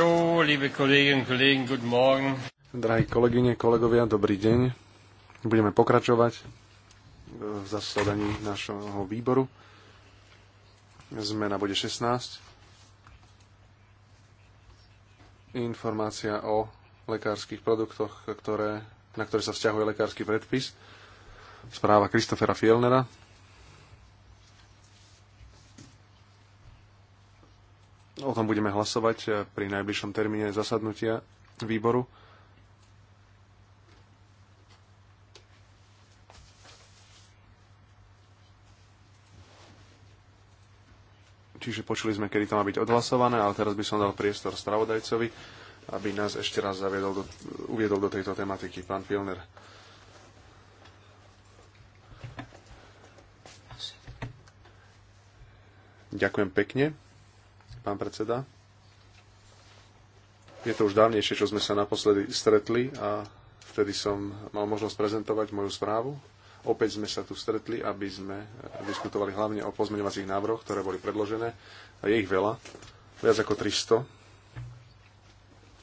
So, liebe Kolleginnen und Kollegen, guten Morgen. Drahí kolegyne, kolegovia, dobrý deň. Budeme pokračovať v zasadaní našho výboru. Zmena bude 16. Informácia o lekárskych produktoch, ktoré, na ktoré sa vzťahuje lekársky predpis. Správa Kristofera Fielnera. O tom budeme hlasovať eh, pri najbližšom termíne zasadnutia výboru. Čiže počuli sme, kedy to má byť odhlasované, ale teraz by som dal priestor spravodajcovi, aby nás ešte raz zaviedol do, uviedol do tejto tematiky. Pán Pilner. Ďakujem pekne pán predseda. Je to už dávnejšie, čo sme sa naposledy stretli a vtedy som mal možnosť prezentovať moju správu. Opäť sme sa tu stretli, aby sme diskutovali hlavne o pozmeňovacích návrhoch, ktoré boli predložené. A je ich veľa, viac ako 300.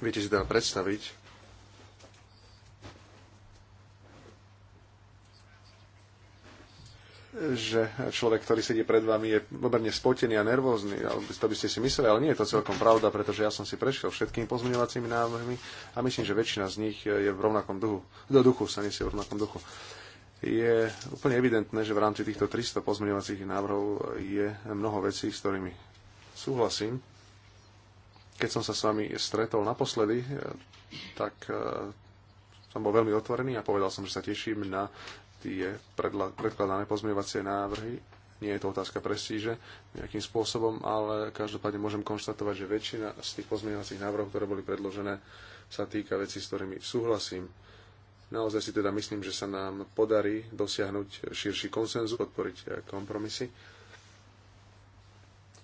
Viete si teda predstaviť, že človek, ktorý sedí pred vami, je pomerne spotený a nervózny. To by ste si mysleli, ale nie je to celkom pravda, pretože ja som si prešiel všetkými pozmeňovacími návrhmi a myslím, že väčšina z nich je v rovnakom duchu. Do duchu sa nesie v rovnakom duchu. Je úplne evidentné, že v rámci týchto 300 pozmeňovacích návrhov je mnoho vecí, s ktorými súhlasím. Keď som sa s vami stretol naposledy, tak eh, som bol veľmi otvorený a povedal som, že sa teším na tie predkladané pozmeňovacie návrhy. Nie je to otázka prestíže nejakým spôsobom, ale každopádne môžem konštatovať, že väčšina z tých pozmeňovacích návrhov, ktoré boli predložené, sa týka vecí, s ktorými súhlasím. Naozaj si teda myslím, že sa nám podarí dosiahnuť širší konsenzus, podporiť kompromisy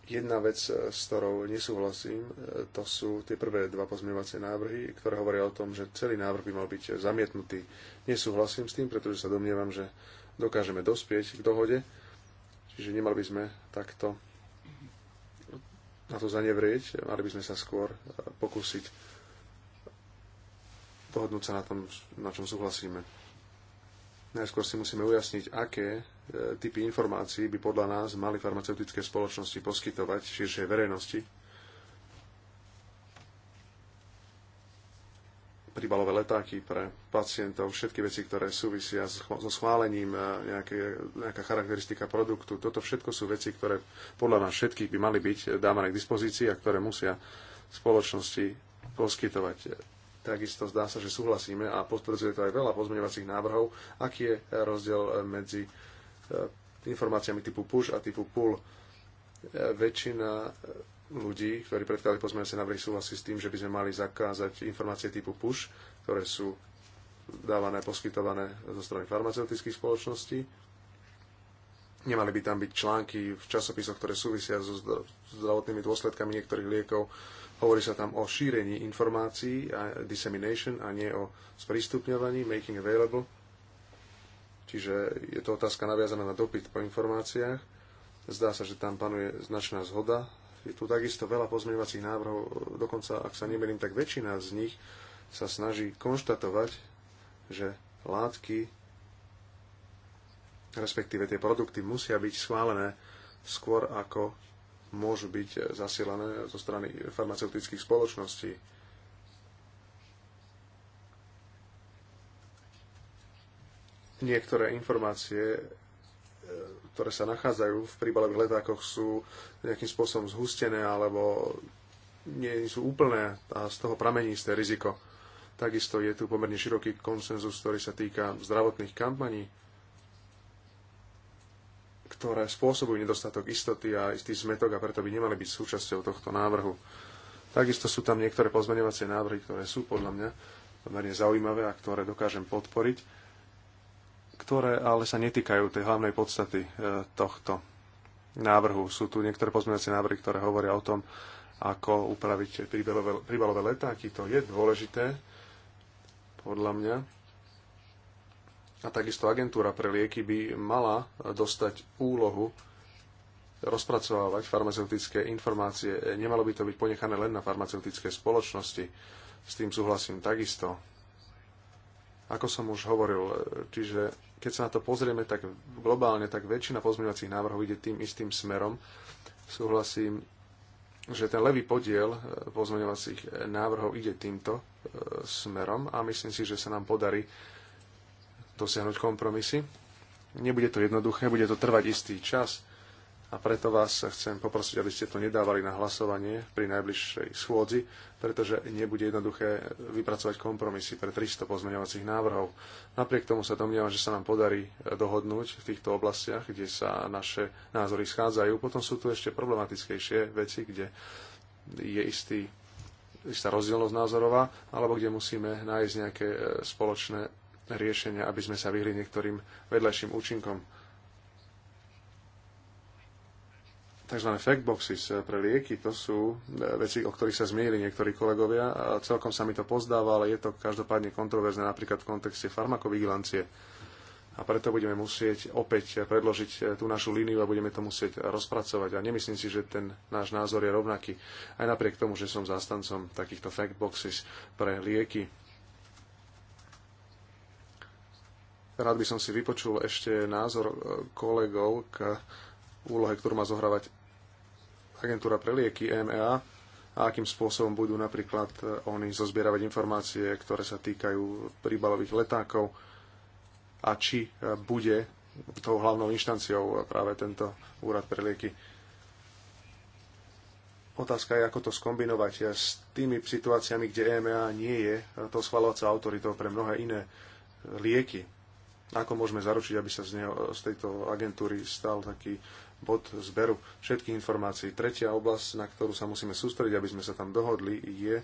Jedna vec, e, s ktorou nesúhlasím, e, to sú tie prvé dva pozmeňovacie návrhy, ktoré hovoria o tom, že celý návrh by mal byť zamietnutý. Nesúhlasím s tým, pretože sa domnievam, že dokážeme dospieť k dohode, čiže nemali by sme takto na to zanevrieť, mali by sme sa skôr e, pokúsiť dohodnúť sa na tom, na čom súhlasíme. Najskôr si musíme ujasniť, aké e, typy informácií by podľa nás mali farmaceutické spoločnosti poskytovať širšej verejnosti. Príbalové letáky pre pacientov, všetky veci, ktoré súvisia so schválením, e, nejaké, nejaká charakteristika produktu, toto všetko sú veci, ktoré podľa nás všetkých by mali byť e, dávané k dispozícii a ktoré musia spoločnosti poskytovať Takisto zdá sa, že súhlasíme a potvrdzuje to aj veľa pozmeňovacích návrhov, aký je rozdiel medzi e, informáciami typu push a typu pull. E, väčšina ľudí, ktorí predkladali pozmeňovacie návrhy, súhlasí s tým, že by sme mali zakázať informácie typu push, ktoré sú dávané, poskytované zo strany farmaceutických spoločností Nemali by tam byť články v časopisoch, ktoré súvisia so zdravotnými dôsledkami niektorých liekov. Hovorí sa tam o šírení informácií a dissemination a nie o sprístupňovaní, making available. Čiže je to otázka naviazaná na dopyt po informáciách. Zdá sa, že tam panuje značná zhoda. Je tu takisto veľa pozmeňovacích návrhov, dokonca, ak sa nemením, tak väčšina z nich sa snaží konštatovať, že látky respektíve tie produkty musia byť schválené skôr ako môžu byť zasielané zo strany farmaceutických spoločností. Niektoré informácie, e, ktoré sa nachádzajú v príbalových letákoch, sú nejakým spôsobom zhustené alebo nie sú úplné a z toho pramení isté riziko. Takisto je tu pomerne široký konsenzus, ktorý sa týka zdravotných kampaní ktoré spôsobujú nedostatok istoty a istý zmetok a preto by nemali byť súčasťou tohto návrhu. Takisto sú tam niektoré pozmeňovacie návrhy, ktoré sú podľa mňa pomerne zaujímavé a ktoré dokážem podporiť, ktoré ale sa netýkajú tej hlavnej podstaty e, tohto návrhu. Sú tu niektoré pozmeňovacie návrhy, ktoré hovoria o tom, ako upraviť príbalové, letáky. To je dôležité, podľa mňa a takisto agentúra pre lieky by mala dostať úlohu rozpracovávať farmaceutické informácie. Nemalo by to byť ponechané len na farmaceutické spoločnosti. S tým súhlasím takisto. Ako som už hovoril, čiže keď sa na to pozrieme tak globálne, tak väčšina pozmeňovacích návrhov ide tým istým smerom. Súhlasím, že ten levý podiel pozmeňovacích návrhov ide týmto e, smerom a myslím si, že sa nám podarí dosiahnuť kompromisy. Nebude to jednoduché, bude to trvať istý čas a preto vás chcem poprosiť, aby ste to nedávali na hlasovanie pri najbližšej schôdzi, pretože nebude jednoduché vypracovať kompromisy pre 300 pozmeňovacích návrhov. Napriek tomu sa domnievam, že sa nám podarí dohodnúť v týchto oblastiach, kde sa naše názory schádzajú. Potom sú tu ešte problematickejšie veci, kde je istý, istá rozdielnosť názorová, alebo kde musíme nájsť nejaké e, spoločné riešenia, aby sme sa vyhli niektorým vedľajším účinkom. Tzv. factboxes pre lieky, to sú e, veci, o ktorých sa zmienili niektorí kolegovia a celkom sa mi to pozdáva, ale je to každopádne kontroverzné napríklad v kontexte farmakovigilancie. A preto budeme musieť opäť predložiť e, tú našu líniu a budeme to musieť rozpracovať. A nemyslím si, že ten náš názor je rovnaký. Aj napriek tomu, že som zástancom takýchto factboxes pre lieky Rád by som si vypočul ešte názor e, kolegov k úlohe, ktorú má zohrávať agentúra pre lieky EMEA a akým spôsobom budú napríklad e, oni zozbieravať informácie, ktoré sa týkajú príbalových letákov a či e, bude tou hlavnou inštanciou práve tento úrad pre lieky. Otázka je, ako to skombinovať s tými situáciami, kde EMA nie je to schvalovacou autoritou pre mnohé iné lieky. Ako môžeme zaručiť, aby sa z, neho, z tejto agentúry stal taký bod zberu všetkých informácií. Tretia oblasť, na ktorú sa musíme sústrediť, aby sme sa tam dohodli, je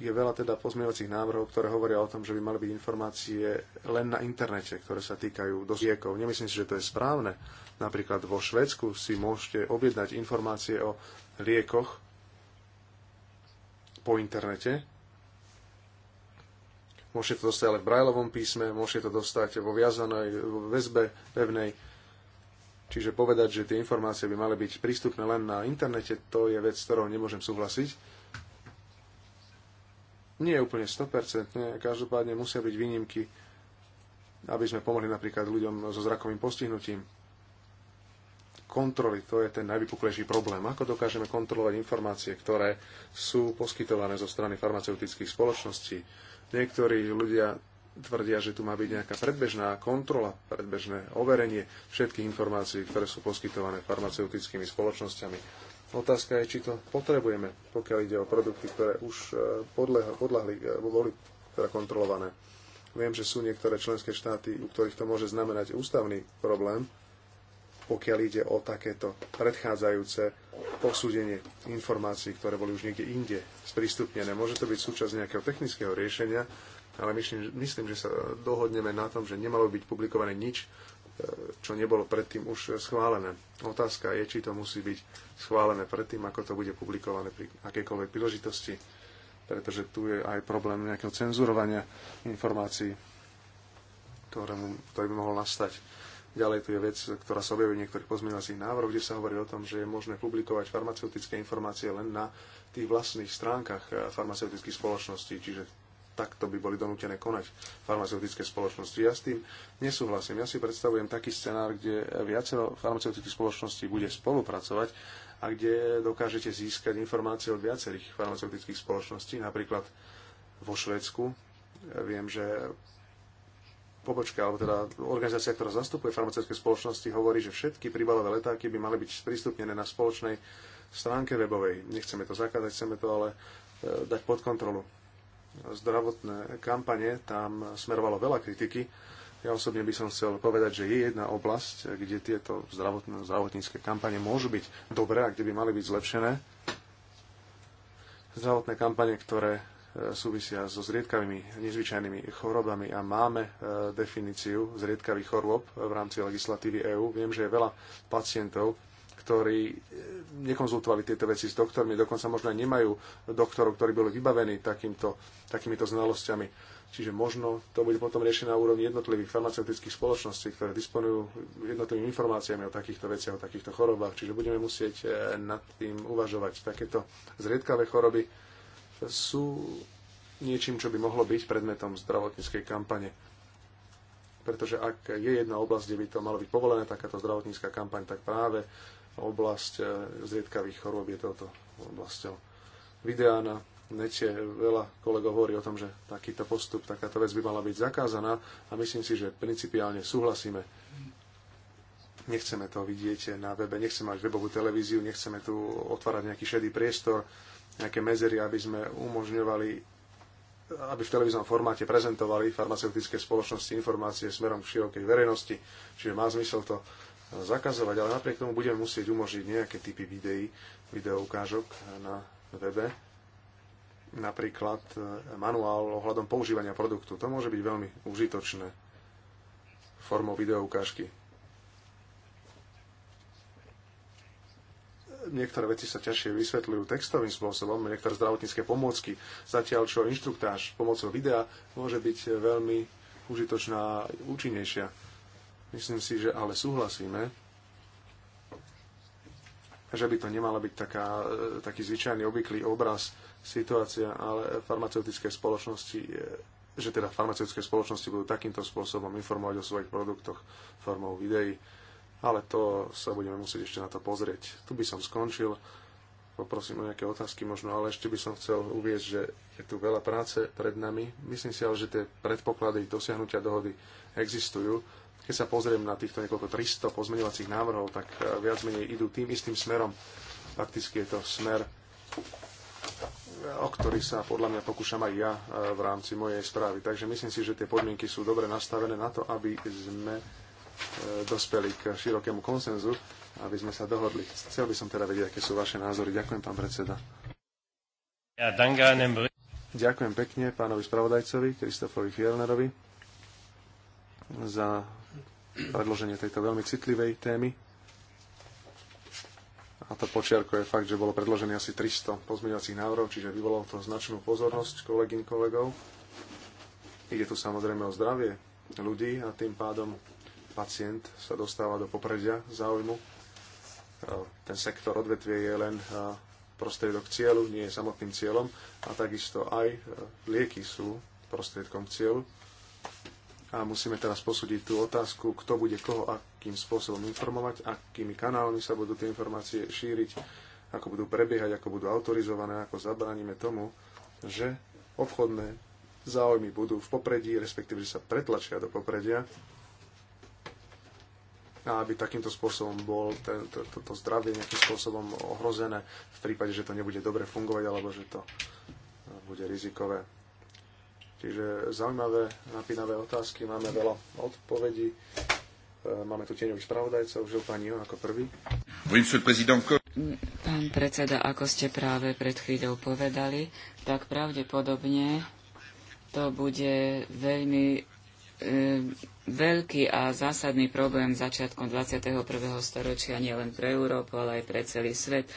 je veľa teda pozmievacích návrhov, ktoré hovoria o tom, že by mali byť informácie len na internete, ktoré sa týkajú dosiekov. Nemyslím si, že to je správne. Napríklad vo Švedsku si môžete objednať informácie o liekoch po internete Môžete to dostať ale v brajlovom písme, môžete to dostať vo viazanej vo väzbe pevnej. Čiže povedať, že tie informácie by mali byť prístupné len na internete, to je vec, s ktorou nemôžem súhlasiť. Nie je úplne 100%, nie. každopádne musia byť výnimky, aby sme pomohli napríklad ľuďom so zrakovým postihnutím. Kontroly, to je ten najvypuklejší problém. Ako dokážeme kontrolovať informácie, ktoré sú poskytované zo strany farmaceutických spoločností? Niektorí ľudia tvrdia, že tu má byť nejaká predbežná kontrola, predbežné overenie všetkých informácií, ktoré sú poskytované farmaceutickými spoločnosťami. Otázka je, či to potrebujeme, pokiaľ ide o produkty, ktoré už e, podľahli e, boli teda kontrolované. Viem, že sú niektoré členské štáty, u ktorých to môže znamenať ústavný problém, pokiaľ ide o takéto predchádzajúce posúdenie informácií, ktoré boli už niekde inde sprístupnené. Môže to byť súčasť nejakého technického riešenia, ale myslím, myslím, že sa dohodneme na tom, že nemalo byť publikované nič, e, čo nebolo predtým už schválené. Otázka je, či to musí byť schválené predtým, ako to bude publikované pri akejkoľvek príležitosti, pretože tu je aj problém nejakého cenzurovania informácií, ktorému, ktorý by mohol nastať Ďalej tu je vec, ktorá sa objavuje v niektorých pozmeňovacích návrhoch, kde sa hovorí o tom, že je možné publikovať farmaceutické informácie len na tých vlastných stránkach eh, farmaceutických spoločností, čiže takto by boli donútené konať farmaceutické spoločnosti. Ja s tým nesúhlasím. Ja si predstavujem taký scenár, kde viacero farmaceutických spoločností bude spolupracovať a kde dokážete získať informácie od viacerých farmaceutických spoločností, napríklad vo Švedsku. Viem, že pobočka, alebo teda organizácia, ktorá zastupuje farmaceutické spoločnosti, hovorí, že všetky príbalové letáky by mali byť sprístupnené na spoločnej stránke webovej. Nechceme to zakázať, chceme to ale e, dať pod kontrolu. Zdravotné kampane, tam smerovalo veľa kritiky. Ja osobne by som chcel povedať, že je jedna oblasť, kde tieto zdravotné, zdravotnícke kampane môžu byť dobré a kde by mali byť zlepšené. Zdravotné kampane, ktoré súvisia so zriedkavými nezvyčajnými chorobami a máme e, definíciu zriedkavých chorôb v rámci legislatívy EÚ. Viem, že je veľa pacientov, ktorí e, nekonzultovali tieto veci s doktormi, dokonca možno aj nemajú doktorov, ktorí boli vybavení takýmto, takýmito znalosťami. Čiže možno to bude potom riešené na úrovni jednotlivých farmaceutických spoločností, ktoré disponujú jednotlivými informáciami o takýchto veciach, o takýchto chorobách. Čiže budeme musieť e, nad tým uvažovať. Takéto zriedkavé choroby sú niečím, čo by mohlo byť predmetom zdravotníckej kampane. Pretože ak je jedna oblasť, kde by to malo byť povolené, takáto zdravotnícká kampaň, tak práve oblasť e, zriedkavých chorôb je touto oblasťou. Videá na nete veľa kolegov hovorí o tom, že takýto postup, takáto vec by mala byť zakázaná a myslím si, že principiálne súhlasíme. Nechceme to vidieť na webe, nechceme mať webovú televíziu, nechceme tu otvárať nejaký šedý priestor, nejaké mezery, aby sme umožňovali, aby v televíznom formáte prezentovali farmaceutické spoločnosti informácie smerom k širokej verejnosti. Čiže má zmysel to zakazovať, ale napriek tomu budeme musieť umožniť nejaké typy videí, videoukážok na webe, napríklad e, manuál ohľadom používania produktu. To môže byť veľmi užitočné formou videoukážky. niektoré veci sa ťažšie vysvetľujú textovým spôsobom, niektoré zdravotnícke pomôcky, zatiaľ čo inštruktáž pomocou videa môže byť veľmi užitočná a účinnejšia. Myslím si, že ale súhlasíme, že by to nemala byť taká, e, taký zvyčajný obvyklý obraz situácia, ale farmaceutické spoločnosti, e, že teda farmaceutické spoločnosti budú takýmto spôsobom informovať o svojich produktoch formou videí ale to sa budeme musieť ešte na to pozrieť. Tu by som skončil, poprosím o nejaké otázky možno, ale ešte by som chcel uvieť, že je tu veľa práce pred nami. Myslím si ale, že tie predpoklady dosiahnutia dohody existujú. Keď sa pozriem na týchto niekoľko 300 pozmeňovacích návrhov, tak e, viac menej idú tým istým smerom. Fakticky je to smer, e, o ktorý sa podľa mňa pokúšam aj ja e, v rámci mojej správy. Takže myslím si, že tie podmienky sú dobre nastavené na to, aby sme E, dospeli k širokému konsenzu, aby sme sa dohodli. Chcel by som teda vedieť, aké sú vaše názory. Ďakujem, pán predseda. Ja, Ďakujem pekne pánovi spravodajcovi, Kristofovi Fielnerovi, za predloženie tejto veľmi citlivej témy. A to počiarkuje fakt, že bolo predložené asi 300 pozmeňovacích návrhov, čiže vyvolalo to značnú pozornosť kolegyň kolegov. Ide tu samozrejme o zdravie ľudí a tým pádom pacient sa dostáva do popredia záujmu. E, ten sektor odvetvie je len e, prostriedok cieľu, nie je samotným cieľom a takisto aj e, lieky sú prostriedkom cieľu. A musíme teraz posúdiť tú otázku, kto bude koho akým spôsobom informovať, akými kanálmi sa budú tie informácie šíriť, ako budú prebiehať, ako budú autorizované, ako zabránime tomu, že obchodné záujmy budú v popredí, respektíve, že sa pretlačia do popredia aby takýmto spôsobom bol toto to, to zdravie nejakým spôsobom ohrozené v prípade, že to nebude dobre fungovať alebo že to eh, bude rizikové. Čiže zaujímavé, napínavé otázky, máme veľa odpovedí. Eh, máme tu tieňových spravodajcov, že pani Jo ako prvý. Pán predseda, ako ste práve pred chvíľou povedali, tak pravdepodobne to bude veľmi E, veľký a zásadný problém začiatkom 21. storočia nielen pre Európu, ale aj pre celý svet.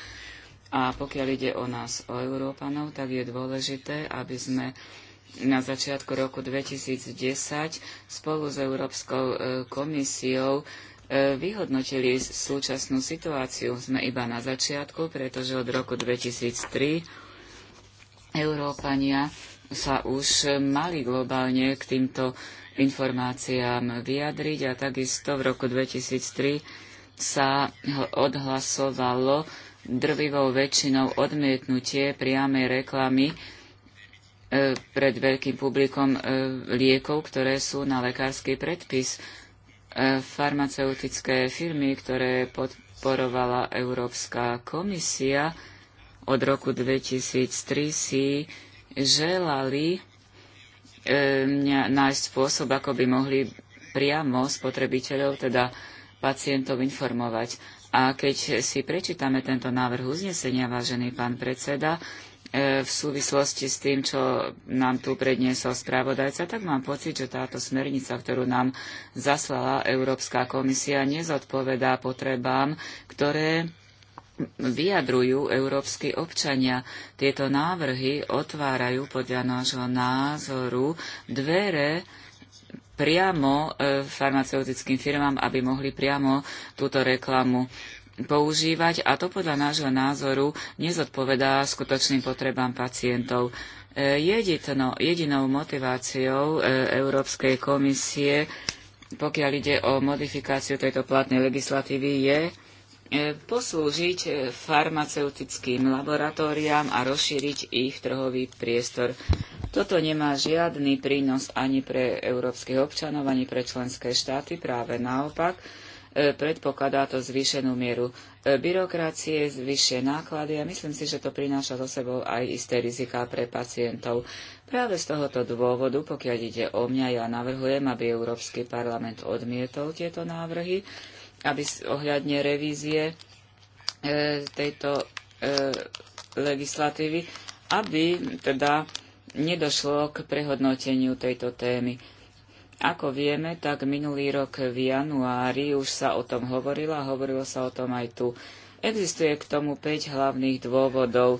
A pokiaľ ide o nás, o Európanov, tak je dôležité, aby sme na začiatku roku 2010 spolu s Európskou e, komisiou e, vyhodnotili súčasnú situáciu. Sme iba na začiatku, pretože od roku 2003 Európania sa už mali globálne k týmto informáciám vyjadriť a takisto v roku 2003 sa odhlasovalo drvivou väčšinou odmietnutie priamej reklamy e, pred veľkým publikom e, liekov, ktoré sú na lekársky predpis. E, farmaceutické firmy, ktoré podporovala Európska komisia od roku 2003, si želali nájsť spôsob, ako by mohli priamo spotrebiteľov, teda pacientov informovať. A keď si prečítame tento návrh uznesenia, vážený pán predseda, e, v súvislosti s tým, čo nám tu predniesol správodajca, tak mám pocit, že táto smernica, ktorú nám zaslala Európska komisia, nezodpovedá potrebám, ktoré vyjadrujú európsky občania. Tieto návrhy otvárajú podľa nášho názoru dvere priamo e, farmaceutickým firmám, aby mohli priamo túto reklamu používať a to podľa nášho názoru nezodpovedá skutočným potrebám pacientov. E, Jedino, jedinou motiváciou e, Európskej komisie, pokiaľ ide o modifikáciu tejto platnej legislatívy, je E, poslúžiť e, farmaceutickým laboratóriám a rozšíriť ich trhový priestor. Toto nemá žiadny prínos ani pre európskych občanov, ani pre členské štáty, práve naopak. E, predpokladá to zvýšenú mieru byrokracie, zvyššie náklady a myslím si, že to prináša so sebou aj isté riziká pre pacientov. Práve z tohoto dôvodu, pokiaľ ide o mňa, ja navrhujem, aby Európsky parlament odmietol tieto návrhy aby ohľadne revízie e, tejto e, legislatívy, aby teda nedošlo k prehodnoteniu tejto témy. Ako vieme, tak minulý rok v januári už sa o tom hovorilo a hovorilo sa o tom aj tu. Existuje k tomu 5 hlavných dôvodov,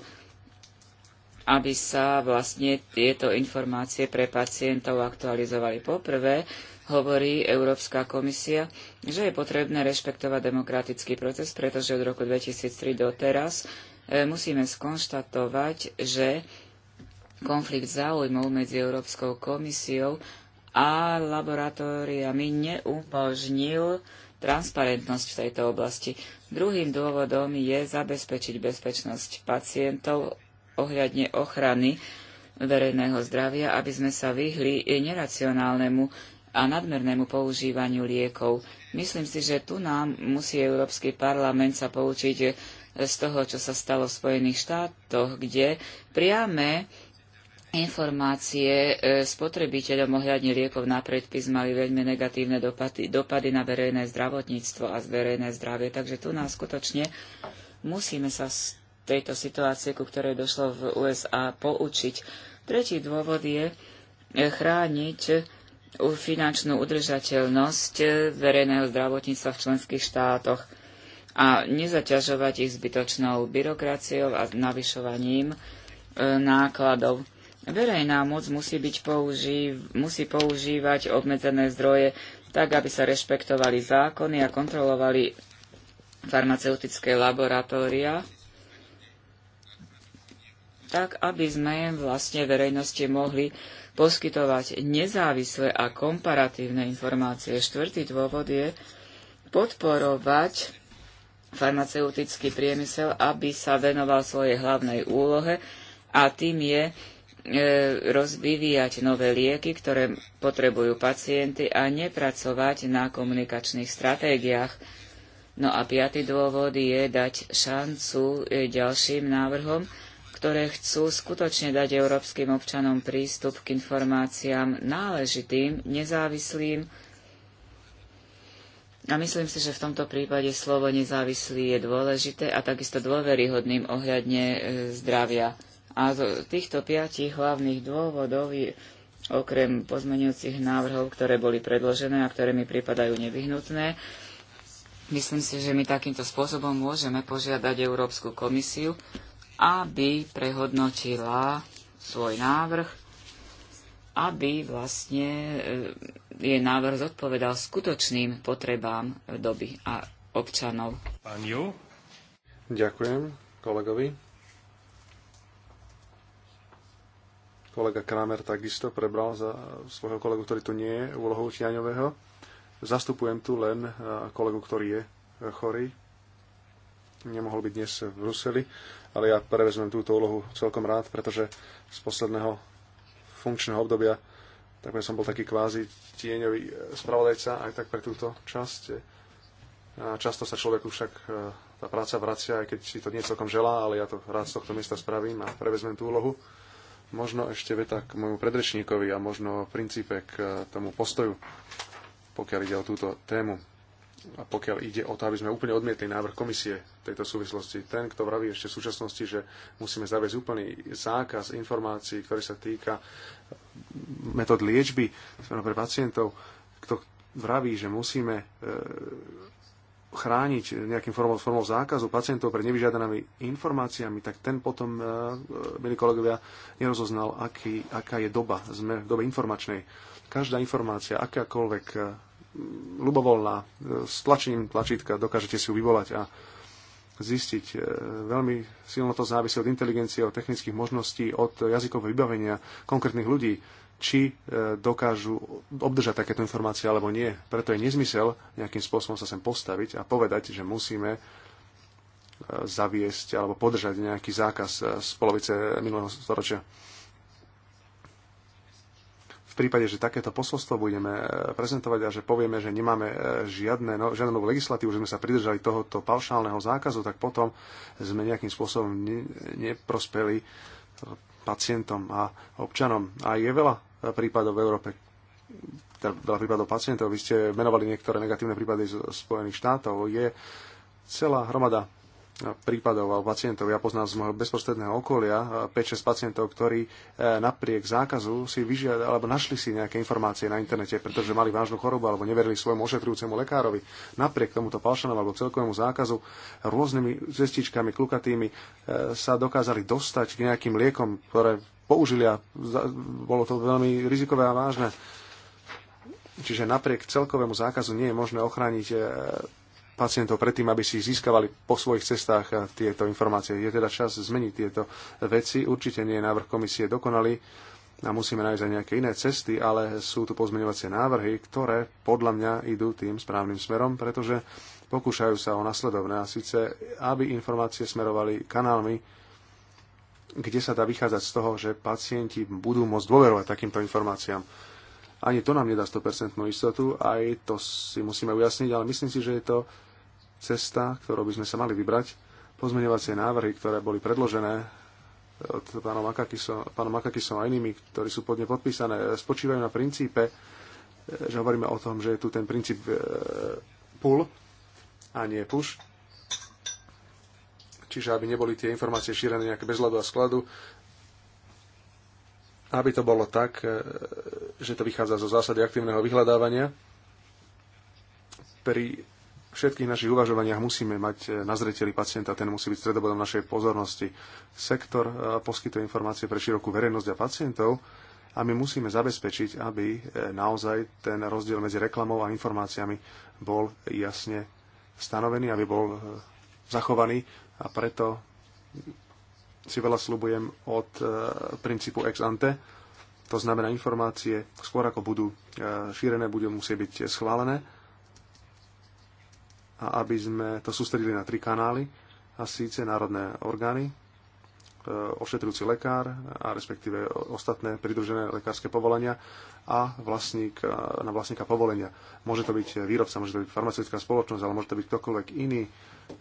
aby sa vlastne tieto informácie pre pacientov aktualizovali. Poprvé, hovorí Európska komisia, že je potrebné rešpektovať demokratický proces, pretože od roku 2003 do teraz e, musíme skonštatovať, že konflikt záujmov medzi Európskou komisiou a laboratóriami neumožnil transparentnosť v tejto oblasti. Druhým dôvodom je zabezpečiť bezpečnosť pacientov ohľadne ochrany verejného zdravia, aby sme sa vyhli neracionálnemu a nadmernému používaniu liekov. Myslím si, že tu nám musí Európsky parlament sa poučiť z toho, čo sa stalo v Spojených štátoch, kde priame informácie e, spotrebiteľom ohľadne liekov na predpis mali veľmi negatívne dopady, dopady na verejné zdravotníctvo a verejné zdravie. Takže tu nás skutočne musíme sa z tejto situácie, ku ktorej došlo v USA, poučiť. Tretí dôvod je e, chrániť finančnú udržateľnosť e, verejného zdravotníctva v členských štátoch a nezaťažovať ich zbytočnou byrokraciou a navyšovaním e, nákladov. Verejná moc musí, byť použív, musí používať obmedzené zdroje tak, aby sa rešpektovali zákony a kontrolovali farmaceutické laboratória, tak aby sme vlastne verejnosti mohli poskytovať nezávislé a komparatívne informácie. Štvrtý dôvod je podporovať farmaceutický priemysel, aby sa venoval svojej hlavnej úlohe a tým je e, rozvíjať nové lieky, ktoré potrebujú pacienty a nepracovať na komunikačných stratégiách. No a piaty dôvod je dať šancu e, ďalším návrhom, ktoré chcú skutočne dať európskym občanom prístup k informáciám náležitým, nezávislým. A myslím si, že v tomto prípade slovo nezávislý je dôležité a takisto dôveryhodným ohľadne e, zdravia. A z týchto piatich hlavných dôvodov, okrem pozmenujúcich návrhov, ktoré boli predložené a ktoré mi pripadajú nevyhnutné, Myslím si, že my takýmto spôsobom môžeme požiadať Európsku komisiu, aby prehodnotila svoj návrh, aby vlastne e, jej návrh zodpovedal skutočným potrebám doby a občanov. Ju. Ďakujem kolegovi. Kolega Kramer takisto prebral za svojho kolegu, ktorý tu nie je, úlohu Čiaňového. Zastupujem tu len e, kolegu, ktorý je e, chorý. Nemohol byť dnes v Bruseli ale ja prevezmem túto úlohu celkom rád, pretože z posledného funkčného obdobia takmer som bol taký kvázi tieňový e, spravodajca aj tak pre túto časť. A často sa človeku však e, tá práca vracia, aj keď si to nie celkom želá, ale ja to rád z tohto miesta spravím a prevezmem tú úlohu. Možno ešte veta k môjmu predrečníkovi a možno v princípe k e, tomu postoju, pokiaľ ide o túto tému a pokiaľ ide o to, aby sme úplne odmietli návrh komisie tejto súvislosti, ten, kto vraví ešte v súčasnosti, že musíme zaviesť úplný zákaz informácií, ktorý sa týka metód liečby pre pacientov, kto vraví, že musíme e, chrániť nejakým formou, formou zákazu pacientov pred nevyžiadanými informáciami, tak ten potom, e, e, milí kolegovia, nerozoznal, aký, aká je doba. Sme v dobe informačnej. Každá informácia, akákoľvek ľubovoľná. S tlačením tlačítka dokážete si ju vyvolať a zistiť. E, veľmi silno to závisí od inteligencie, od technických možností, od jazykového vybavenia konkrétnych ľudí, či e, dokážu obdržať takéto informácie alebo nie. Preto je nezmysel nejakým spôsobom sa sem postaviť a povedať, že musíme e, zaviesť alebo podržať nejaký zákaz z polovice minulého storočia v prípade, že takéto posolstvo budeme e, prezentovať a že povieme, že nemáme e, žiadne, no, žiadnu novú legislatívu, že sme sa pridržali tohoto paušálneho zákazu, tak potom sme nejakým spôsobom ne, neprospeli pacientom a občanom. A je veľa e, prípadov v Európe, teda veľa prípadov pacientov, vy ste menovali niektoré negatívne prípady z Spojených štátov, je celá hromada prípadov alebo pacientov. Ja poznám z môjho bezprostredného okolia 5-6 pacientov, ktorí e, napriek zákazu si vyžiadali alebo našli si nejaké informácie na internete, pretože mali vážnu chorobu alebo neverili svojmu ošetrujúcemu lekárovi. Napriek tomuto paušanom alebo celkovému zákazu rôznymi cestičkami, klukatými e, sa dokázali dostať k nejakým liekom, ktoré použili a bolo to veľmi rizikové a vážne. Čiže napriek celkovému zákazu nie je možné ochrániť e, pacientov predtým, aby si získavali po svojich cestách eh, tieto informácie. Je teda čas zmeniť tieto veci. Určite nie je návrh komisie dokonalý a musíme nájsť aj nejaké iné cesty, ale sú tu pozmeňovacie návrhy, ktoré podľa mňa idú tým správnym smerom, pretože pokúšajú sa o nasledovné a síce, aby informácie smerovali kanálmi, kde sa dá vychádzať z toho, že pacienti budú môcť dôverovať takýmto informáciám. Ani to nám nedá 100% istotu, aj to si musíme ujasniť, ale myslím si, že je to cesta, ktorou by sme sa mali vybrať. Pozmeňovacie návrhy, ktoré boli predložené e, od pánom Makakisom, pánom a inými, ktorí sú pod ne podpísané, e, spočívajú na princípe, e, že hovoríme o tom, že je tu ten princíp pull a nie push. Čiže aby neboli tie informácie šírené nejaké bez hľadu a skladu, aby to bolo tak, že to vychádza zo zásady aktívneho vyhľadávania pri všetkých našich uvažovaniach musíme mať e, na zreteli pacienta, ten musí byť stredobodom našej pozornosti. Sektor e, poskytuje informácie pre širokú verejnosť a pacientov a my musíme zabezpečiť, aby e, naozaj ten rozdiel medzi reklamou a informáciami bol jasne stanovený, aby bol zachovaný a preto si veľa slubujem od princípu ex ante. To znamená, informácie skôr ako budú šírené, budú musieť byť schválené a aby sme to sústredili na tri kanály, a síce národné orgány, e, ošetrujúci lekár a respektíve ostatné pridružené lekárske povolenia a vlastník, e, na vlastníka povolenia. Môže to byť výrobca, môže to byť farmaceutická spoločnosť, ale môže to byť ktokoľvek iný,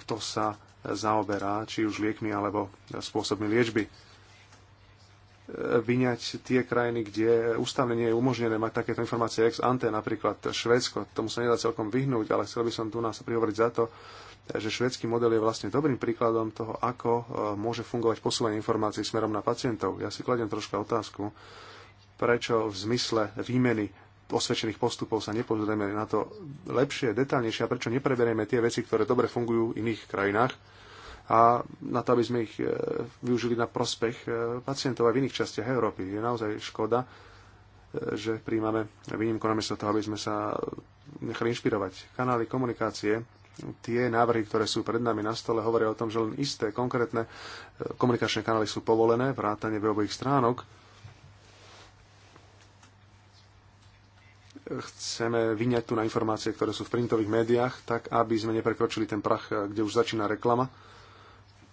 kto sa zaoberá či už liekmi alebo spôsobmi liečby vyňať tie krajiny, kde ústavne nie je umožnené mať takéto informácie ex ante, napríklad Švédsko. Tomu sa nedá celkom vyhnúť, ale chcel by som tu nás prihovoriť za to, že švedský model je vlastne dobrým príkladom toho, ako e, môže fungovať posúvanie informácií smerom na pacientov. Ja si kladiem troška otázku, prečo v zmysle výmeny osvedčených postupov sa nepozrieme na to lepšie, detálnejšie a prečo nepreberieme tie veci, ktoré dobre fungujú v iných krajinách a na to, aby sme ich e, využili na prospech e, pacientov aj v iných častiach Európy. Je naozaj škoda, e, že príjmame výnimku namiesto toho, aby sme sa nechali inšpirovať. Kanály komunikácie, tie návrhy, ktoré sú pred nami na stole, hovoria o tom, že len isté konkrétne komunikačné kanály sú povolené, vrátane webových stránok. Chceme vyňať tu na informácie, ktoré sú v printových médiách, tak aby sme neprekročili ten prach, kde už začína reklama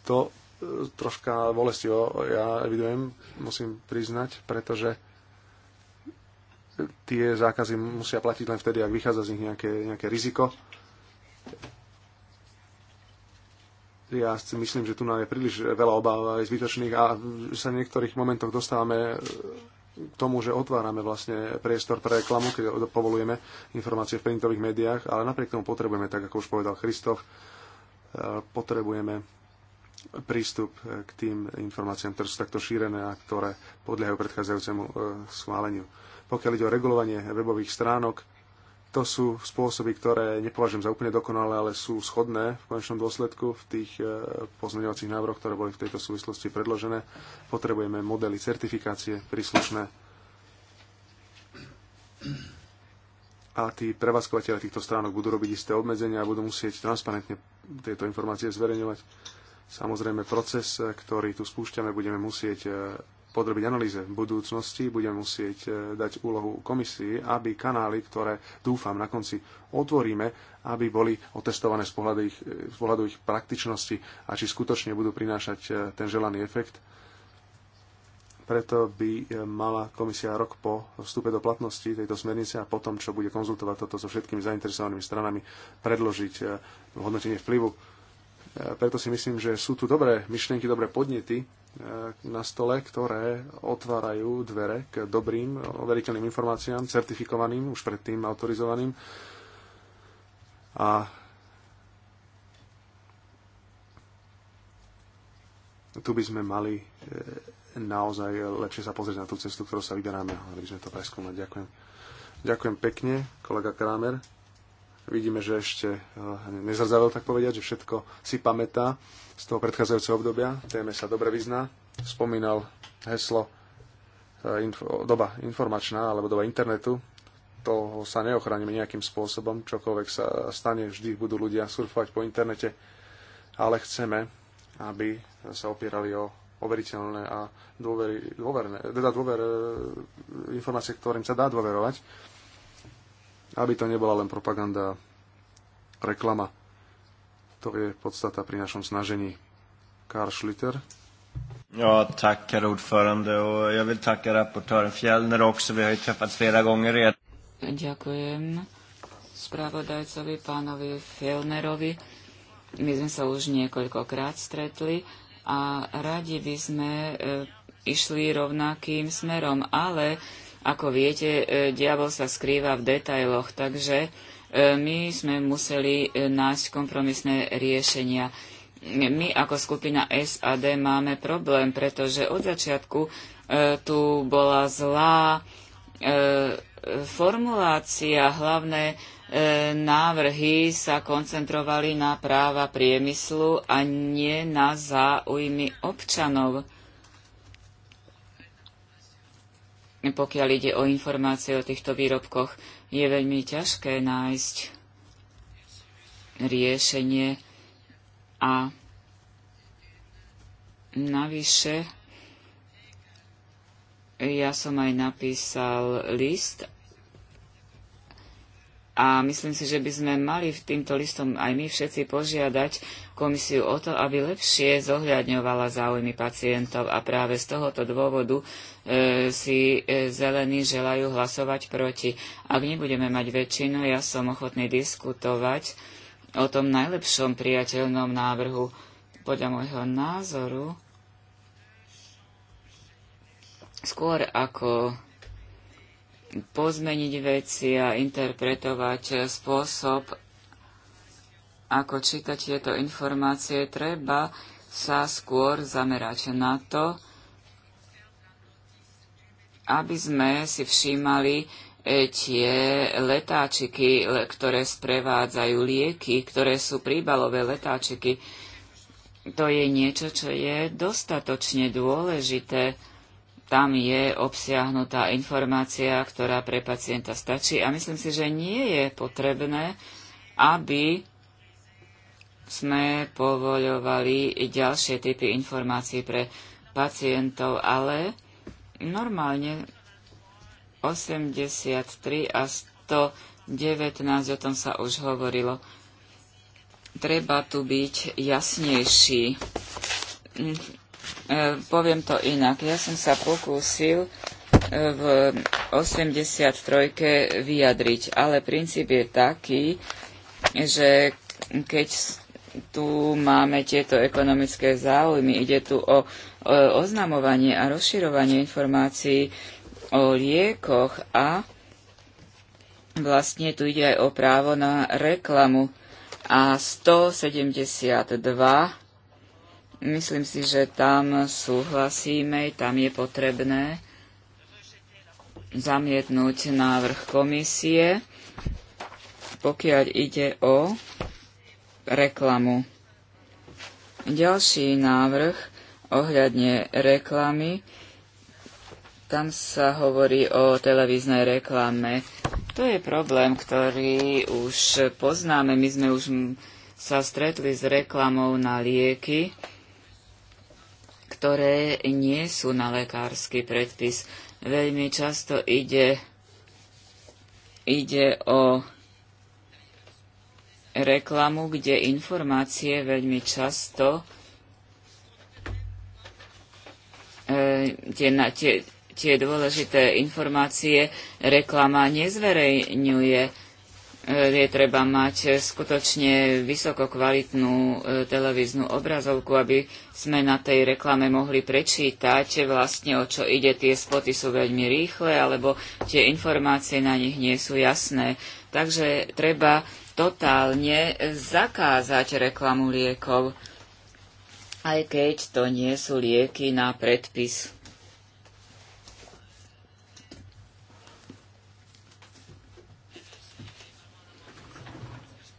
to e, troška bolestivo ja evidujem, musím priznať, pretože tie zákazy musia platiť len vtedy, ak vychádza z nich nejaké, nejaké riziko. Ja si myslím, že tu nám je príliš veľa obáv aj zbytočných a sa v niektorých momentoch dostávame e, k tomu, že otvárame vlastne priestor pre reklamu, keď povolujeme informácie v printových médiách, ale napriek tomu potrebujeme, tak ako už povedal Christof, e, potrebujeme prístup e, k tým informáciám, ktoré sú takto šírené a ktoré podliehajú predchádzajúcemu e, schváleniu. Pokiaľ ide o regulovanie webových stránok, to sú spôsoby, ktoré nepovažujem za úplne dokonalé, ale sú schodné v konečnom dôsledku v tých e, pozmeňovacích návrhoch, ktoré boli v tejto súvislosti predložené. Potrebujeme modely certifikácie príslušné. A tí prevádzkovateľe týchto stránok budú robiť isté obmedzenia a budú musieť transparentne tieto informácie zverejňovať Samozrejme, proces, e, ktorý tu spúšťame, budeme musieť e, podrobiť analýze v budúcnosti, budeme musieť e, dať úlohu komisii, aby kanály, ktoré dúfam na konci otvoríme, aby boli otestované z pohľadu ich, z pohľadu ich praktičnosti a či skutočne budú prinášať ten želaný efekt preto by mala komisia rok po vstupe do platnosti tejto smernice a potom, čo bude konzultovať toto so všetkými zainteresovanými stranami, predložiť hodnotenie vplyvu. E, preto si myslím, že sú tu dobré myšlienky, dobré podnety e, na stole, ktoré otvárajú dvere k dobrým, overiteľným informáciám, certifikovaným, už predtým autorizovaným. A tu by sme mali e, naozaj lepšie sa pozrieť na tú cestu, ktorú sa vyberáme, sme to preskúmať. Ďakujem. Ďakujem pekne, kolega Kramer. Vidíme, že ešte eh, nezrzavel, tak povedať, že všetko si pamätá z toho predchádzajúceho obdobia. Téme sa dobre vyzná. Spomínal heslo eh, info, doba informačná alebo doba internetu. Toho sa neochránime nejakým spôsobom. Čokoľvek sa stane, vždy budú ľudia surfovať po internete. Ale chceme, aby sa opierali o overiteľné a dôvery, dôverné, teda dôver, eh, informácie, ktorým sa dá dôverovať aby to nebola len propaganda, reklama. To je podstata pri našom snažení. Karl Schlitter. Ja, tak, herr ordförande och jag vill tacka rapportören Fjellner också. Vi har ju träffats flera gånger redan. Ďakujem spravodajcovi pánovi Fjellnerovi. My sme sa už niekoľkokrát stretli a radi by sme e, išli rovnakým smerom, ale ako viete, e, diabol sa skrýva v detailoch, takže e, my sme museli e, nájsť kompromisné riešenia. My ako skupina SAD máme problém, pretože od začiatku tu bola zlá formulácia, hlavné návrhy sa koncentrovali na práva priemyslu a nie na záujmy občanov. pokiaľ ide o informácie o týchto výrobkoch, je veľmi ťažké nájsť riešenie a navyše ja som aj napísal list a myslím si, že by sme mali týmto listom aj my všetci požiadať komisiu o to, aby lepšie zohľadňovala záujmy pacientov a práve z tohoto dôvodu e, si e, zelení želajú hlasovať proti. Ak nebudeme mať väčšinu, ja som ochotný diskutovať o tom najlepšom priateľnom návrhu. Podľa môjho názoru, skôr ako pozmeniť veci a interpretovať spôsob, ako čítať tieto informácie, treba sa skôr zamerať na to, aby sme si všímali e, tie letáčiky, ktoré sprevádzajú lieky, ktoré sú príbalové letáčiky. To je niečo, čo je dostatočne dôležité tam je obsiahnutá informácia, ktorá pre pacienta stačí. A myslím si, že nie je potrebné, aby sme povoľovali ďalšie typy informácií pre pacientov, ale normálne 83 a 119, o tom sa už hovorilo. Treba tu byť jasnejší E, poviem to inak. Ja som sa pokúsil e, v 83. vyjadriť, ale princíp je taký, že keď tu máme tieto ekonomické záujmy, ide tu o, oznamovanie a rozširovanie informácií o liekoch a vlastne tu ide aj o právo na reklamu. A 172 Myslím si, že tam súhlasíme, tam je potrebné zamietnúť návrh komisie, pokiaľ ide o reklamu. Ďalší návrh ohľadne reklamy, tam sa hovorí o televíznej reklame. To je problém, ktorý už poznáme. My sme už sa stretli s reklamou na lieky ktoré nie sú na lekársky predpis. Veľmi často ide, ide o reklamu, kde informácie veľmi často e, tie, na, tie, tie dôležité informácie reklama nezverejňuje E, je treba mať skutočne vysokokvalitnú e, televíznu obrazovku, aby sme na tej reklame mohli prečítať vlastne o čo ide. Tie spoty sú veľmi rýchle, alebo tie informácie na nich nie sú jasné. Takže treba totálne zakázať reklamu liekov, aj keď to nie sú lieky na predpis.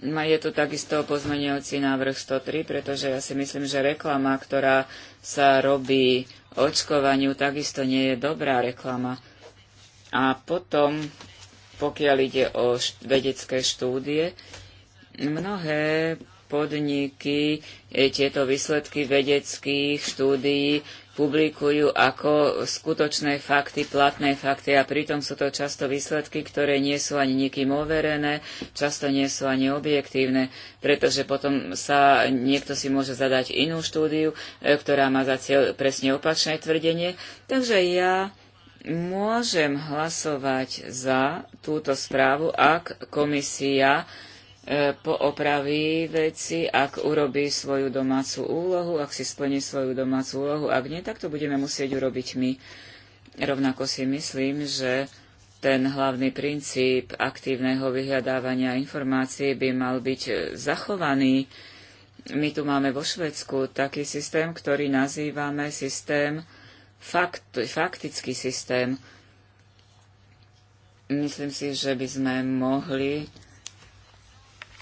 Je tu takisto pozmeniaci návrh 103, pretože ja si myslím, že reklama, ktorá sa robí očkovaniu, takisto nie je dobrá reklama. A potom, pokiaľ ide o vedecké štúdie, mnohé podniky e, tieto výsledky vedeckých štúdií publikujú ako skutočné fakty, platné fakty a pritom sú to často výsledky, ktoré nie sú ani nikým overené, často nie sú ani objektívne, pretože potom sa niekto si môže zadať inú štúdiu, e, ktorá má za cieľ presne opačné tvrdenie. Takže ja môžem hlasovať za túto správu, ak komisia E, poopraví veci, ak urobí svoju domácu úlohu, ak si splní svoju domácu úlohu. Ak nie, tak to budeme musieť urobiť my. Rovnako si myslím, že ten hlavný princíp aktívneho vyhľadávania informácií by mal byť zachovaný. My tu máme vo Švedsku taký systém, ktorý nazývame systém, fakt, faktický systém. Myslím si, že by sme mohli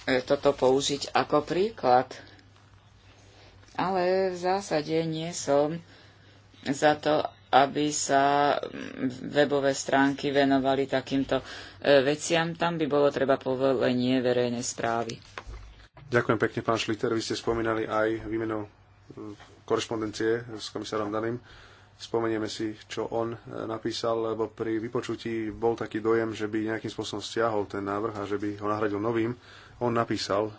E, toto použiť ako príklad. Ale v zásade nie som za to, aby sa webové stránky venovali takýmto e, veciam. Tam by bolo treba povolenie verejnej správy. Ďakujem pekne, pán Šliter. Vy ste spomínali aj výmenu e, korešpondencie s komisárom Daným. Spomenieme si, čo on napísal, lebo pri vypočutí bol taký dojem, že by nejakým spôsobom stiahol ten návrh a že by ho nahradil novým on napísal, e,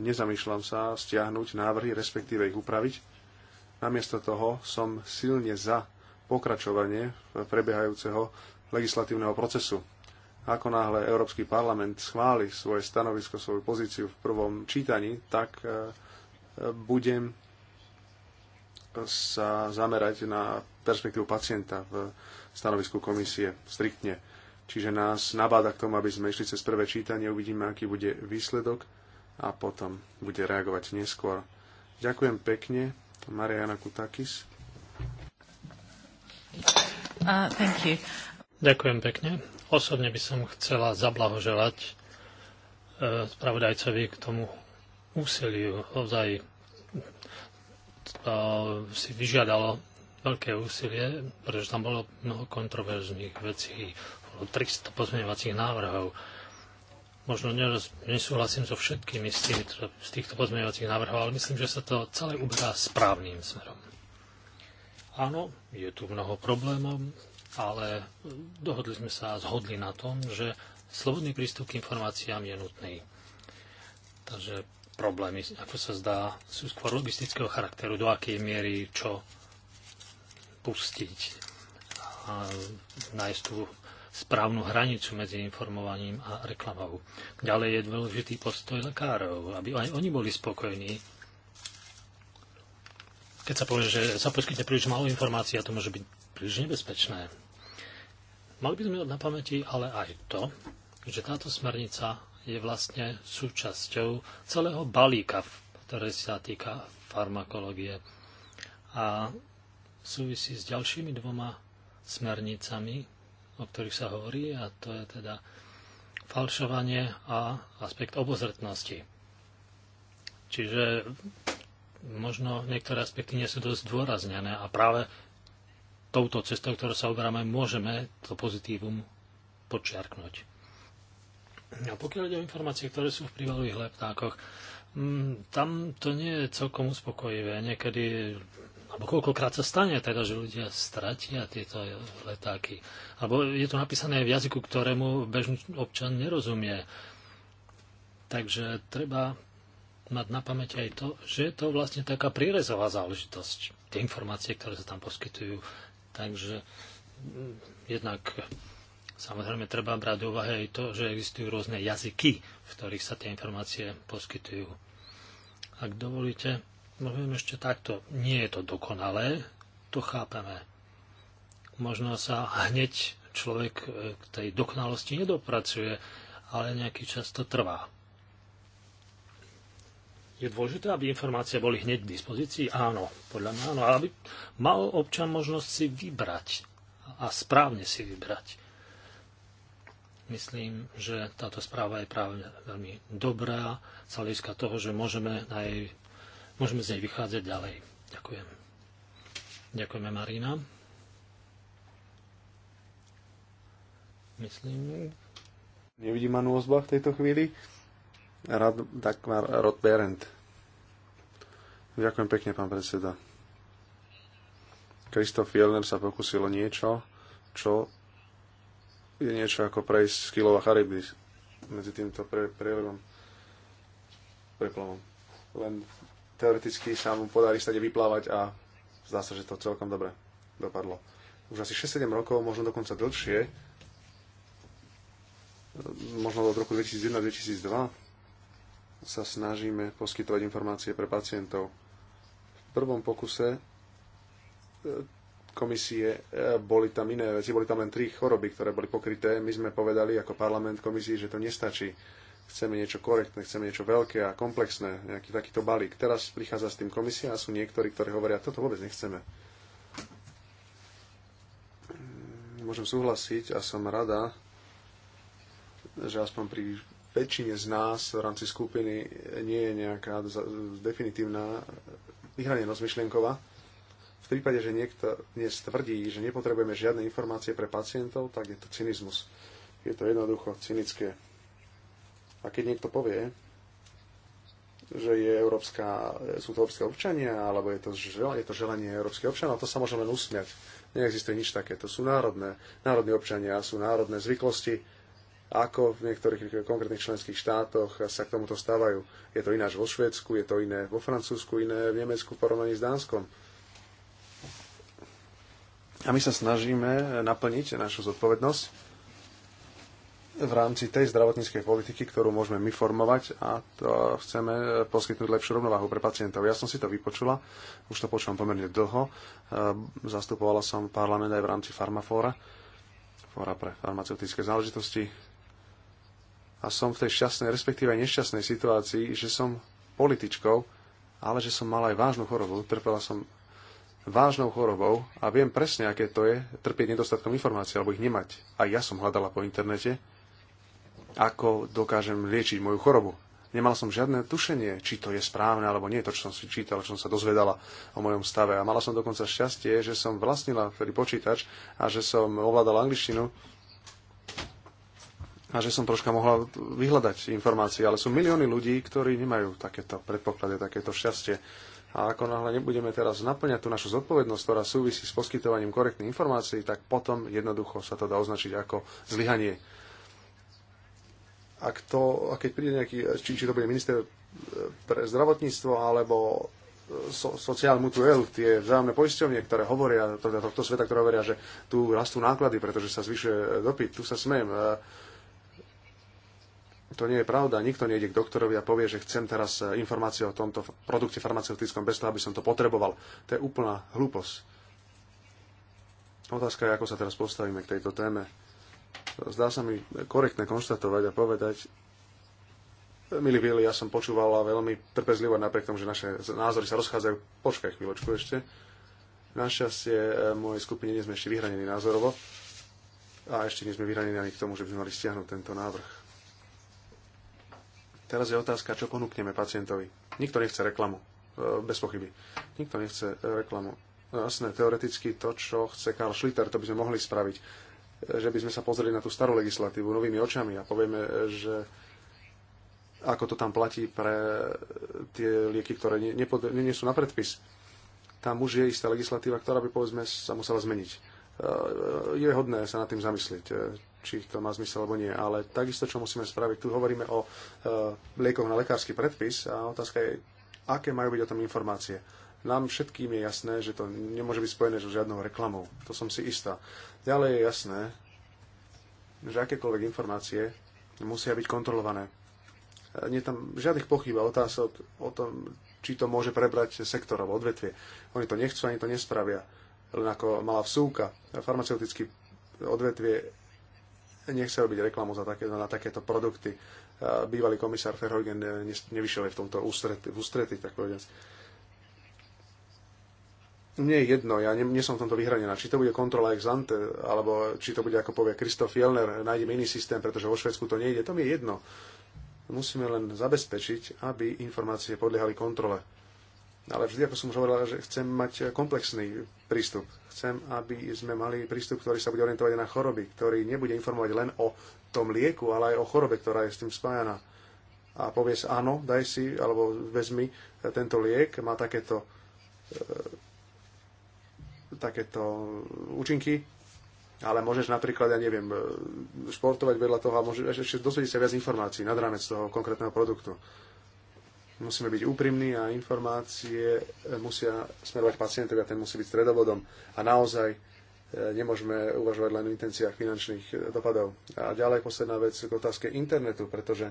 nezamýšľam sa stiahnuť návrhy, respektíve ich upraviť. Namiesto toho som silne za pokračovanie prebiehajúceho legislatívneho procesu. Ako náhle Európsky parlament schváli svoje stanovisko, svoju pozíciu v prvom čítaní, tak e, budem sa zamerať na perspektívu pacienta v stanovisku komisie striktne Čiže nás nabáda k tomu, aby sme išli cez prvé čítanie, uvidíme, aký bude výsledok a potom bude reagovať neskôr. Ďakujem pekne, Mariana Kutakis. Uh, thank you. Ďakujem pekne. Osobne by som chcela zablahoželať uh, spravodajcovi k tomu úsiliu. Ozaj to si vyžiadalo veľké úsilie, pretože tam bolo mnoho kontroverzných vecí. 300 pozmeňovacích návrhov. Možno nesúhlasím so všetkými z, tými, z týchto pozmeňovacích návrhov, ale myslím, že sa to celé uberá správnym smerom. Áno, je tu mnoho problémov, ale dohodli sme sa a zhodli na tom, že slobodný prístup k informáciám je nutný. Takže problémy, ako sa zdá, sú skôr logistického charakteru, do akej miery čo pustiť a nájsť tú správnu hranicu medzi informovaním a reklamou. Ďalej je dôležitý postoj lekárov, aby aj oni boli spokojní. Keď sa povie, že sa poskytne príliš málo informácií, a to môže byť príliš nebezpečné. Mali by sme na pamäti ale aj to, že táto smernica je vlastne súčasťou celého balíka, ktoré sa týka farmakológie a súvisí s ďalšími dvoma smernicami, o ktorých sa hovorí, a to je teda falšovanie a aspekt obozretnosti. Čiže možno niektoré aspekty nie sú dosť dôraznené a práve touto cestou, ktorou sa uberáme, môžeme to pozitívum počiarknúť. A pokiaľ ide o informácie, ktoré sú v prívalových leptákoch, mm, tam to nie je celkom uspokojivé. Niekedy alebo koľkokrát sa stane teda, že ľudia stratia tieto letáky. Alebo je to napísané v jazyku, ktorému bežný občan nerozumie. Takže treba mať na pamäti aj to, že je to vlastne taká prírezová záležitosť. Tie informácie, ktoré sa tam poskytujú. Takže mm, jednak samozrejme treba brať do úvahy aj to, že existujú rôzne jazyky, v ktorých sa tie informácie poskytujú. Ak dovolíte, No viem ešte takto, nie je to dokonalé, to chápeme. Možno sa hneď človek e, k tej dokonalosti nedopracuje, ale nejaký čas to trvá. Je dôležité, aby informácie boli hneď k dispozícii? Áno, podľa mňa áno. Aby mal občan možnosť si vybrať a správne si vybrať. Myslím, že táto správa je práve veľmi dobrá z hľadiska toho, že môžeme na jej môžeme z nej vychádzať ďalej. Ďakujem. Ďakujeme, Marina. Myslím. Nevidím Manu Ozba v tejto chvíli. Rad, Dagmar Rotberend. Ďakujem pekne, pán predseda. Kristof Jelner sa pokusil o niečo, čo je niečo ako prejsť z Kilova Charybdis medzi týmto pre, prelevom, preplavom. Len teoreticky sa mu podarí stade vyplávať a zdá sa, že to celkom dobre dopadlo. Už asi 6-7 rokov, možno dokonca dlhšie, možno od roku 2001-2002, sa snažíme poskytovať informácie pre pacientov. V prvom pokuse e, komisie e, boli tam iné veci, boli tam len tri choroby, ktoré boli pokryté. My sme povedali ako parlament komisii, že to nestačí chceme niečo korektné, chceme niečo veľké a komplexné, nejaký takýto balík. Teraz prichádza s tým komisia a sú niektorí, ktorí hovoria, toto vôbec nechceme. Môžem súhlasiť a som rada, že aspoň pri väčšine z nás v rámci skupiny nie je nejaká definitívna vyhranie myšlienková. V prípade, že niekto dnes tvrdí, že nepotrebujeme žiadne informácie pre pacientov, tak je to cynizmus. Je to jednoducho cynické a keď niekto povie, že je európska, sú to európske občania, alebo je to, žel, je to želanie európskeho občanov, to sa môžeme usmiať. Neexistuje nič také. To sú národné, národní občania, sú národné zvyklosti, ako v niektorých konkrétnych členských štátoch sa k tomuto stávajú. Je to ináč vo Švedsku, je to iné vo Francúzsku, iné v Nemecku v porovnaní s Dánskom. A my sa snažíme naplniť našu zodpovednosť v rámci tej zdravotníckej politiky, ktorú môžeme my formovať a to chceme poskytnúť lepšiu rovnováhu pre pacientov. Ja som si to vypočula, už to počúvam pomerne dlho. E, zastupovala som parlament aj v rámci Farmafóra, fóra pre farmaceutické záležitosti. A som v tej šťastnej, respektíve aj nešťastnej situácii, že som političkou, ale že som mala aj vážnu chorobu. Trpela som vážnou chorobou a viem presne, aké to je trpieť nedostatkom informácií alebo ich nemať. A ja som hľadala po internete ako dokážem liečiť moju chorobu. Nemal som žiadne tušenie, či to je správne alebo nie, to, čo som si čítal, čo som sa dozvedala o mojom stave. A mala som dokonca šťastie, že som vlastnila vtedy počítač a že som ovládala angličtinu a že som troška mohla vyhľadať informácie. Ale sú milióny ľudí, ktorí nemajú takéto predpoklady, takéto šťastie. A ako náhle nebudeme teraz naplňať tú našu zodpovednosť, ktorá súvisí s poskytovaním korektných informácií, tak potom jednoducho sa to dá označiť ako zlyhanie ak to, a keď príde nejaký, či, či to bude minister e, pre zdravotníctvo alebo e, so, sociál mutuel, tie vzájomné poisťovne, ktoré hovoria, teda to, to sveta, ktoré hovoria, že tu rastú náklady, pretože sa zvyšuje e, dopyt, tu sa smiem. To nie je pravda. Nikto nejde k doktorovi a povie, že chcem teraz informáciu o tomto produkte farmaceutickom bez toho, aby som to potreboval. To je úplná hlúposť. Otázka je, ako sa teraz postavíme k tejto téme Zdá sa mi korektne konštatovať a povedať, milí Vili, ja som a veľmi trpezlivo, napriek tomu, že naše názory sa rozchádzajú. Počkaj chvíľočku ešte. Našťastie e, mojej skupine nie sme ešte vyhranení názorovo a ešte nie sme vyhranení ani k tomu, že by sme mali stiahnuť tento návrh. Teraz je otázka, čo ponúkneme pacientovi. Nikto nechce reklamu, e, bez pochyby. Nikto nechce reklamu. No, jasné, teoreticky to, čo chce Karl Schlitter, to by sme mohli spraviť že by sme sa pozreli na tú starú legislatívu novými očami a povieme, že ako to tam platí pre tie lieky, ktoré nie, nie sú na predpis. Tam už je istá legislatíva, ktorá by povedzme sa musela zmeniť. E, e, je hodné sa nad tým zamyslieť, e, či to má zmysel alebo nie, ale takisto, čo musíme spraviť, tu hovoríme o liekoch na lekársky predpis a otázka je, aké majú byť o tom informácie nám všetkým je jasné, že to nemôže byť spojené so žiadnou reklamou. To som si istá. Ďalej je jasné, že akékoľvek informácie musia byť kontrolované. E, nie tam žiadnych pochýb a otázok o tom, či to môže prebrať sektor alebo odvetvie. Oni to nechcú, ani to nespravia. Len ako malá vsúka, farmaceutický odvetvie nechce robiť reklamu za také, na takéto produkty. E, bývalý komisár Ferhojgen nevyšiel aj v tomto ústrety, v ústrety tak povedať nie je jedno, ja nie, nie som v tomto vyhranená, či to bude kontrola ex ante, alebo či to bude, ako povie Kristof Jelner, nájdeme iný systém, pretože vo Švedsku to nejde, to mi je jedno. Musíme len zabezpečiť, aby informácie podliehali kontrole. Ale vždy, ako som už hovorila, že chcem mať komplexný prístup. Chcem, aby sme mali prístup, ktorý sa bude orientovať na choroby, ktorý nebude informovať len o tom lieku, ale aj o chorobe, ktorá je s tým spájana. A povie sa, áno, daj si, alebo vezmi tento liek, má takéto takéto účinky, ale môžeš napríklad, ja neviem, športovať vedľa toho a môžeš ešte dozvedieť sa viac informácií nad rámec toho konkrétneho produktu. Musíme byť úprimní a informácie musia smerovať pacientovi a ten musí byť stredobodom. A naozaj e, nemôžeme uvažovať len v intenciách finančných e, dopadov. A ďalej posledná vec k otázke internetu, pretože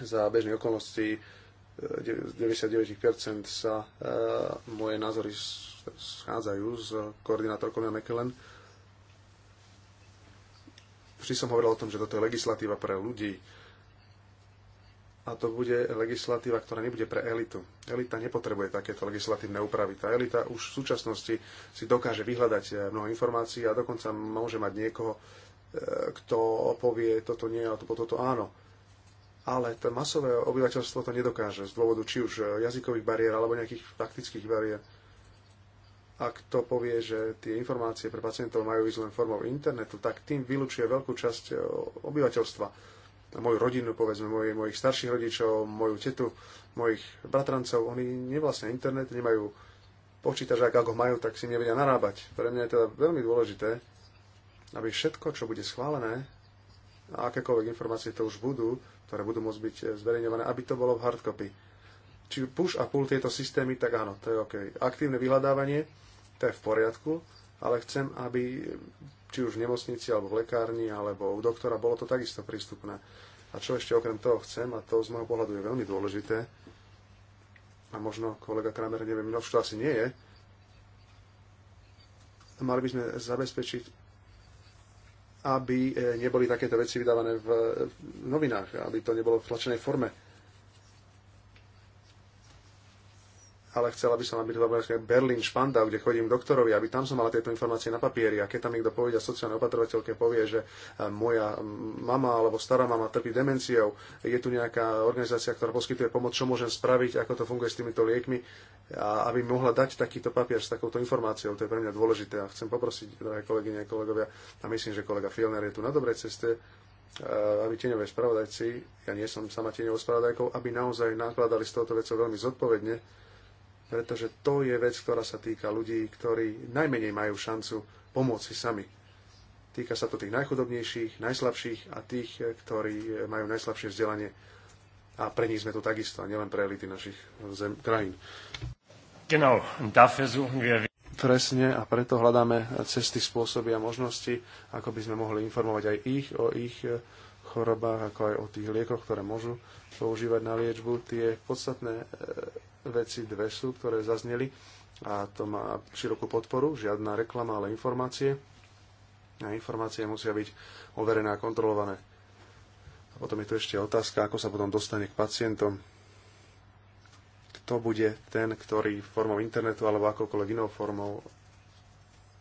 za bežných okolností 99% sa e, moje názory schádzajú s koordinátorkou na McKellen. Vždy som hovoril o tom, že toto je legislatíva pre ľudí. A to bude legislatíva, ktorá nebude pre elitu. Elita nepotrebuje takéto legislatívne úpravy. Tá elita už v súčasnosti si dokáže vyhľadať e, mnoho informácií a dokonca môže mať niekoho, e, kto povie toto nie a toto áno ale to masové obyvateľstvo to nedokáže z dôvodu či už jazykových bariér alebo nejakých taktických bariér. Ak to povie, že tie informácie pre pacientov majú ísť len formou internetu, tak tým vylúčuje veľkú časť e, obyvateľstva. Moju rodinu, povedzme, mojich, mojich starších rodičov, moju tetu, mojich bratrancov, oni nevlastne internet, nemajú počítač, ak ho majú, tak si nevedia narábať. Pre mňa je teda veľmi dôležité, aby všetko, čo bude schválené, a akékoľvek informácie to už budú, ktoré budú môcť byť eh, zverejňované, aby to bolo v hardcopy. Či push a pull tieto systémy, tak áno, to je OK. Aktívne vyhľadávanie, to je v poriadku, ale chcem, aby či už v nemocnici, alebo v lekárni, alebo u doktora, bolo to takisto prístupné. A čo ešte okrem toho chcem, a to z môjho pohľadu je veľmi dôležité, a možno kolega Kramer, neviem, no to asi nie je, mali by sme zabezpečiť aby eh, neboli takéto veci vydávané v novinách, aby to nebolo v tlačenej forme. ale chcela by som, aby to bolo Berlín, Špandau, kde chodím doktorovi, aby tam som mala tieto informácie na papieri. A keď tam niekto povie sociálne opatrovateľke, povie, že e, moja mama alebo stará mama trpí demenciou, je tu nejaká organizácia, ktorá poskytuje pomoc, čo môžem spraviť, ako to funguje s týmito liekmi, a aby mohla dať takýto papier s takouto informáciou, to je pre mňa dôležité. A chcem poprosiť, drahé kolegyne a kolegovia, a myslím, že kolega Fielner je tu na dobrej ceste, e, aby tieňové spravodajci, ja nie som sama tieňovou spravodajkou, aby naozaj nakladali s touto vecou veľmi zodpovedne, pretože to je vec, ktorá sa týka ľudí, ktorí najmenej majú šancu pomôcť si sami. Týka sa to tých najchudobnejších, najslabších a tých, eh, ktorí eh, majú najslabšie vzdelanie. A pre nich sme tu takisto, a nielen pre elity našich eh, zem, krajín. Genau, dafür suchen wir... Presne, a preto hľadáme cesty, spôsoby a možnosti, ako by sme mohli informovať aj ich o ich chorobách, ako aj o tých liekoch, ktoré môžu používať na liečbu. Tie podstatné veci dve sú, ktoré zazneli a to má širokú podporu, žiadna reklama, ale informácie. A informácie musia byť overené a kontrolované. A potom je tu ešte otázka, ako sa potom dostane k pacientom. Kto bude ten, ktorý formou internetu alebo akokoľvek inou formou,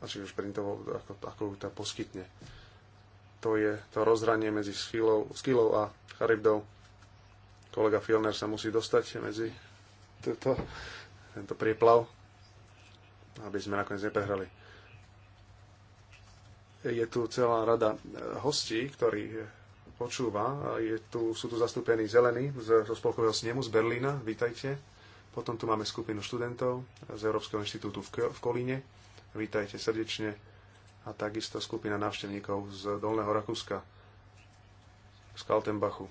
a či už printovou, ako, ako to poskytne. To je to rozhranie medzi skillou, skillou a charybdou. Kolega Filner sa musí dostať medzi túto, tento prieplav, aby sme nakoniec neprehrali. Je tu celá rada eh, hostí, ktorí eh, počúva. Je tu, sú tu zastúpení zelení z, zo spolkového snemu z Berlína. Vítajte. Potom tu máme skupinu študentov z Európskeho inštitútu v Kolíne. Vítajte srdečne. A takisto skupina návštevníkov z Dolného Rakúska, z Kaltenbachu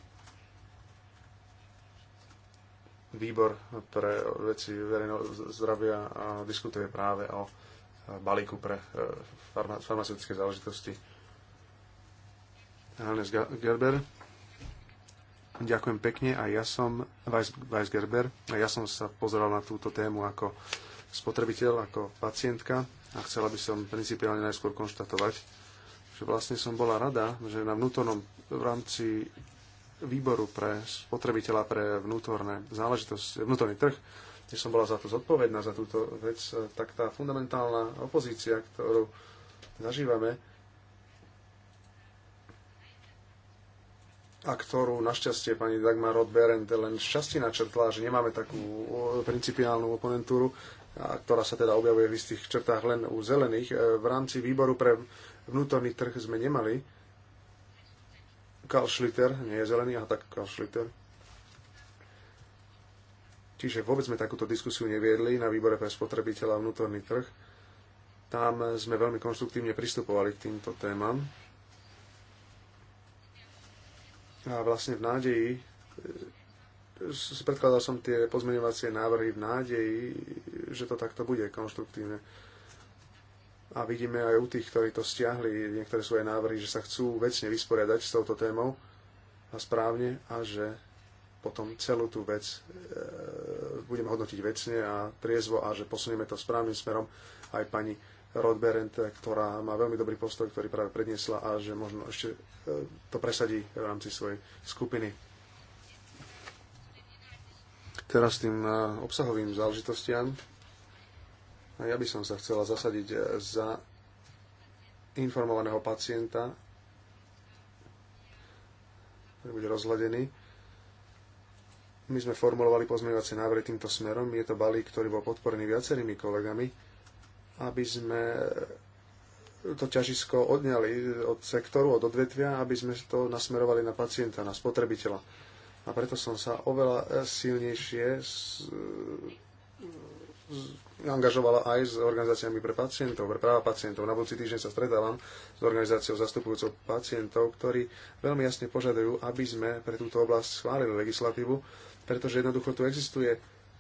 výbor pre veci verejného zdravia diskutuje práve o e, balíku pre e, farma, farmaceutické záležitosti. Hannes Gerber. Ďakujem pekne a ja som Weiss Gerber a ja som sa pozeral na túto tému ako spotrebiteľ, ako pacientka a chcela by som principiálne najskôr konštatovať, že vlastne som bola rada, že na vnútornom v rámci výboru pre spotrebiteľa pre vnútorné záležitosti, vnútorný trh, keď som bola za to zodpovedná, za túto vec, tak tá fundamentálna opozícia, ktorú zažívame a ktorú našťastie pani Dagmar Rodberend len šťastie načrtla, že nemáme takú principiálnu oponentúru, a ktorá sa teda objavuje v istých črtách len u zelených. V rámci výboru pre vnútorný trh sme nemali Karl Schlitter, nie je zelený, a tak Karl Schlitter. Čiže vôbec sme takúto diskusiu neviedli na výbore pre spotrebiteľa a vnútorný trh. Tam sme veľmi konštruktívne pristupovali k týmto témam. A vlastne v nádeji, predkladal som tie pozmeňovacie návrhy v nádeji, že to takto bude konštruktívne a vidíme aj u tých, ktorí to stiahli niektoré svoje návrhy, že sa chcú vecne vysporiadať s touto témou a správne a že potom celú tú vec e, budeme hodnotiť vecne a triezvo a že posunieme to správnym smerom aj pani Rodberent, ktorá má veľmi dobrý postoj, ktorý práve predniesla a že možno ešte e, to presadí v rámci svojej skupiny. Teraz tým e, obsahovým záležitostiam. A Ja by som sa chcela zasadiť eh, za informovaného pacienta, ktorý bude rozhľadený. My sme formulovali pozmeňovacie návrhy týmto smerom. Je to balík, ktorý bol podporený viacerými kolegami, aby sme eh, to ťažisko odňali eh, od sektoru, od odvetvia, aby sme to nasmerovali na pacienta, na spotrebiteľa. A preto som sa oveľa silnejšie angažovala aj s organizáciami pre pacientov, pre práva pacientov. Na budúci týždeň sa stretávam s organizáciou zastupujúcou pacientov, ktorí veľmi jasne požadujú, aby sme pre túto oblasť schválili legislatívu, pretože jednoducho tu existuje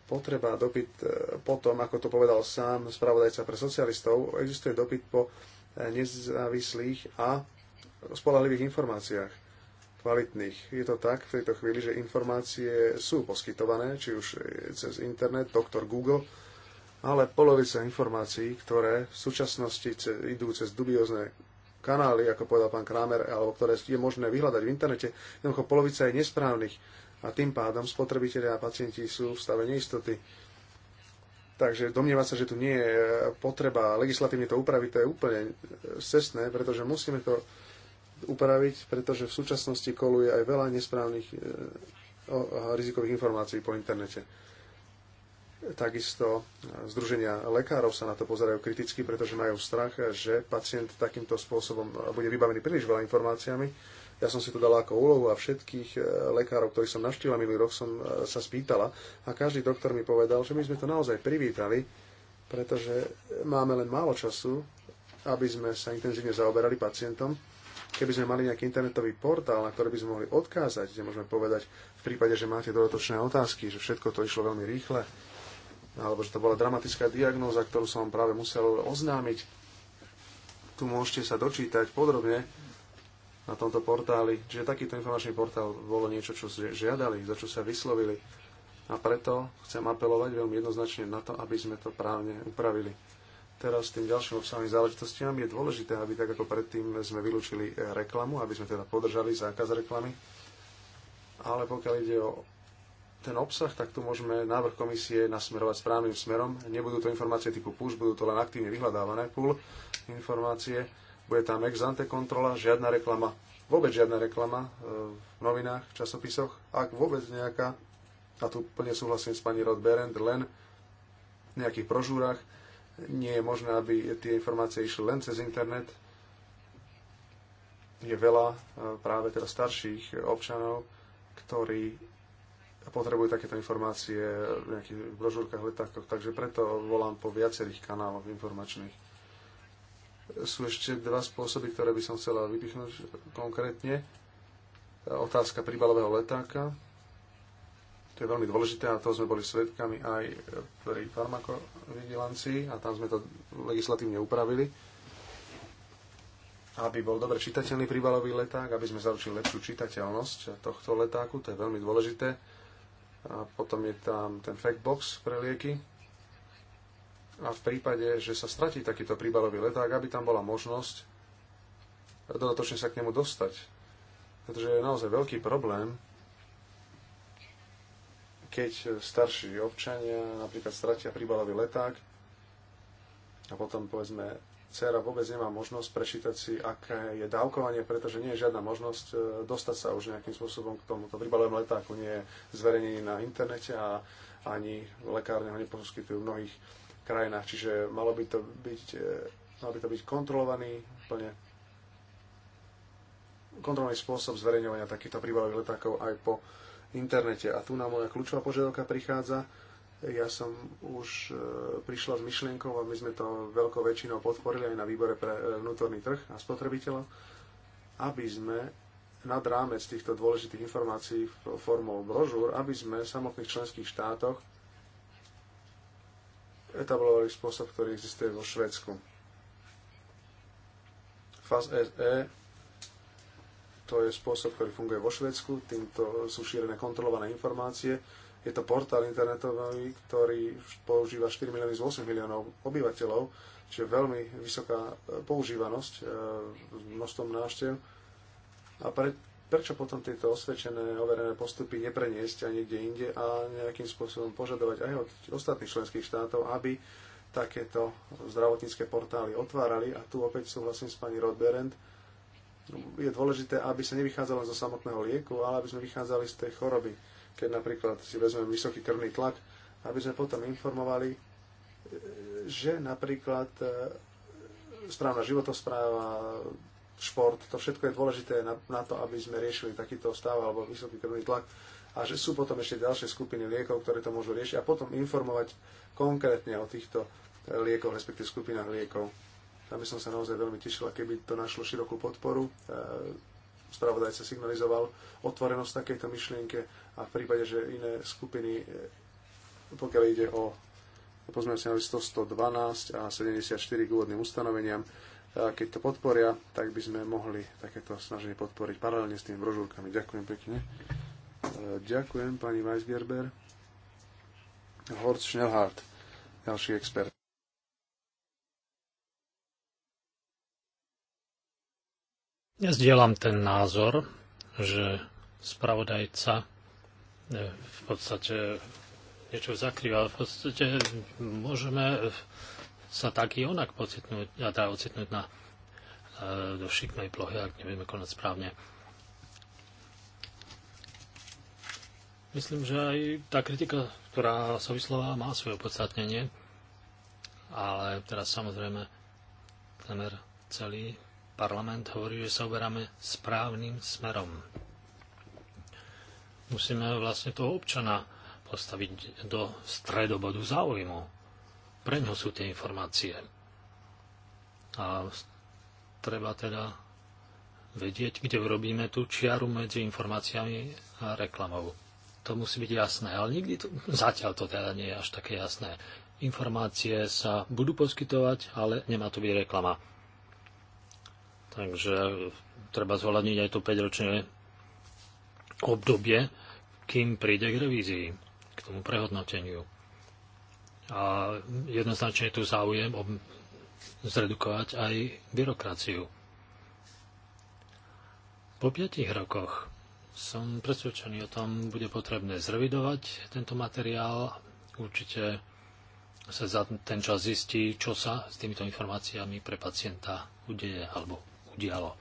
potreba, dopyt e, po tom, ako to povedal sám spravodajca pre socialistov, existuje dopyt po e, nezávislých a spolahlivých informáciách kvalitných. Je to tak v tejto chvíli, že informácie sú poskytované, či už e, cez internet, doktor Google, ale polovica informácií, ktoré v súčasnosti idú cez dubiozne kanály, ako povedal pán Kramer, alebo ktoré je možné vyhľadať v internete, jednoducho polovica je nesprávnych a tým pádom spotrebitelia a pacienti sú v stave neistoty. Takže domnievať sa, že tu nie je potreba legislatívne to upraviť, to je úplne e, cestné, pretože musíme to upraviť, pretože v súčasnosti koluje aj veľa nesprávnych e, rizikových informácií po internete. Takisto združenia lekárov sa na to pozerajú kriticky, pretože majú strach, že pacient takýmto spôsobom bude vybavený príliš veľa informáciami. Ja som si to dala ako úlohu a všetkých e, lekárov, ktorých som navštívila minulý rok, som e, sa spýtala a každý doktor mi povedal, že my sme to naozaj privítali, pretože máme len málo času, aby sme sa intenzívne zaoberali pacientom. Keby sme mali nejaký internetový portál, na ktorý by sme mohli odkázať, kde môžeme povedať v prípade, že máte dodatočné otázky, že všetko to išlo veľmi rýchle, alebo že to bola dramatická diagnóza, ktorú som vám práve musel oznámiť. Tu môžete sa dočítať podrobne na tomto portáli. že takýto informačný portál bolo niečo, čo žiadali, za čo sa vyslovili. A preto chcem apelovať veľmi jednoznačne na to, aby sme to právne upravili. Teraz tým ďalším obsahom záležitostiam je dôležité, aby tak ako predtým sme vylúčili reklamu, aby sme teda podržali zákaz reklamy. Ale pokiaľ ide o ten obsah, tak tu môžeme návrh komisie nasmerovať správnym smerom. Nebudú to informácie typu push, budú to len aktívne vyhľadávané pull informácie. Bude tam ex ante kontrola, žiadna reklama, vôbec žiadna reklama e, v novinách, v časopisoch. Ak vôbec nejaká, a tu plne súhlasím s pani Rod Berend, len v nejakých prožúrach, nie je možné, aby tie informácie išli len cez internet. Je veľa e, práve teda starších občanov, ktorí a potrebujú takéto informácie v nejakých brožúrkach, letákoch, takže preto volám po viacerých kanáloch informačných. Sú ešte dva spôsoby, ktoré by som chcela vypichnúť konkrétne. Otázka príbalového letáka. To je veľmi dôležité a to sme boli svedkami aj pri farmakovigilancii a tam sme to legislatívne upravili aby bol dobre čitateľný príbalový leták, aby sme zaručili lepšiu čitateľnosť tohto letáku, to je veľmi dôležité a potom je tam ten fact box pre lieky. A v prípade, že sa stratí takýto príbalový leták, aby tam bola možnosť dodatočne sa k nemu dostať. Pretože je naozaj veľký problém, keď starší občania napríklad stratia príbalový leták a potom povedzme dcera vôbec nemá možnosť prečítať si, aké je dávkovanie, pretože nie je žiadna možnosť e, dostať sa už nejakým spôsobom k tomuto príbalovému letáku, nie je zverejnený na internete a ani lekárne ho neposkytujú v mnohých krajinách. Čiže malo by to byť, e, malo by to byť kontrolovaný, plne kontrolovaný spôsob zverejňovania takýchto príbalových letákov aj po internete. A tu nám moja kľúčová požiadavka prichádza, ja som už e, prišla s myšlienkou a my sme to veľkou väčšinou podporili aj na výbore pre e, vnútorný trh a spotrebiteľa, aby sme nad rámec týchto dôležitých informácií formou brožúr, aby sme v samotných členských štátoch etablovali spôsob, ktorý existuje vo Švedsku. FAS SE e, to je spôsob, ktorý funguje vo Švedsku, týmto sú šírené kontrolované informácie, je to portál internetový, ktorý používa 4 milióny z 8 miliónov obyvateľov, čiže veľmi vysoká e, používanosť e, množstvom návštev. A pre, prečo potom tieto osvedčené, overené postupy nepreniesť aj niekde inde a nejakým spôsobom požadovať aj od ostatných členských štátov, aby takéto zdravotnícke portály otvárali. A tu opäť súhlasím s pani Rodberend, je dôležité, aby sa nevychádzalo zo samotného lieku, ale aby sme vychádzali z tej choroby keď napríklad si vezmeme vysoký krvný tlak, aby sme potom informovali, e, že napríklad e, správna životospráva, šport, to všetko je dôležité na, na to, aby sme riešili takýto stav alebo vysoký krvný tlak a že sú potom ešte ďalšie skupiny liekov, ktoré to môžu riešiť a potom informovať konkrétne o týchto e, liekov, respektíve skupinách liekov. Tam by som sa naozaj veľmi tešila, keby to našlo širokú podporu spravodajca signalizoval otvorenosť takejto myšlienke a v prípade, že iné skupiny, e, pokiaľ ide o pozmeňujúce návrhy 112 a 74 k úvodným ustanoveniam, e, keď to podporia, tak by sme mohli takéto snaženie podporiť paralelne s tými brožúrkami. Ďakujem pekne. E, ďakujem pani Weisgerber. Horst Schnellhardt, ďalší expert. Zdieľam ten názor, že spravodajca e, v podstate niečo zakrýva. V podstate môžeme sa tak i onak pocitnúť, a teda ocitnúť na e, do šiknej plohy, ak nevieme konať správne. Myslím, že aj tá kritika, ktorá sa vyslová, má svoje opodstatnenie, ale teraz samozrejme temer celý parlament hovorí, že sa uberáme správnym smerom. Musíme vlastne toho občana postaviť do stredobodu záujmu. Pre ňo sú tie informácie. A treba teda vedieť, kde urobíme tú čiaru medzi informáciami a reklamou. To musí byť jasné, ale nikdy to, zatiaľ to teda nie je až také jasné informácie sa budú poskytovať, ale nemá to byť reklama. Takže treba zvládniť aj to 5-ročné obdobie, kým príde k revízii, k tomu prehodnoteniu. A jednoznačne tu záujem ob... zredukovať aj byrokraciu. Po 5 rokoch som presvedčený o tom, bude potrebné zrevidovať tento materiál. Určite sa za ten čas zistí, čo sa s týmito informáciami pre pacienta udeje alebo udialo.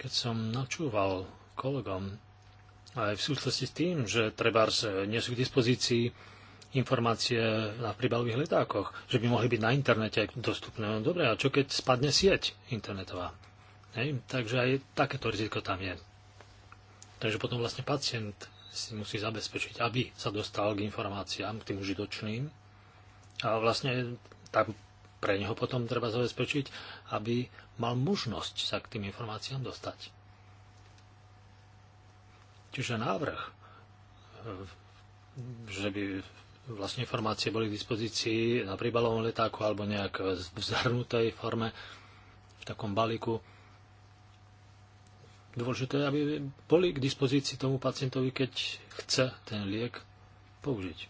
Keď som načúval kolegom aj v súvislosti s tým, že trebárs eh, nie sú k dispozícii informácie na príbalových letákoch, že by mohli byť na internete dostupné. No dobre, a čo keď spadne sieť internetová? Hej? Takže aj takéto riziko tam je. Takže potom vlastne pacient si musí zabezpečiť, aby sa dostal k informáciám, k tým užitočným. A vlastne tá pre neho potom treba zabezpečiť, aby mal možnosť sa k tým informáciám dostať. Čiže návrh, že by vlastne informácie boli k dispozícii na príbalovom letáku alebo nejak v zhrnutej forme v takom balíku. Dôležité, aby boli k dispozícii tomu pacientovi, keď chce ten liek použiť.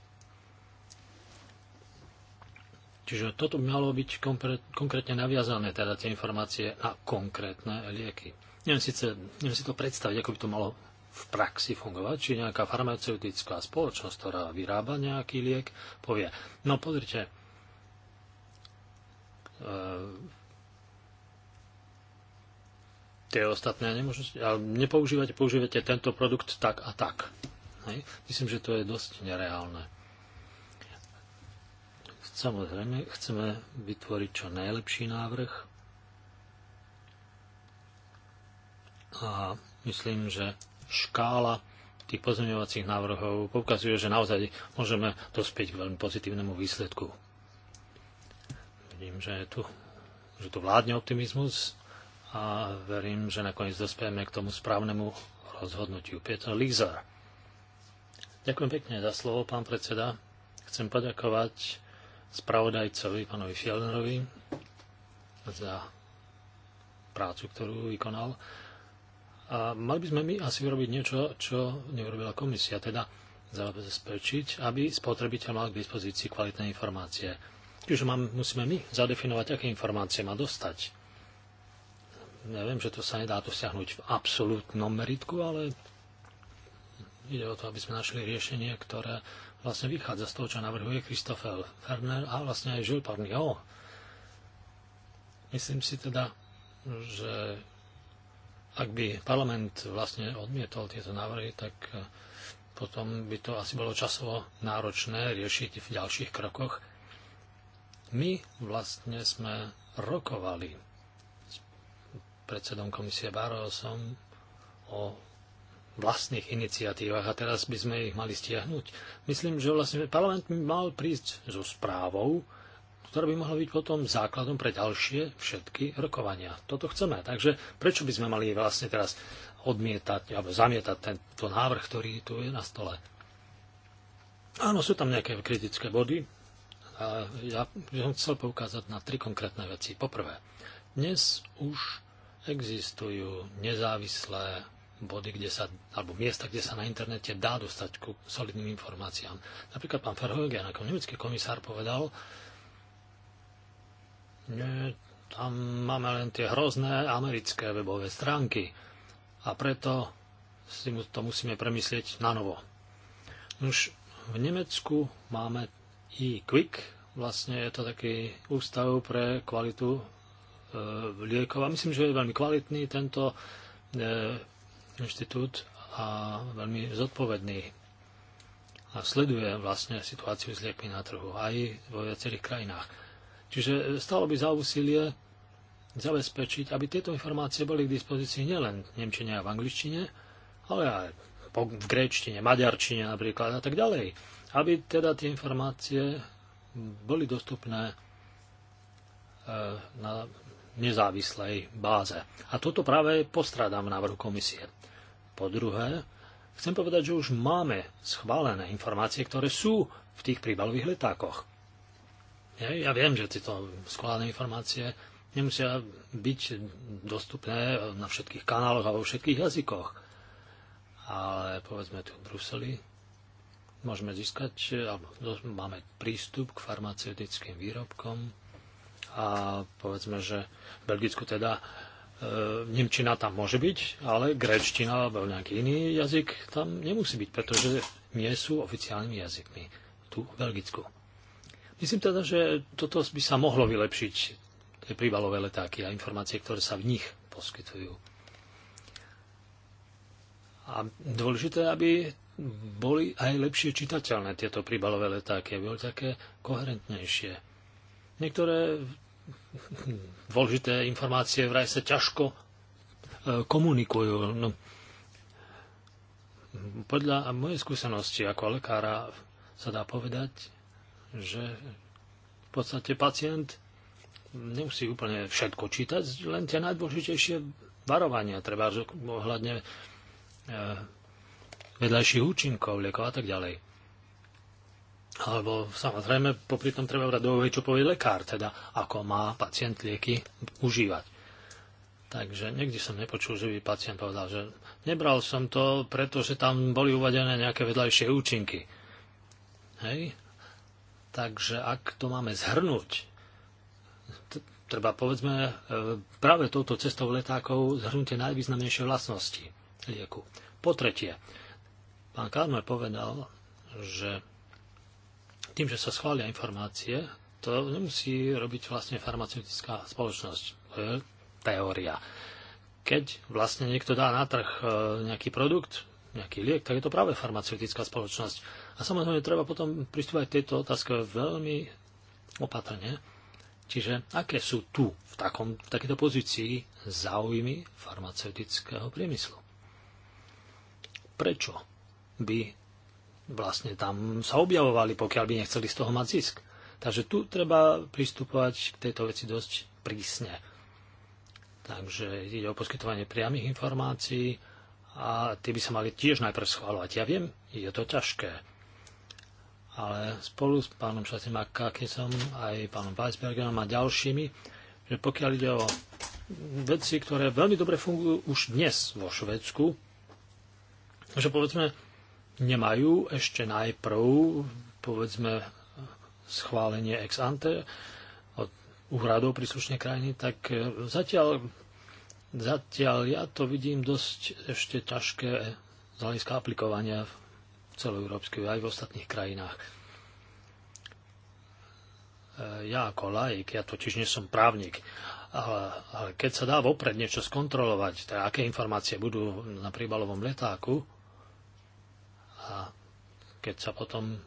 Čiže toto malo byť konkrétne naviazané, teda tie informácie na konkrétne lieky. Neviem, síce, neviem si to predstaviť, ako by to malo v praxi fungovať, či nejaká farmaceutická spoločnosť, ktorá vyrába nejaký liek, povie, no pozrite, e tie ostatné nemôžete, ale nepoužívate, používate tento produkt tak a tak. Hej? Myslím, že to je dosť nereálne. Samozrejme, chceme vytvoriť čo najlepší návrh a myslím, že škála tých pozmeňovacích návrhov poukazuje, že naozaj môžeme dospieť k veľmi pozitívnemu výsledku. Vidím, že je tu, že tu vládne optimizmus a verím, že nakoniec dospieme k tomu správnemu rozhodnutiu. Peter Lízar. Ďakujem pekne za slovo, pán predseda. Chcem poďakovať spravodajcovi, pánovi Fjellnerovi, za prácu, ktorú vykonal. A mali by sme my asi urobiť niečo, čo neurobila komisia, teda zabezpečiť, aby spotrebiteľ mal k dispozícii kvalitné informácie. Čiže mám, musíme my zadefinovať, aké informácie má dostať. Neviem, že to sa nedá dosiahnuť v absolútnom meritku, ale ide o to, aby sme našli riešenie, ktoré vlastne vychádza z toho, čo navrhuje Christopher Ferner a vlastne aj Jules Parnio. Myslím si teda, že ak by parlament vlastne odmietol tieto návrhy, tak eh, potom by to asi bolo časovo náročné riešiť v ďalších krokoch. My vlastne sme rokovali s predsedom komisie Barosom o vlastných iniciatívach a teraz by sme ich mali stiahnuť. Myslím, že vlastne parlament by mal prísť so správou, ktorá by mohla byť potom základom pre ďalšie všetky rokovania. Toto chceme. Takže prečo by sme mali vlastne teraz odmietať alebo zamietať tento návrh, ktorý tu je na stole? Áno, sú tam nejaké kritické body. A ja by som chcel poukázať na tri konkrétne veci. Poprvé, dnes už existujú nezávislé body, kde sa, alebo miesta, kde sa na internete dá dostať ku solidným informáciám. Napríklad pán Verhoeven, ako nemecký komisár, povedal, že tam máme len tie hrozné americké webové stránky a preto si to musíme premyslieť na novo. Už v Nemecku máme e-quick, vlastne je to taký ústav pre kvalitu e, liekov a myslím, že je veľmi kvalitný tento e, inštitút a veľmi zodpovedný a sleduje vlastne situáciu s liekmi na trhu aj vo viacerých krajinách. Čiže stalo by za úsilie zabezpečiť, aby tieto informácie boli k dispozícii nielen v Nemčine a v angličtine, ale aj v gréčtine, maďarčine napríklad a tak ďalej. Aby teda tie informácie boli dostupné e, na nezávislej báze. A toto práve postradám v návrhu komisie. Po druhé, chcem povedať, že už máme schválené informácie, ktoré sú v tých príbalových letákoch. Ja, ja viem, že tieto schválené informácie nemusia byť dostupné na všetkých kanáloch a vo všetkých jazykoch. Ale povedzme tu v Bruseli môžeme získať, alebo máme prístup k farmaceutickým výrobkom a povedzme, že v Belgicku teda E, Nemčina tam môže byť, ale gréčtina alebo nejaký iný jazyk tam nemusí byť, pretože nie sú oficiálnymi jazykmi tu v Belgicku. Myslím teda, že toto by sa mohlo vylepšiť, tie príbalové letáky a informácie, ktoré sa v nich poskytujú. A dôležité, aby boli aj lepšie čitateľné tieto príbalové letáky, aby boli také koherentnejšie. Niektoré dôležité informácie vraj sa ťažko e, komunikujú. No, podľa mojej skúsenosti ako lekára sa dá povedať, že v podstate pacient nemusí úplne všetko čítať, len tie najdôležitejšie varovania, treba ohľadne e, vedľajších účinkov, liekov a tak ďalej. Alebo samozrejme, popri tom treba brať do úvahy, čo povie lekár, teda ako má pacient lieky užívať. Takže nikdy som nepočul, že by pacient povedal, že nebral som to, pretože tam boli uvedené nejaké vedľajšie účinky. Hej? Takže ak to máme zhrnúť, treba povedzme e, práve touto cestou letákov zhrnúť najvýznamnejšie vlastnosti lieku. Po tretie, pán Karmer povedal, že tým, že sa schvália informácie, to nemusí robiť vlastne farmaceutická spoločnosť. To je teória. Keď vlastne niekto dá na trh e, nejaký produkt, nejaký liek, tak je to práve farmaceutická spoločnosť. A samozrejme treba potom pristúpať k tejto otázke veľmi opatrne. Čiže aké sú tu v, takom, v takejto pozícii záujmy farmaceutického priemyslu? Prečo by vlastne tam sa objavovali, pokiaľ by nechceli z toho mať zisk. Takže tu treba pristupovať k tejto veci dosť prísne. Takže ide o poskytovanie priamých informácií a tie by sa mali tiež najprv schváľovať. Ja viem, je to ťažké. Ale spolu s pánom Šatimakákisom, aj pánom Weisbergerom a ďalšími, že pokiaľ ide o veci, ktoré veľmi dobre fungujú už dnes vo Švedsku, že povedzme, nemajú ešte najprv, povedzme, schválenie ex ante od úhradov príslušnej krajiny, tak e, zatiaľ, zatiaľ ja to vidím dosť ešte ťažké z hľadiska aplikovania v Európskej aj v ostatných krajinách. E, ja ako laik, ja totiž nie som právnik, ale, ale keď sa dá vopred niečo skontrolovať, teda aké informácie budú na príbalovom letáku, a keď sa potom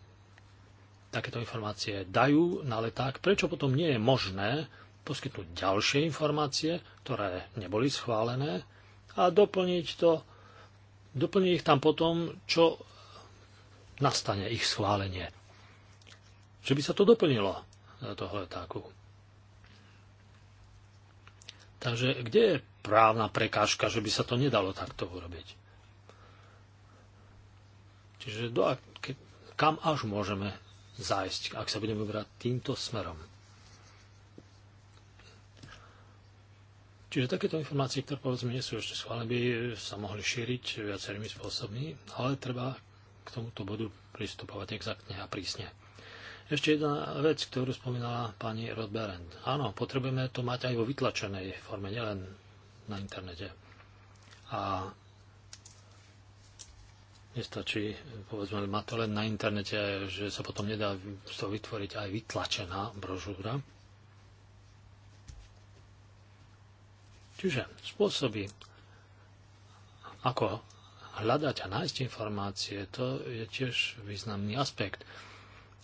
takéto informácie dajú na leták, prečo potom nie je možné poskytnúť ďalšie informácie, ktoré neboli schválené a doplniť to, doplniť ich tam potom, čo nastane ich schválenie. Že by sa to doplnilo do e, toho letáku. Takže kde je právna prekážka, že by sa to nedalo takto urobiť? Čiže do, ke, kam až môžeme zájsť, ak sa budeme brať týmto smerom. Čiže takéto informácie, ktoré povedzme nie sú ešte schválené, by sa mohli šíriť viacerými spôsobmi, ale treba k tomuto bodu pristupovať exaktne a prísne. Ešte jedna vec, ktorú spomínala pani Rodberend. Áno, potrebujeme to mať aj vo vytlačenej forme, nielen na internete. A Nestačí, povedzme, má to len na internete, že sa potom nedá z toho vytvoriť aj vytlačená brožúra. Čiže spôsoby, ako hľadať a nájsť informácie, to je tiež významný aspekt.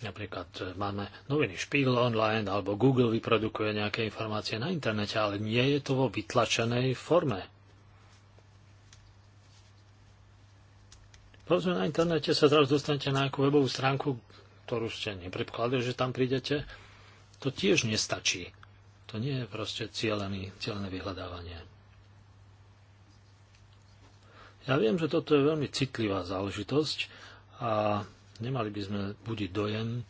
Napríklad máme noviny špíl online alebo Google vyprodukuje nejaké informácie na internete, ale nie je to vo vytlačenej forme. Povedzme na internete sa zrazu dostanete na nejakú webovú stránku, ktorú ste nepredpokladali, že tam prídete. To tiež nestačí. To nie je proste cieľený, cieľené vyhľadávanie. Ja viem, že toto je veľmi citlivá záležitosť a nemali by sme budiť dojem,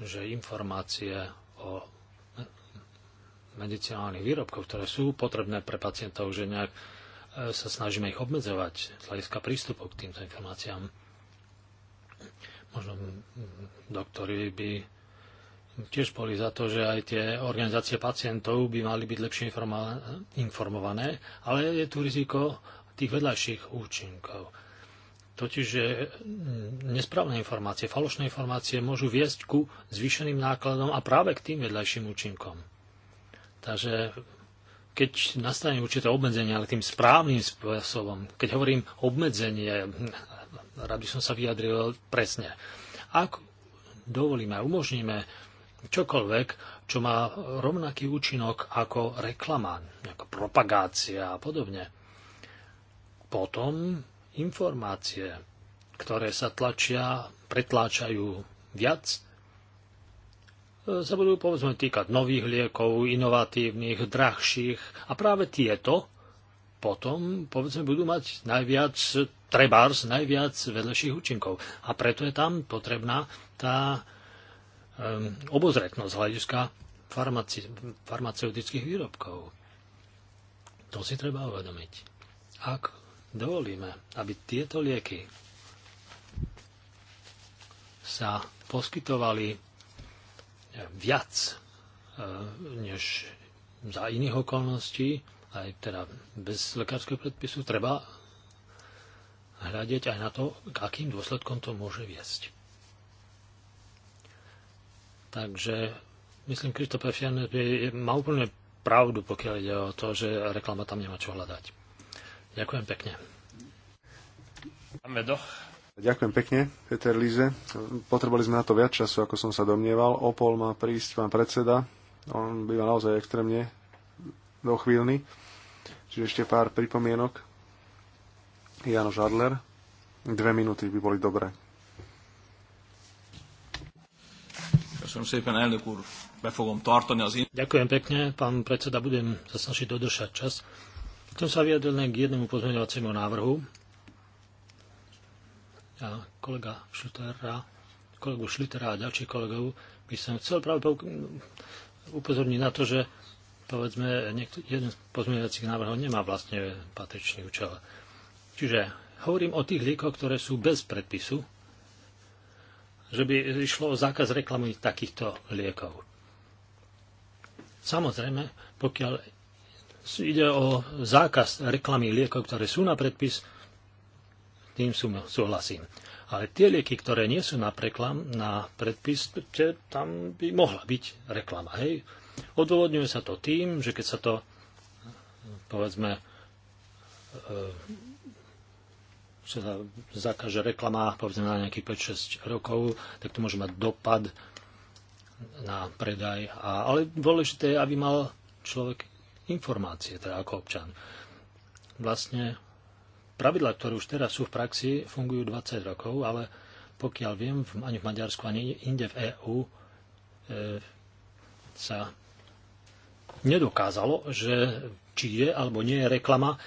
že informácie o medicinálnych výrobkoch, ktoré sú potrebné pre pacientov, že nejak sa snažíme ich obmedzovať z hľadiska prístupu k týmto informáciám. Možno doktori by tiež boli za to, že aj tie organizácie pacientov by mali byť lepšie informované, ale je tu riziko tých vedľajších účinkov. Totiž, že nesprávne informácie, falošné informácie môžu viesť ku zvýšeným nákladom a práve k tým vedľajším účinkom. Takže keď nastane určité obmedzenie, ale tým správnym spôsobom, keď hovorím obmedzenie, rád by som sa vyjadril presne. Ak dovolíme, umožníme čokoľvek, čo má rovnaký účinok ako reklama, ako propagácia a podobne. Potom informácie, ktoré sa tlačia, pretláčajú viac E, sa budú povedzme týkať nových liekov, inovatívnych, drahších a práve tieto potom povedzme budú mať najviac trebárs, najviac vedlejších účinkov. A preto je tam potrebná tá um, obozretnosť hľadiska farmaci- farmaceutických výrobkov. To si treba uvedomiť. Ak dovolíme, aby tieto lieky sa poskytovali viac e, než za iných okolností, aj teda bez lekárskeho predpisu, treba hľadiť aj na to, k akým dôsledkom to môže viesť. Takže myslím, Kristofer Fianer má úplne pravdu, pokiaľ ide o to, že reklama tam nemá čo hľadať. Ďakujem pekne. Máme doch Ďakujem pekne, Peter lize. Potrebovali sme na to viac času, ako som sa domnieval. Opol má prísť pán predseda. On býva naozaj extrémne dochvíľný. Čiže ešte pár pripomienok. Jano Žadler. Dve minúty by boli dobré. Ďakujem pekne, pán predseda, budem sa snažiť dodržať čas. Chcem sa vyjadriť len k jednému pozmeňovaciemu návrhu, a kolega Šutera, kolegu Šlitera a ďalších kolegov by som chcel práve upozorniť na to, že povedzme, niekto, jeden z pozmeňujúcich návrhov nemá vlastne patričný účel. Čiže hovorím o tých liekoch, ktoré sú bez predpisu, že by išlo o zákaz reklamy takýchto liekov. Samozrejme, pokiaľ ide o zákaz reklamy liekov, ktoré sú na predpis, tým súhlasím. Ale tie lieky, ktoré nie sú na, preklam, na predpis, tam by mohla byť reklama. Hej? Odôvodňuje sa to tým, že keď sa to povedzme e, sa zakáže reklama povedzme na nejakých 5-6 rokov, tak to môže mať dopad na predaj. A, ale dôležité je, aby mal človek informácie, teda ako občan. Vlastne pravidla, ktoré už teraz sú v praxi, fungujú 20 rokov, ale pokiaľ viem, ani v Maďarsku, ani inde v EÚ e, sa nedokázalo, že či je alebo nie je reklama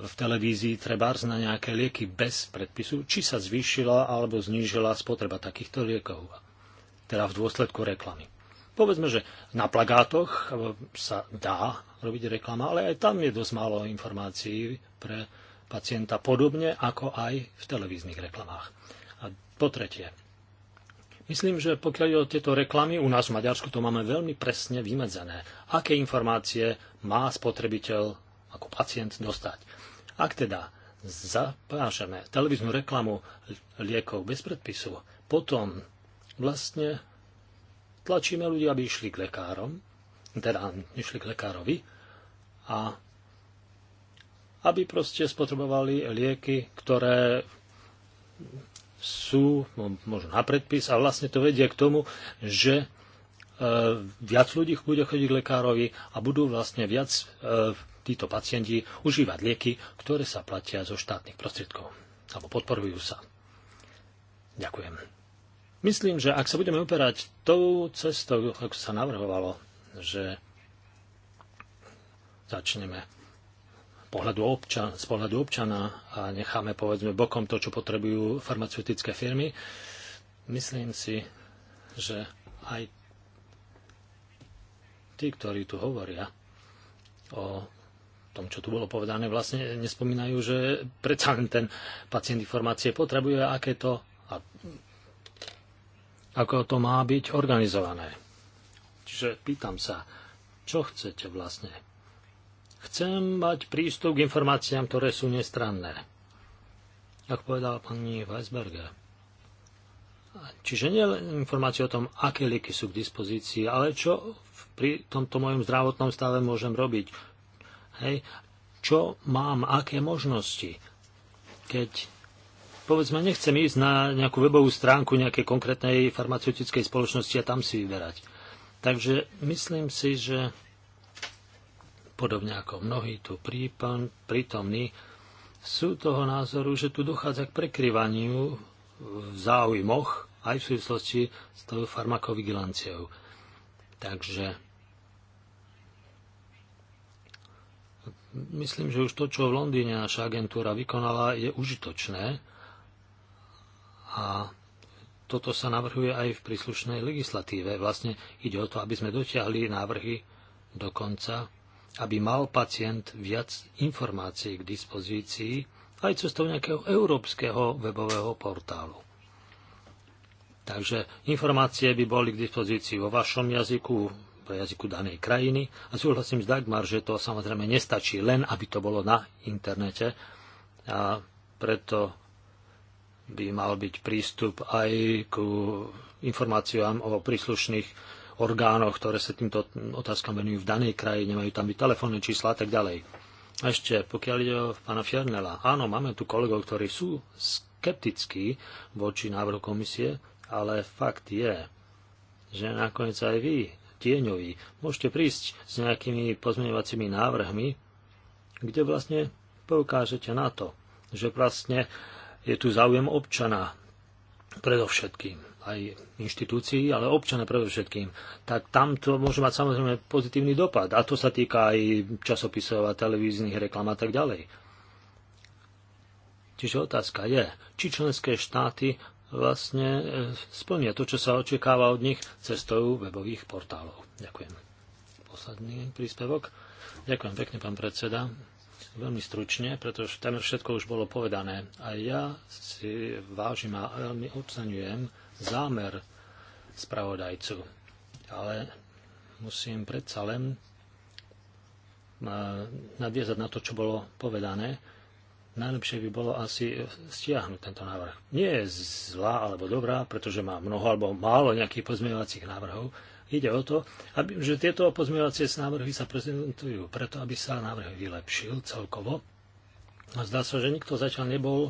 v televízii trebárs na nejaké lieky bez predpisu, či sa zvýšila alebo znížila spotreba takýchto liekov, teda v dôsledku reklamy. Povedzme, že na plagátoch sa dá robiť reklama, ale aj tam je dosť málo informácií pre pacienta podobne ako aj v televíznych reklamách. A po tretie, myslím, že pokiaľ je o tieto reklamy, u nás v Maďarsku to máme veľmi presne vymedzené, aké informácie má spotrebiteľ ako pacient dostať. Ak teda zapášeme televíznu reklamu liekov bez predpisu, potom vlastne tlačíme ľudí, aby išli k lekárom, teda išli k lekárovi a aby proste spotrebovali lieky, ktoré sú možno na predpis a vlastne to vedie k tomu, že e, viac ľudí bude chodiť k lekárovi a budú vlastne viac e, títo pacienti užívať lieky, ktoré sa platia zo štátnych prostriedkov alebo podporujú sa. Ďakujem. Myslím, že ak sa budeme operať tou cestou, ako sa navrhovalo, že začneme pohľadu občan, z pohľadu občana a necháme povedzme bokom to, čo potrebujú farmaceutické firmy. Myslím si, že aj tí, ktorí tu hovoria o tom, čo tu bolo povedané, vlastne nespomínajú, že predsa len ten pacient informácie potrebuje, aké to, a, ako to má byť organizované. Čiže pýtam sa, čo chcete vlastne Chcem mať prístup k informáciám, ktoré sú nestranné. Ako povedala pani Weisberger. Čiže nie informácie o tom, aké lieky sú k dispozícii, ale čo pri tomto mojom zdravotnom stave môžem robiť. Hej. Čo mám, aké možnosti. Keď povedzme, nechcem ísť na nejakú webovú stránku nejakej konkrétnej farmaceutickej spoločnosti a tam si vyberať. Takže myslím si, že podobne ako mnohí tu prípan, prítomní, sú toho názoru, že tu dochádza k prekryvaniu v záujmoch aj v súvislosti s tou farmakovigilanciou. Takže myslím, že už to, čo v Londýne naša agentúra vykonala, je užitočné a toto sa navrhuje aj v príslušnej legislatíve. Vlastne ide o to, aby sme dotiahli návrhy do konca aby mal pacient viac informácií k dispozícii aj toho nejakého európskeho webového portálu. Takže informácie by boli k dispozícii vo vašom jazyku, v jazyku danej krajiny a súhlasím s Dagmar, že to samozrejme nestačí len, aby to bolo na internete a preto by mal byť prístup aj k informáciám o príslušných orgánoch, ktoré sa týmto otázkam venujú v danej kraji, nemajú tam byť telefónne čísla a tak ďalej. A ešte, pokiaľ ide o pána Fiernela, áno, máme tu kolegov, ktorí sú skeptickí voči návrhu komisie, ale fakt je, že nakoniec aj vy, tieňoví, môžete prísť s nejakými pozmeňovacími návrhmi, kde vlastne poukážete na to, že vlastne je tu záujem občana predovšetkým aj inštitúcií, ale občana predovšetkým, tak tam to môže mať samozrejme pozitívny dopad. A to sa týka aj časopisov a televíznych reklam a tak ďalej. Čiže otázka je, či členské štáty vlastne e, splnia to, čo sa očakáva od nich cestou webových portálov. Ďakujem. Posledný príspevok. Ďakujem pekne, pán predseda veľmi stručne, pretože tam všetko už bolo povedané. A ja si vážim a veľmi oceňujem zámer spravodajcu. Ale musím predsa len e, nadviezať na to, čo bolo povedané. Najlepšie by bolo asi stiahnuť tento návrh. Nie je zlá alebo dobrá, pretože má mnoho alebo málo nejakých pozmeňovacích návrhov. Ide o to, aby, že tieto pozmeňovacie návrhy sa prezentujú preto, aby sa návrh vylepšil celkovo. A zdá sa, že nikto zatiaľ nebol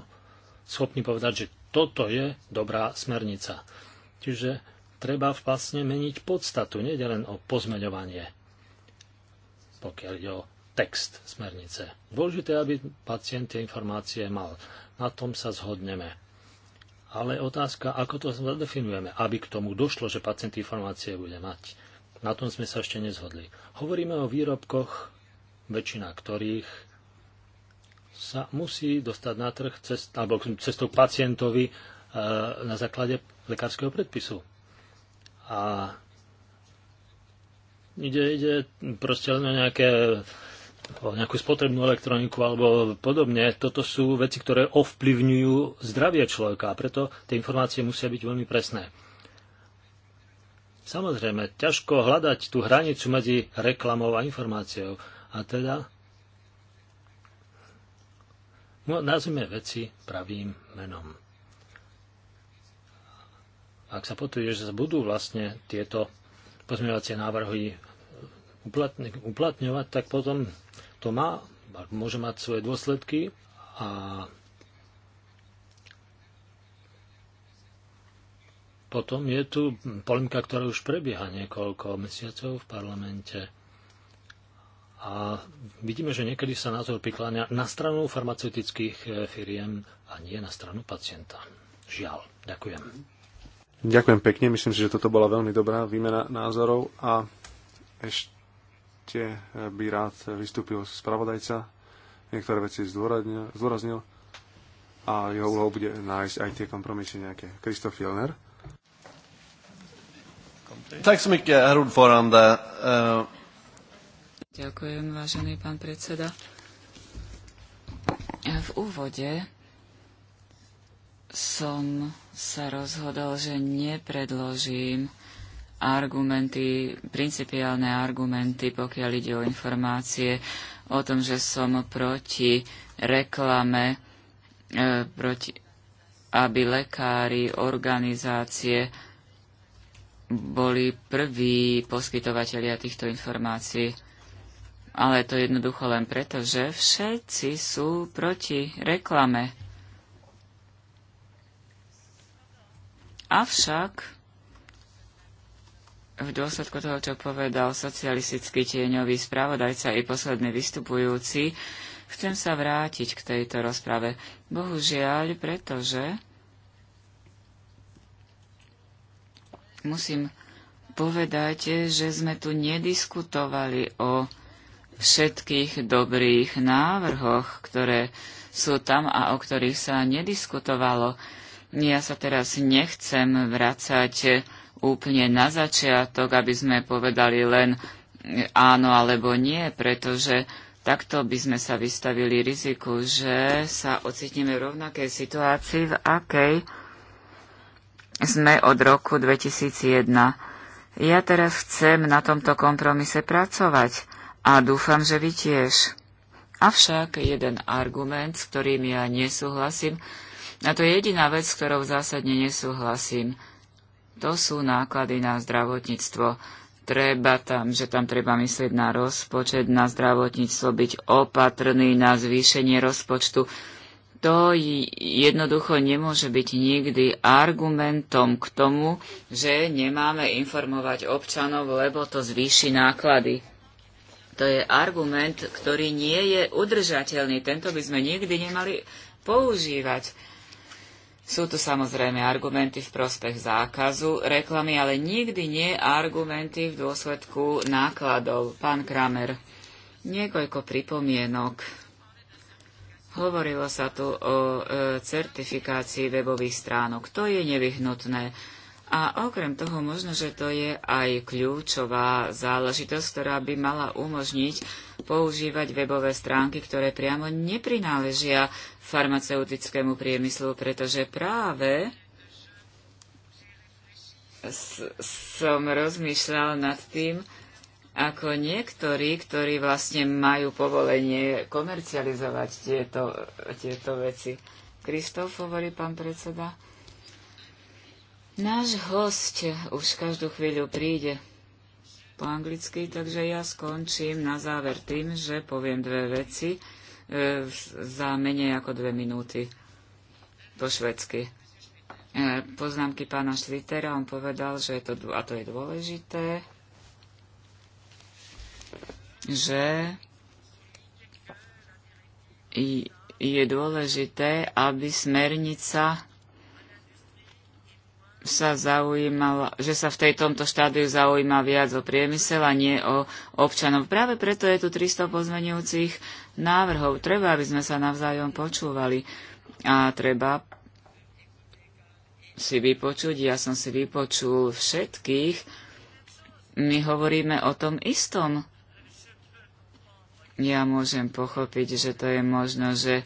schopný povedať, že toto je dobrá smernica. Čiže treba vlastne meniť podstatu, nejde len o pozmeňovanie, pokiaľ ide o text smernice. Dôležité, aby pacient tie informácie mal. Na tom sa zhodneme. Ale otázka, ako to zadefinujeme, aby k tomu došlo, že pacient informácie bude mať. Na tom sme sa ešte nezhodli. Hovoríme o výrobkoch, väčšina ktorých sa musí dostať na trh cest, alebo cestou pacientovi e, na základe lekárskeho predpisu. A ide, ide proste len o nejaké o nejakú spotrebnú elektroniku alebo podobne. Toto sú veci, ktoré ovplyvňujú zdravie človeka a preto tie informácie musia byť veľmi presné. Samozrejme, ťažko hľadať tú hranicu medzi reklamou a informáciou. A teda No, nazvime veci pravým menom. Ak sa potvrdí, že budú vlastne tieto pozmeňovacie návrhy uplatňovať, tak potom to má, môže mať svoje dôsledky a potom je tu polemka, ktorá už prebieha niekoľko mesiacov v parlamente a vidíme, že niekedy sa názor prikláňa na stranu farmaceutických eh, firiem a nie na stranu pacienta. Žiaľ. Ďakujem. Ďakujem pekne. Myslím si, že toto bola veľmi dobrá výmena názorov a ešte eh, by rád vystúpil spravodajca. Niektoré veci zdôraznil a jeho úlohou bude nájsť aj tie kompromisy nejaké. Kristof Jelner. Tack så mycket, herr ordförande. Uh... Ďakujem, vážený pán predseda. V úvode som sa rozhodol, že nepredložím argumenty, principiálne argumenty, pokiaľ ide o informácie o tom, že som proti reklame, e, proti, aby lekári, organizácie boli prví poskytovateľia týchto informácií ale to jednoducho len preto, že všetci sú proti reklame. Avšak v dôsledku toho, čo povedal socialistický tieňový spravodajca i posledný vystupujúci, chcem sa vrátiť k tejto rozprave. Bohužiaľ, pretože musím povedať, že sme tu nediskutovali o všetkých dobrých návrhoch, ktoré sú tam a o ktorých sa nediskutovalo. Ja sa teraz nechcem vracať úplne na začiatok, aby sme povedali len áno alebo nie, pretože takto by sme sa vystavili riziku, že sa ocitneme v rovnakej situácii, v akej sme od roku 2001. Ja teraz chcem na tomto kompromise pracovať a dúfam, že vy tiež. Avšak jeden argument, s ktorým ja nesúhlasím, a to je jediná vec, s ktorou zásadne nesúhlasím, to sú náklady na zdravotníctvo. Treba tam, že tam treba myslieť na rozpočet, na zdravotníctvo, byť opatrný na zvýšenie rozpočtu. To jednoducho nemôže byť nikdy argumentom k tomu, že nemáme informovať občanov, lebo to zvýši náklady. To je argument, ktorý nie je udržateľný. Tento by sme nikdy nemali používať. Sú tu samozrejme argumenty v prospech zákazu reklamy, ale nikdy nie argumenty v dôsledku nákladov. Pán Kramer, niekoľko pripomienok. Hovorilo sa tu o e, certifikácii webových stránok. To je nevyhnutné. A okrem toho možno, že to je aj kľúčová záležitosť, ktorá by mala umožniť používať webové stránky, ktoré priamo neprináležia farmaceutickému priemyslu, pretože práve som rozmýšľal nad tým, ako niektorí, ktorí vlastne majú povolenie komercializovať tieto, tieto veci. Kristof, hovorí pán predseda. Náš host už každú chvíľu príde po anglicky, takže ja skončím na záver tým, že poviem dve veci e, za menej ako dve minúty po švedsky. E, poznámky pána Šlitera, on povedal, že je to, a to je dôležité, že je dôležité, aby smernica sa zaujímala, že sa v tej, tomto štádiu zaujíma viac o priemysel a nie o občanov. Práve preto je tu 300 pozmenujúcich návrhov. Treba, aby sme sa navzájom počúvali a treba si vypočuť, ja som si vypočul všetkých, my hovoríme o tom istom. Ja môžem pochopiť, že to je možno, že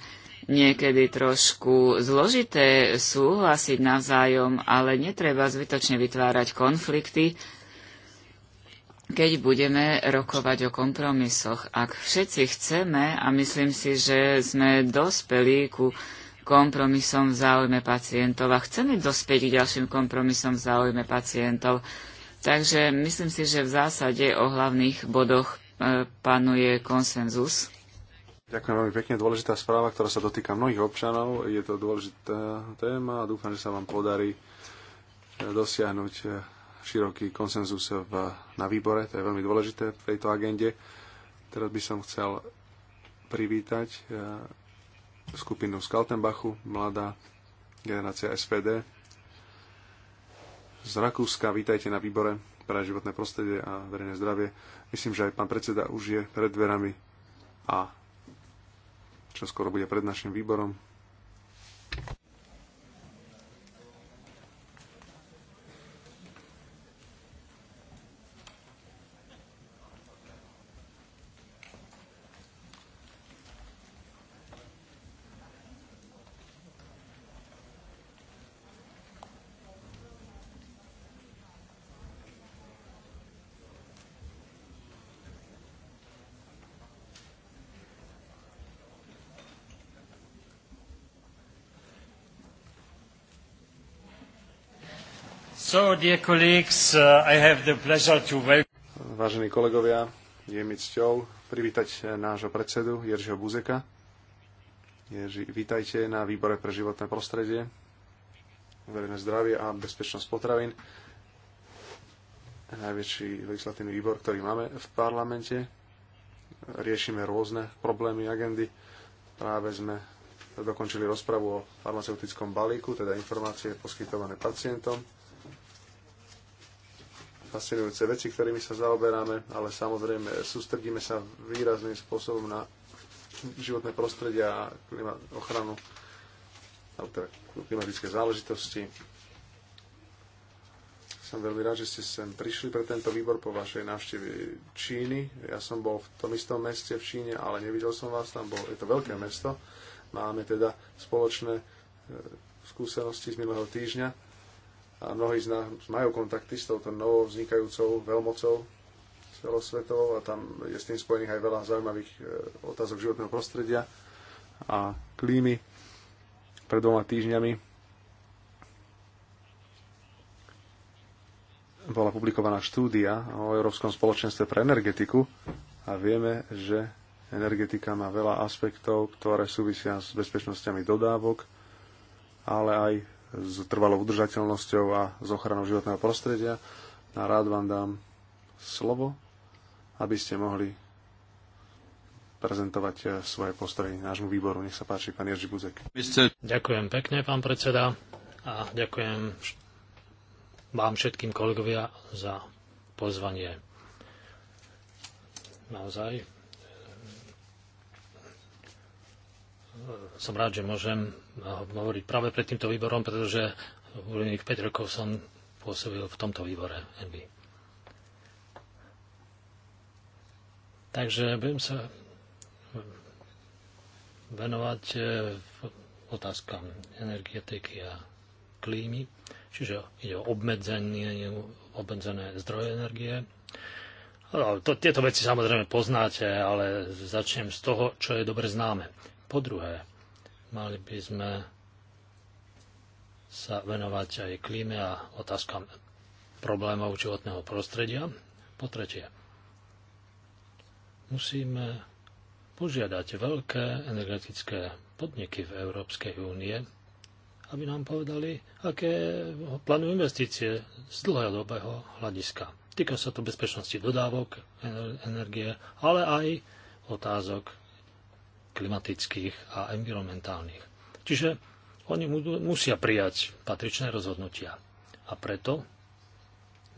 niekedy trošku zložité súhlasiť navzájom, ale netreba zbytočne vytvárať konflikty, keď budeme rokovať o kompromisoch. Ak všetci chceme, a myslím si, že sme dospeli ku kompromisom v záujme pacientov a chceme dospieť k ďalším kompromisom v záujme pacientov. Takže myslím si, že v zásade o hlavných bodoch e, panuje konsenzus. Ďakujem veľmi pekne. Dôležitá správa, ktorá sa dotýka mnohých občanov. Je to dôležitá téma a dúfam, že sa vám podarí dosiahnuť široký konsenzus v, na výbore. To je veľmi dôležité v tejto agende. Teraz by som chcel privítať eh, skupinu z Kaltenbachu, mladá generácia SPD. Z Rakúska vítajte na výbore pre životné prostredie a verejné zdravie. Myslím, že aj pán predseda už je pred dverami a čo skoro bude pred našim výborom. So, dear colleagues, uh, I have the pleasure to welcome... Vážení kolegovia, je mi cťou privítať eh, nášho predsedu Jeržiho Buzeka. Jerži, vítajte na výbore pre životné prostredie, verejné zdravie a bezpečnosť potravín. Najväčší legislatívny výbor, ktorý máme v parlamente. Riešime rôzne problémy, agendy. Práve sme dokončili rozpravu o farmaceutickom balíku, teda informácie poskytované pacientom fascinujúce veci, ktorými sa zaoberáme, ale samozrejme sústredíme sa výrazným spôsobom na životné prostredia a klima, ochranu, alebo teda klimatické záležitosti. Som veľmi rád, že ste sem prišli pre tento výbor po vašej návšteve Číny. Ja som bol v tom istom meste v Číne, ale nevidel som vás tam, bol, je to veľké mesto. Máme teda spoločné e, skúsenosti z minulého týždňa a mnohí z nás majú kontakty s touto novou vznikajúcou veľmocou celosvetovou a tam je s tým spojených aj veľa zaujímavých e, otázok životného prostredia a klímy pred dvoma týždňami. bola publikovaná štúdia o Európskom spoločenstve pre energetiku a vieme, že energetika má veľa aspektov, ktoré súvisia s bezpečnosťami dodávok, ale aj s trvalou udržateľnosťou a s ochranou životného prostredia. A rád vám dám slovo, aby ste mohli prezentovať eh, svoje postrehy nášmu výboru. Nech sa páči, pán Jerzy Buzek. Ďakujem pekne, pán predseda, a ďakujem vám všetkým kolegovia za pozvanie. Naozaj som rád, že môžem hovoriť práve pred týmto výborom, pretože uplynulých 5 rokov som pôsobil v tomto výbore NB. Takže budem sa venovať e, otázkam energetiky a klímy, čiže ide o obmedzenie, obmedzené zdroje energie. No, to, tieto veci samozrejme poznáte, ale začnem z toho, čo je dobre známe. Po druhé, mali by sme sa venovať aj klíme a otázkam problémov životného prostredia. Po tretie, musíme požiadať veľké energetické podniky v Európskej únie, aby nám povedali, aké plánujú investície z dlhodobého hľadiska. Týka sa to bezpečnosti dodávok energie, ale aj otázok klimatických a environmentálnych. Čiže oni musia prijať patričné rozhodnutia. A preto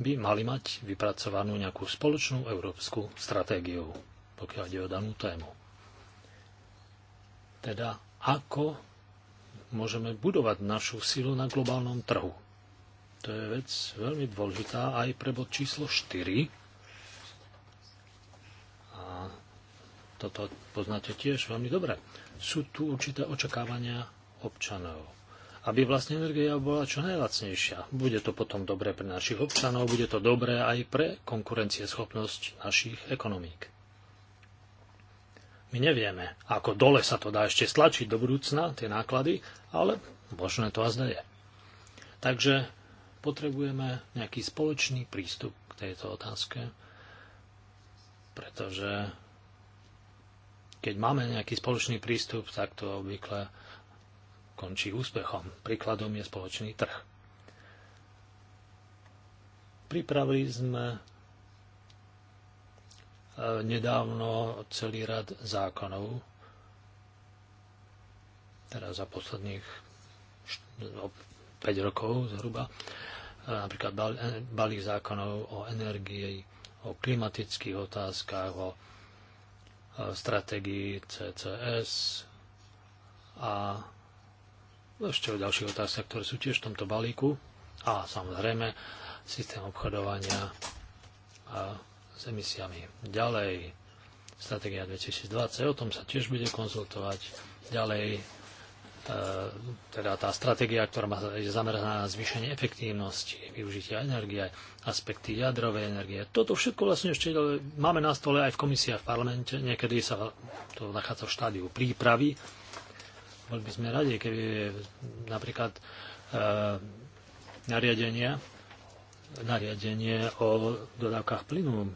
by mali mať vypracovanú nejakú spoločnú európsku stratégiu, pokiaľ ide o danú tému. Teda ako môžeme budovať našu silu na globálnom trhu. To je vec veľmi dôležitá aj pre bod číslo 4, toto poznáte tiež veľmi dobre, sú tu určité očakávania občanov. Aby vlastne energia bola čo najlacnejšia. Bude to potom dobré pre našich občanov, bude to dobré aj pre konkurencieschopnosť našich ekonomík. My nevieme, ako dole sa to dá ešte stlačiť do budúcna, tie náklady, ale možné to azda je. Takže potrebujeme nejaký spoločný prístup k tejto otázke, pretože keď máme nejaký spoločný prístup, tak to obvykle končí úspechom. Príkladom je spoločný trh. Pripravili sme eh, nedávno celý rad zákonov, teda za posledných 5 rokov zhruba, eh, napríklad eh, balík zákonov o energii, o klimatických otázkach, o stratégii CCS a ešte o ďalších otázkach, ktoré sú tiež v tomto balíku a samozrejme systém obchodovania a s emisiami. Ďalej, stratégia 2020, o tom sa tiež bude konzultovať. Ďalej, E, teda tá stratégia, ktorá je zameraná na zvýšenie efektívnosti využitia energie, aspekty jadrovej energie. Toto všetko vlastne ešte e, máme na stole aj v komisii a v parlamente. Niekedy sa to nachádza v štádiu prípravy. Boli by sme radi, keby napríklad e, nariadenie, nariadenie o dodávkach plynu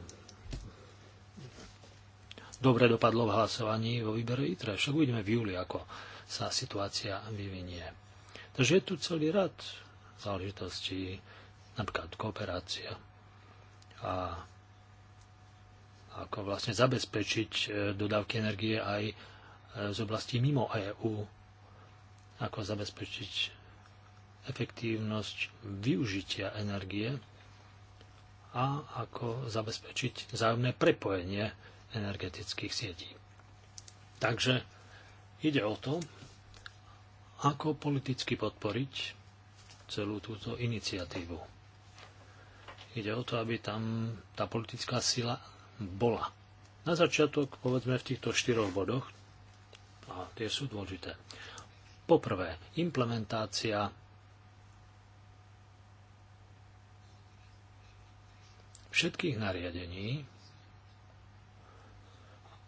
dobre dopadlo v hlasovaní vo výbere ITRE. Však uvidíme v júli, ako sa situácia vyvinie. Takže je tu celý rad záležitostí, napríklad kooperácia a ako vlastne zabezpečiť e, dodávky energie aj e, z oblasti mimo EÚ, ako zabezpečiť efektívnosť využitia energie a ako zabezpečiť vzájomné prepojenie energetických sietí. Takže ide o to, ako politicky podporiť celú túto iniciatívu. Ide o to, aby tam tá politická sila bola. Na začiatok, povedzme, v týchto štyroch bodoch, a tie sú dôležité. Poprvé, implementácia všetkých nariadení,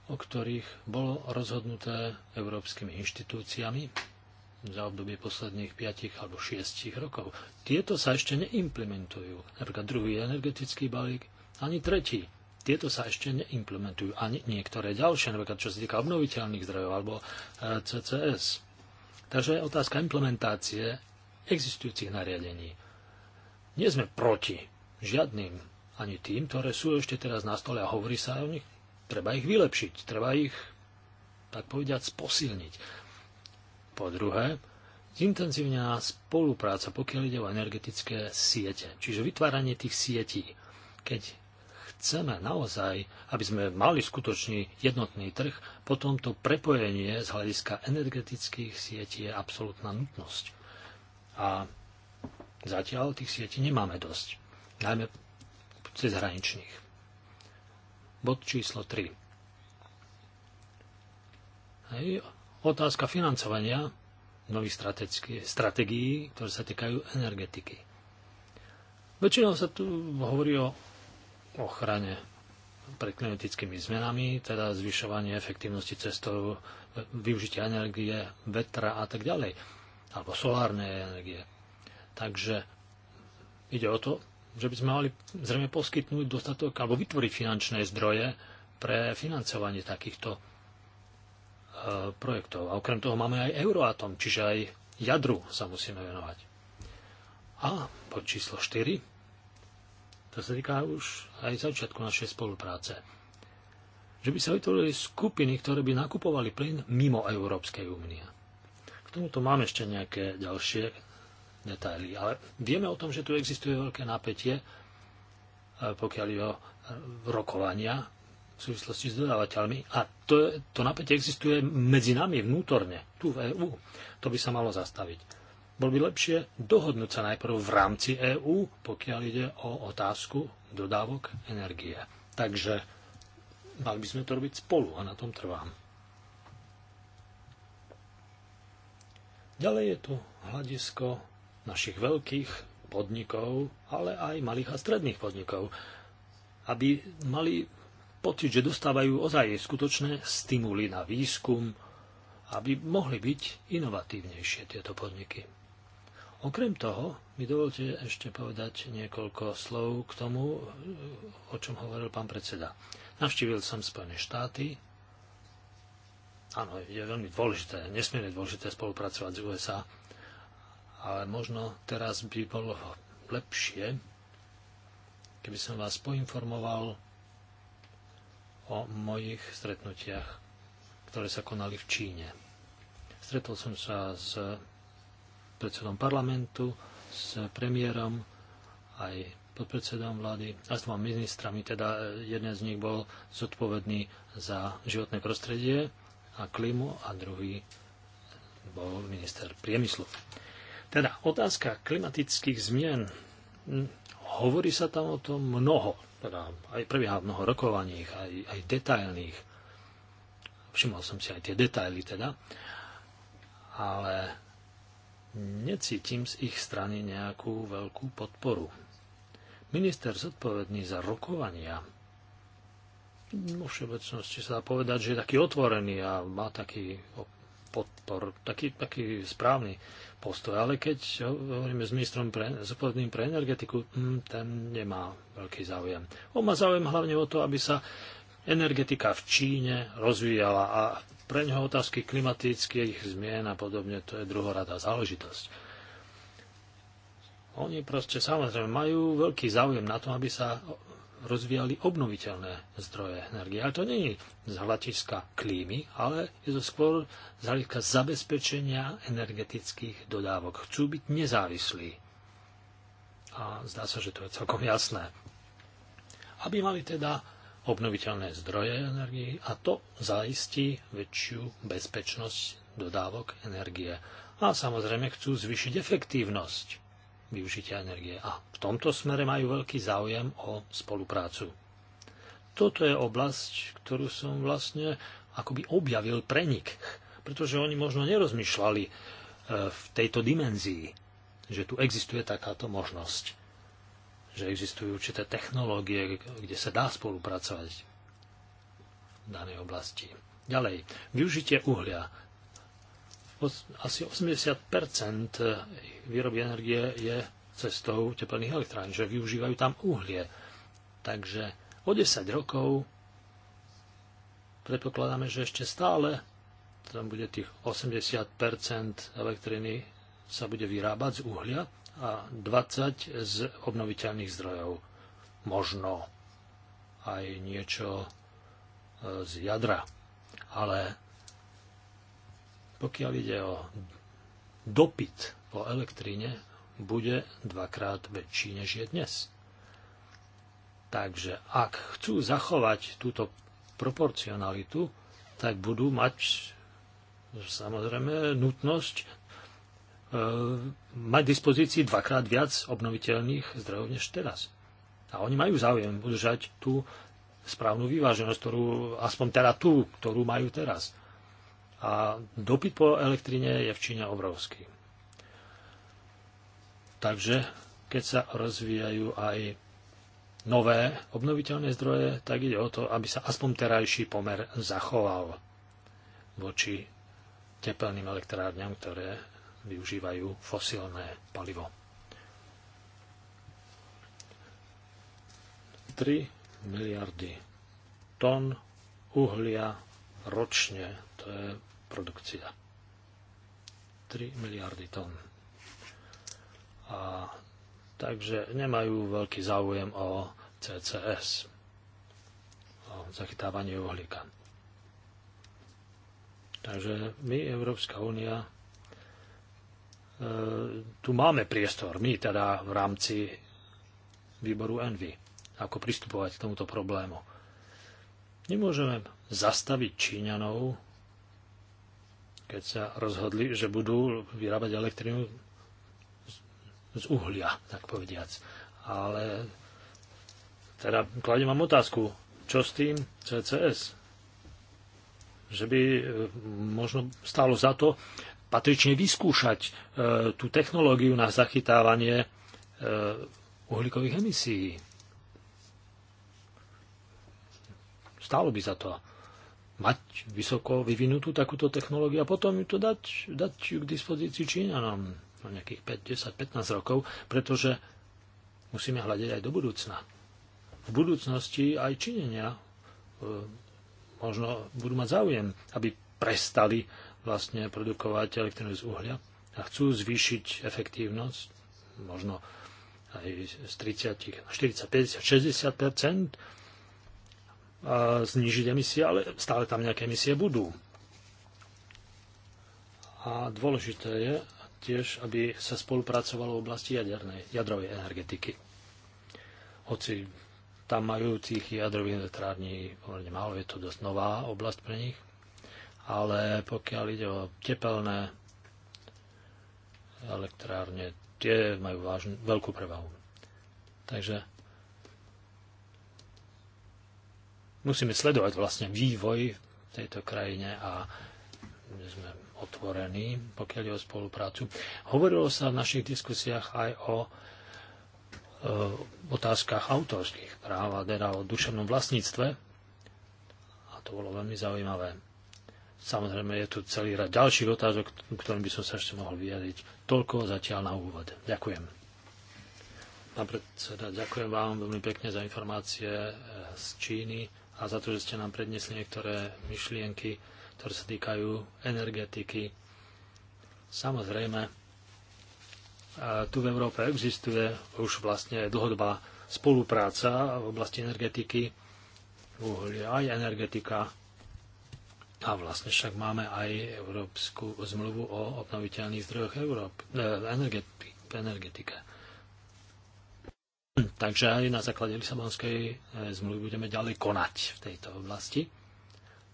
o ktorých bolo rozhodnuté európskymi inštitúciami za obdobie posledných 5 alebo 6 rokov. Tieto sa ešte neimplementujú. Napríklad druhý energetický balík, ani tretí. Tieto sa ešte neimplementujú. Ani niektoré ďalšie, napríklad čo sa týka obnoviteľných zdrojov alebo e, CCS. Takže otázka implementácie existujúcich nariadení. Nie sme proti žiadnym ani tým, ktoré sú ešte teraz na stole a hovorí sa o nich. Treba ich vylepšiť, treba ich tak povediať, posilniť. Po druhé, zintenzívnená spolupráca, pokiaľ ide o energetické siete, čiže vytváranie tých sietí. Keď chceme naozaj, aby sme mali skutočný jednotný trh, potom to prepojenie z hľadiska energetických sietí je absolútna nutnosť. A zatiaľ tých sietí nemáme dosť, najmä cez hraničných. Bod číslo 3. Hej, otázka financovania nových strategií, ktoré sa týkajú energetiky. Väčšinou sa tu hovorí o ochrane pred klimatickými zmenami, teda zvyšovanie efektívnosti cestov, využitia energie, vetra a tak ďalej, alebo solárnej energie. Takže ide o to, že by sme mali zrejme poskytnúť dostatok alebo vytvoriť finančné zdroje pre financovanie takýchto E, projektov. A okrem toho máme aj Euroatom, čiže aj jadru sa musíme venovať. A pod číslo 4, to sa týka už aj začiatku našej spolupráce, že by sa vytvorili skupiny, ktoré by nakupovali plyn mimo Európskej únie. K tomuto máme ešte nejaké ďalšie detaily, ale vieme o tom, že tu existuje veľké napätie, e, pokiaľ je o rokovania súvislosti s dodávateľmi. A to, to napätie existuje medzi nami vnútorne, tu v EÚ. To by sa malo zastaviť. Bol by lepšie dohodnúť sa najprv v rámci EÚ, pokiaľ ide o otázku dodávok energie. Takže mali by sme to robiť spolu a na tom trvám. Ďalej je tu hľadisko našich veľkých podnikov, ale aj malých a stredných podnikov, aby mali pocit, že dostávajú ozaj skutočné stimuly na výskum, aby mohli byť inovatívnejšie tieto podniky. Okrem toho, mi dovolte ešte povedať niekoľko slov k tomu, o čom hovoril pán predseda. Navštívil som Spojené štáty. Áno, je veľmi dôležité, nesmierne dôležité spolupracovať s USA, ale možno teraz by bolo lepšie, keby som vás poinformoval o mojich stretnutiach, ktoré sa konali v Číne. Stretol som sa s predsedom parlamentu, s premiérom, aj podpredsedom vlády a s dvoma ministrami, teda e, jeden z nich bol zodpovedný za životné prostredie a klímu a druhý bol minister priemyslu. Teda otázka klimatických zmien Hovorí sa tam o tom mnoho, teda aj prebieha mnoho rokovaní, aj, aj detailných. Všimol som si aj tie detaily teda, ale necítim z ich strany nejakú veľkú podporu. Minister zodpovedný za rokovania vo všeobecnosti sa dá povedať, že je taký otvorený a má taký podpor, taký, taký správny postoj. Ale keď hovoríme s ministrom pre, zodpovedným pre energetiku, hm, ten nemá veľký záujem. On má záujem hlavne o to, aby sa energetika v Číne rozvíjala a pre ňoho otázky klimatických zmien a podobne, to je druhoradá záležitosť. Oni proste samozrejme majú veľký záujem na tom, aby sa rozvíjali obnoviteľné zdroje energie. Ale to nie je z hľadiska klímy, ale je to skôr z hľadiska zabezpečenia energetických dodávok. Chcú byť nezávislí. A zdá sa, že to je celkom jasné. Aby mali teda obnoviteľné zdroje energie, a to zaistí väčšiu bezpečnosť dodávok energie. A samozrejme chcú zvýšiť efektívnosť využitia energie. A v tomto smere majú veľký záujem o spoluprácu. Toto je oblasť, ktorú som vlastne akoby objavil pre nich, pretože oni možno nerozmýšľali e, v tejto dimenzii, že tu existuje takáto možnosť, že existujú určité technológie, kde sa dá spolupracovať v danej oblasti. Ďalej, využitie uhlia asi 80 výroby energie je cestou teplných elektrán, že využívajú tam uhlie. Takže o 10 rokov predpokladáme, že ešte stále tam bude tých 80 elektriny sa bude vyrábať z uhlia a 20 z obnoviteľných zdrojov. Možno aj niečo e, z jadra. Ale pokiaľ ide o dopyt o elektríne, bude dvakrát väčší než je dnes. Takže ak chcú zachovať túto proporcionalitu, tak budú mať samozrejme nutnosť e, mať dispozícii dvakrát viac obnoviteľných zdrojov než teraz. A oni majú záujem udržať tú správnu vyváženosť, ktorú aspoň teda tú, ktorú majú teraz a dopyt po elektrine je v Číne obrovský. Takže keď sa rozvíjajú aj nové obnoviteľné zdroje, tak ide o to, aby sa aspoň terajší pomer zachoval voči tepelným elektrárňam, ktoré využívajú fosílne palivo. 3 miliardy tón uhlia ročne. To je produkcia. 3 miliardy tón. A, takže nemajú veľký záujem o CCS, o zachytávanie uhlíka. Takže my, Európska únia, e, tu máme priestor, my teda v rámci výboru Envy, ako pristupovať k tomuto problému. Nemôžeme zastaviť Číňanov keď sa rozhodli, že budú vyrábať elektrínu z uhlia, tak povediac. Ale teda kladem vám otázku, čo s tým CCS? Že by e, možno stálo za to patrične vyskúšať e, tú technológiu na zachytávanie e, uhlíkových emisí. Stálo by za to mať vysoko vyvinutú takúto technológiu a potom ju to dať, dať ju k dispozícii Číňanom na nejakých 5, 10, 15 rokov, pretože musíme hľadiť aj do budúcna. V budúcnosti aj Číňania e, možno budú mať záujem, aby prestali vlastne produkovať elektrinu z uhlia a chcú zvýšiť efektívnosť možno aj z 30, 40, 50, 60 znižiť emisie, ale stále tam nejaké emisie budú. A dôležité je tiež, aby sa spolupracovalo v oblasti jadernej, jadrovej energetiky. Hoci tam majú tých jadrových elektrární pomerne málo, je to dosť nová oblasť pre nich, ale pokiaľ ide o tepelné elektrárne, tie majú vážnu, veľkú prevahu. Takže musíme sledovať vlastne vývoj v tejto krajine a sme otvorení, pokiaľ je o spoluprácu. Hovorilo sa v našich diskusiách aj o e, otázkach autorských práv, a teda o duševnom vlastníctve. A to bolo veľmi zaujímavé. Samozrejme, je tu celý rad ďalších otázok, ktorým by som sa ešte mohol vyjadriť. Toľko zatiaľ na úvod. Ďakujem. Pán predseda, ďakujem vám veľmi pekne za informácie z Číny a za to, že ste nám prednesli niektoré myšlienky, ktoré sa týkajú energetiky. Samozrejme, tu v Európe existuje už vlastne dlhodobá spolupráca v oblasti energetiky, uhlia aj energetika. A vlastne však máme aj Európsku zmluvu o obnoviteľných zdrojoch Európy, eh, energetike. Takže aj na základe Lisabonskej e, zmluvy budeme ďalej konať v tejto oblasti.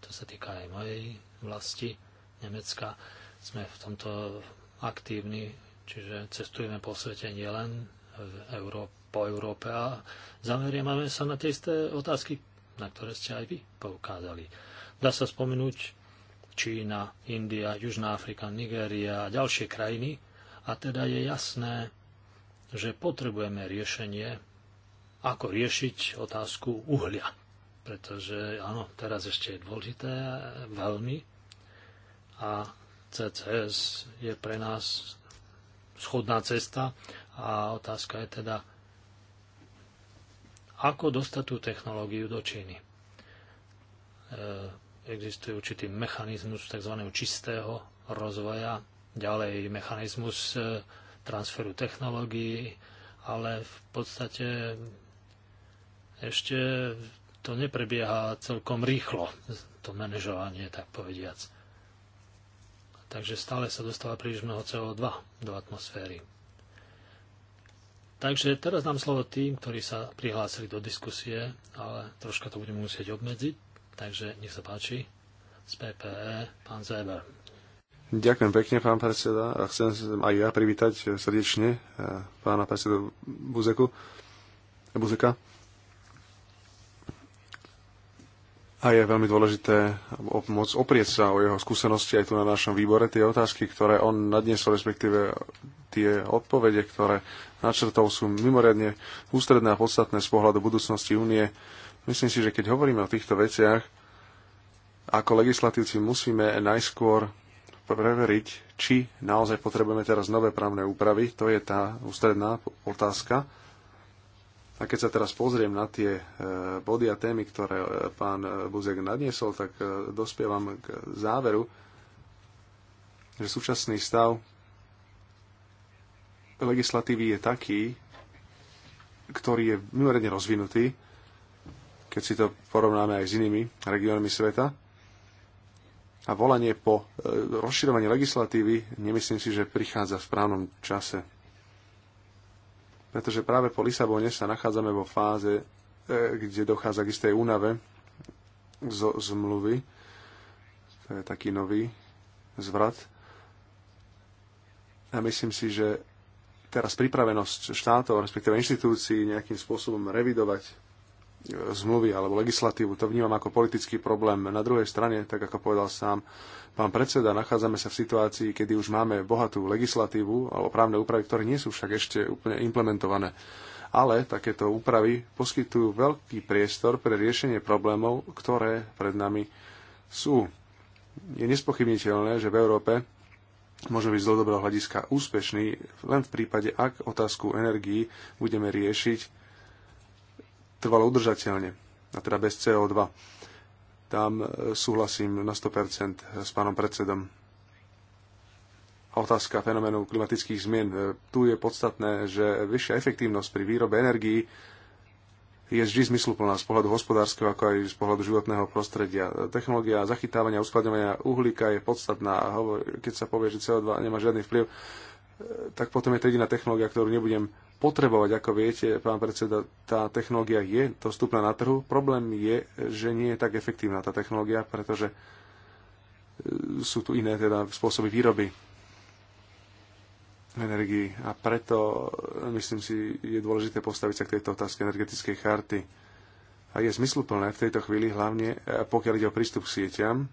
To sa týka aj mojej vlasti, Nemecka. Sme v tomto aktívni, čiže cestujeme po svete nielen v Európe, po Európe a máme sa na tie isté otázky, na ktoré ste aj vy poukázali. Dá sa spomenúť Čína, India, Južná Afrika, Nigéria a ďalšie krajiny a teda je jasné, že potrebujeme riešenie ako riešiť otázku uhlia. Pretože áno, teraz ešte je dôležité veľmi a CCS je pre nás schodná cesta a otázka je teda, ako dostať tú technológiu do Číny. E, existuje určitý mechanizmus tzv. čistého rozvoja, ďalej mechanizmus e, transferu technológií, ale v podstate ešte to neprebieha celkom rýchlo, to manažovanie, tak povediac. Takže stále sa dostáva príliš mnoho CO2 do atmosféry. Takže teraz dám slovo tým, ktorí sa prihlásili do diskusie, ale troška to budeme musieť obmedziť. Takže nech sa páči. Z PPE, pán Zeber. Ďakujem pekne, pán predseda. A chcem aj ja privítať srdečne eh, pána predsedu Buzeku. Buzeka. a je veľmi dôležité môcť oprieť sa o jeho skúsenosti aj tu na našom výbore. Tie otázky, ktoré on nadniesol, respektíve tie odpovede, ktoré načrtov sú mimoriadne ústredné a podstatné z pohľadu budúcnosti únie. Myslím si, že keď hovoríme o týchto veciach, ako legislatívci musíme najskôr preveriť, či naozaj potrebujeme teraz nové právne úpravy. To je tá ústredná otázka a keď sa teraz pozriem na tie e, body a témy, ktoré e, pán e, Buzek nadniesol, tak dospievam k záveru, že súčasný stav legislatívy je taký, ktorý je mimoriadne rozvinutý, keď si to porovnáme aj s inými regiónmi sveta. A volanie po rozširovaní legislatívy nemyslím si, že prichádza v správnom čase pretože práve po Lisabone sa nachádzame vo fáze, e, kde dochádza k istej únave zo zmluvy. To je taký nový zvrat. A myslím si, že teraz pripravenosť štátov, respektíve inštitúcií nejakým spôsobom revidovať zmluvy alebo legislatívu. To vnímam ako politický problém. Na druhej strane, tak ako povedal sám pán predseda, nachádzame sa v situácii, kedy už máme bohatú legislatívu alebo právne úpravy, ktoré nie sú však ešte úplne implementované. Ale takéto úpravy poskytujú veľký priestor pre riešenie problémov, ktoré pred nami sú. Je nespochybniteľné, že v Európe môžeme byť z dlhodobého hľadiska úspešný, len v prípade, ak otázku energii budeme riešiť trvalo udržateľne, a teda bez CO2. Tam e, súhlasím na 100% s pánom predsedom. A otázka fenoménu klimatických zmien. E, tu je podstatné, že vyššia efektívnosť pri výrobe energií je vždy zmysluplná z pohľadu hospodárskeho, ako aj z pohľadu životného prostredia. Technológia zachytávania a uskladňovania uhlíka je podstatná keď sa povie, že CO2 nemá žiadny vplyv, tak potom je to jediná technológia, ktorú nebudem potrebovať. Ako viete, pán predseda, tá technológia je dostupná na trhu. Problém je, že nie je tak efektívna tá technológia, pretože e, sú tu iné teda spôsoby výroby energii. A preto, e, myslím si, je dôležité postaviť sa k tejto otázke energetickej charty. A je zmysluplné v tejto chvíli, hlavne e, pokiaľ ide o prístup k sieťam,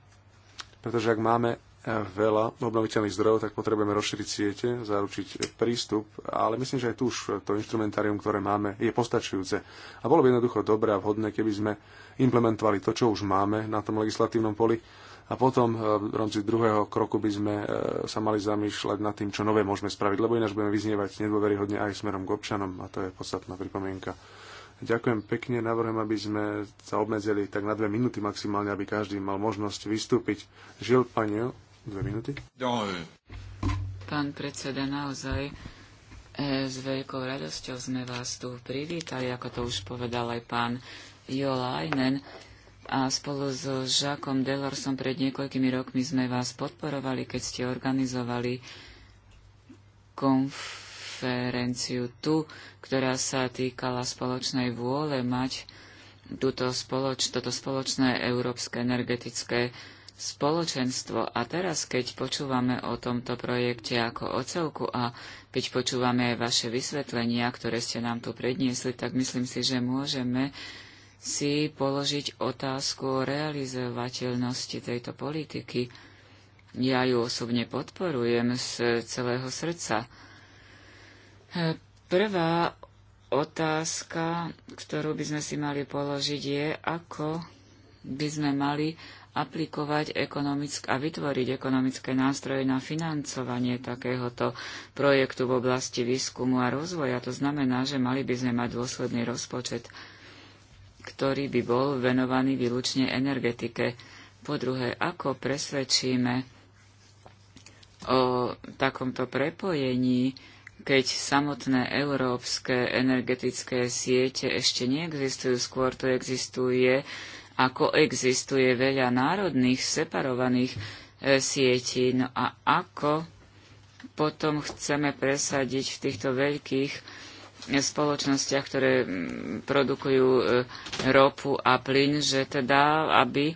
pretože ak máme veľa obnoviteľných zdrojov, tak potrebujeme rozšíriť siete, zaručiť prístup, ale myslím, že aj tu už to instrumentárium, ktoré máme, je postačujúce. A bolo by jednoducho dobré a vhodné, keby sme implementovali to, čo už máme na tom legislatívnom poli a potom e, v rámci druhého kroku by sme e, sa mali zamýšľať nad tým, čo nové môžeme spraviť, lebo ináč budeme vyznievať nedôveryhodne aj smerom k občanom a to je podstatná pripomienka. Ďakujem pekne, navrhujem, aby sme sa obmedzili tak na dve minúty maximálne, aby každý mal možnosť vystúpiť. Žil, pani Dve minúty. Pán predseda, naozaj e, s veľkou radosťou sme vás tu privítali, ako to už povedal aj pán Jo A spolu so Žakom Delorsom pred niekoľkými rokmi sme vás podporovali, keď ste organizovali konferenciu tu, ktorá sa týkala spoločnej vôle mať túto spoloč, toto spoločné európske energetické spoločenstvo. A teraz, keď počúvame o tomto projekte ako o celku a keď počúvame aj vaše vysvetlenia, ktoré ste nám tu predniesli, tak myslím si, že môžeme si položiť otázku o realizovateľnosti tejto politiky. Ja ju osobne podporujem z celého srdca. Prvá otázka, ktorú by sme si mali položiť, je, ako by sme mali aplikovať ekonomické a vytvoriť ekonomické nástroje na financovanie takéhoto projektu v oblasti výskumu a rozvoja. To znamená, že mali by sme mať dôsledný rozpočet, ktorý by bol venovaný výlučne energetike. Po druhé, ako presvedčíme o takomto prepojení, keď samotné európske energetické siete ešte neexistujú, skôr tu existuje ako existuje veľa národných separovaných e, sietí, no a ako potom chceme presadiť v týchto veľkých e, spoločnostiach, ktoré produkujú e, ropu a plyn, že teda, aby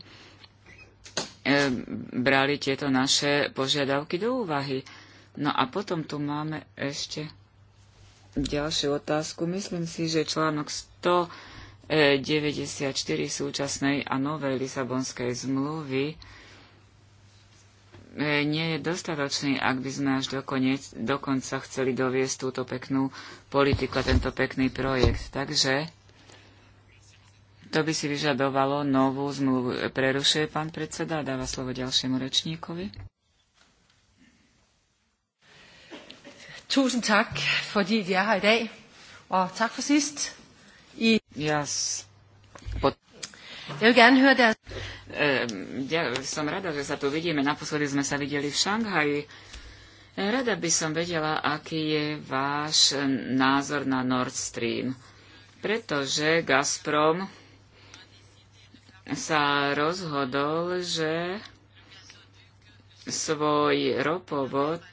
brali tieto naše požiadavky do úvahy. No a potom tu máme ešte ďalšiu otázku. Myslím si, že článok 100 94 e, súčasnej a novej Lisabonskej zmluvy e, nie je dostatočný, ak by sme až dokoniec, dokonca chceli doviesť túto peknú politiku a tento pekný projekt. Takže to by si vyžadovalo novú zmluvu. Prerušuje pán predseda a dáva slovo ďalšiemu rečníkovi. Tusen tak, fordi vi er her i dag, og tak for sidst som rada, že sa tu vidíme. Naposledy sme sa videli v Šanghaji. Rada by som vedela, aký je váš názor na Nord Stream. Pretože Gazprom sa rozhodol, že svoj ropovod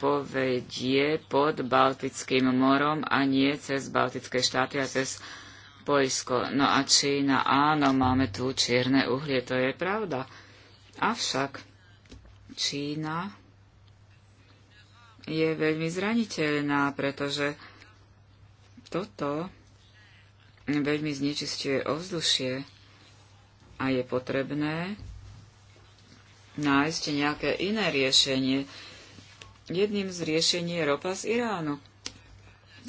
povedie pod Baltickým morom a nie cez Baltické štáty a cez Poľsko. No a Čína, áno, máme tu čierne uhlie, to je pravda. Avšak Čína je veľmi zraniteľná, pretože toto veľmi znečistuje ovzdušie a je potrebné nájsť nejaké iné riešenie. Jedným z riešení je ropa z Iránu.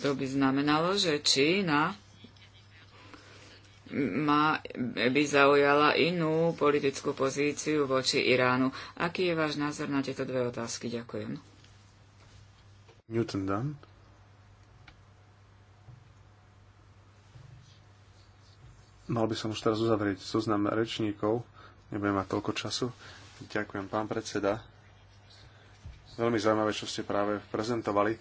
To by znamenalo, že Čína má, by zaujala inú politickú pozíciu voči Iránu. Aký je váš názor na tieto dve otázky? Ďakujem. Newton Dunn. Mal by som už teraz uzavrieť zoznam rečníkov. Nebudem mať toľko času. Ďakujem, pán predseda. Veľmi zaujímavé, čo ste práve prezentovali. E,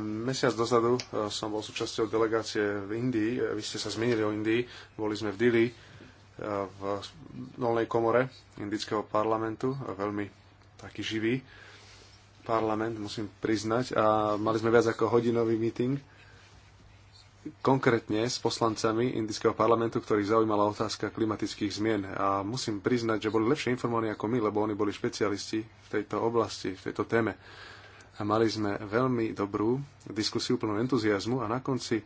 mesiac dozadu e, som bol súčasťou delegácie v Indii. E, vy ste sa zmenili o Indii. Boli sme v Dili v dolnej komore indického parlamentu. Veľmi taký živý parlament, musím priznať. A mali sme viac ako hodinový meeting konkrétne s poslancami indického parlamentu, ktorých zaujímala otázka klimatických zmien. A musím priznať, že boli lepšie informovaní ako my, lebo oni boli špecialisti v tejto oblasti, v tejto téme. A mali sme veľmi dobrú diskusiu plnú entuziasmu a na konci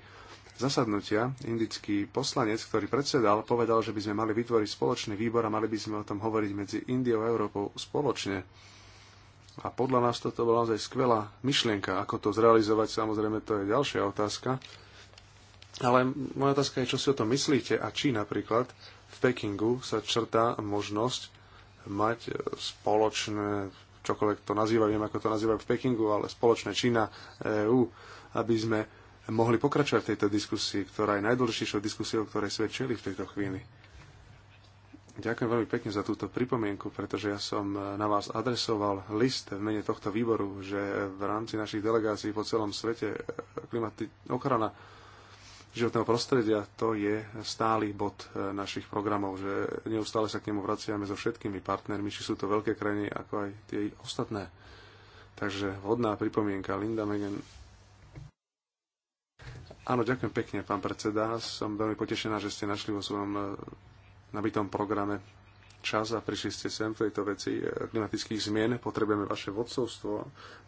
zasadnutia indický poslanec, ktorý predsedal, povedal, že by sme mali vytvoriť spoločný výbor a mali by sme o tom hovoriť medzi Indiou a Európou spoločne. A podľa nás toto bola naozaj skvelá myšlienka. Ako to zrealizovať, samozrejme, to je ďalšia otázka ale moja otázka je, čo si o tom myslíte a či napríklad v Pekingu sa črtá možnosť mať e, spoločné, čokoľvek to nazývajú, neviem ako to nazývajú v Pekingu, ale spoločné Čína, EU, aby sme mohli pokračovať v tejto diskusii, ktorá je najdôležitejšou diskusiou, ktorej sme čeli v tejto chvíli. Ďakujem veľmi pekne za túto pripomienku, pretože ja som e, na vás adresoval list v mene tohto výboru, že v rámci našich delegácií po celom svete e, klimati- ochrana životného prostredia, to je stály bod e, našich programov, že neustále sa k nemu vraciame so všetkými partnermi, či sú to veľké krajiny, ako aj tie ostatné. Takže hodná pripomienka Linda Megan. Áno, ďakujem pekne, pán predseda. Som veľmi potešená, že ste našli vo svojom e, nabitom programe čas a prišli ste sem v tejto veci eh, klimatických zmien. Potrebujeme vaše vodcovstvo,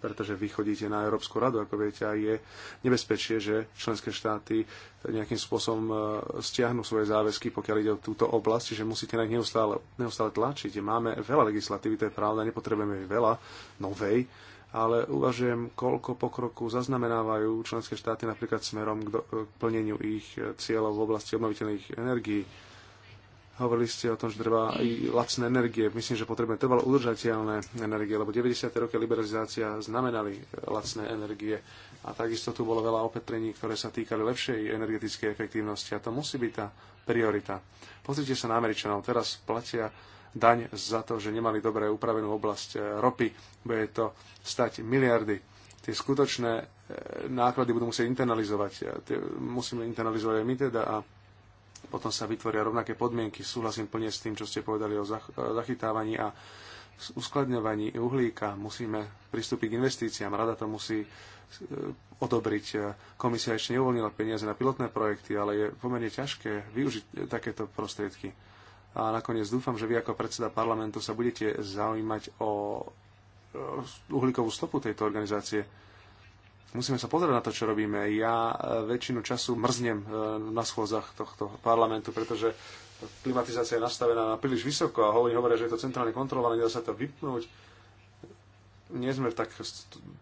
pretože vy chodíte na Európsku radu, ako viete, a je nebezpečie, že členské štáty nejakým spôsobom eh, stiahnu svoje záväzky, pokiaľ ide o túto oblasť, že musíte na nich neustále, neustále tlačiť. Máme veľa legislatívy, to je pravda, nepotrebujeme veľa novej, ale uvažujem, koľko pokroku zaznamenávajú členské štáty napríklad smerom k, plneniu ich eh, cieľov v oblasti obnoviteľných energií Hovorili ste o tom, že treba aj lacné energie. Myslím, že potrebujeme trvalo udržateľné energie, lebo 90. roky liberalizácia znamenali lacné energie. A takisto tu bolo veľa opetrení, ktoré sa týkali lepšej energetickej efektívnosti. A to musí byť tá priorita. Pozrite sa na Američanov. Teraz platia daň za to, že nemali dobre upravenú oblasť e, ropy. Bude to stať miliardy. Tie skutočné e, náklady budú musieť internalizovať. E, musíme internalizovať aj my teda a potom sa vytvoria rovnaké podmienky. Súhlasím plne s tým, čo ste povedali o zachytávaní a uskladňovaní uhlíka. Musíme pristúpiť k investíciám. Rada to musí e, odobriť. Komisia ešte neuvolnila peniaze na pilotné projekty, ale je pomerne ťažké využiť takéto prostriedky. A nakoniec dúfam, že vy ako predseda parlamentu sa budete zaujímať o e, uhlíkovú stopu tejto organizácie musíme sa pozerať na to, čo robíme. Ja e, väčšinu času mrznem e, na schôzach tohto parlamentu, pretože klimatizácia je nastavená na príliš vysoko a oni hovoria, že je to centrálne kontrolované, nedá sa to vypnúť. Nie sme v tak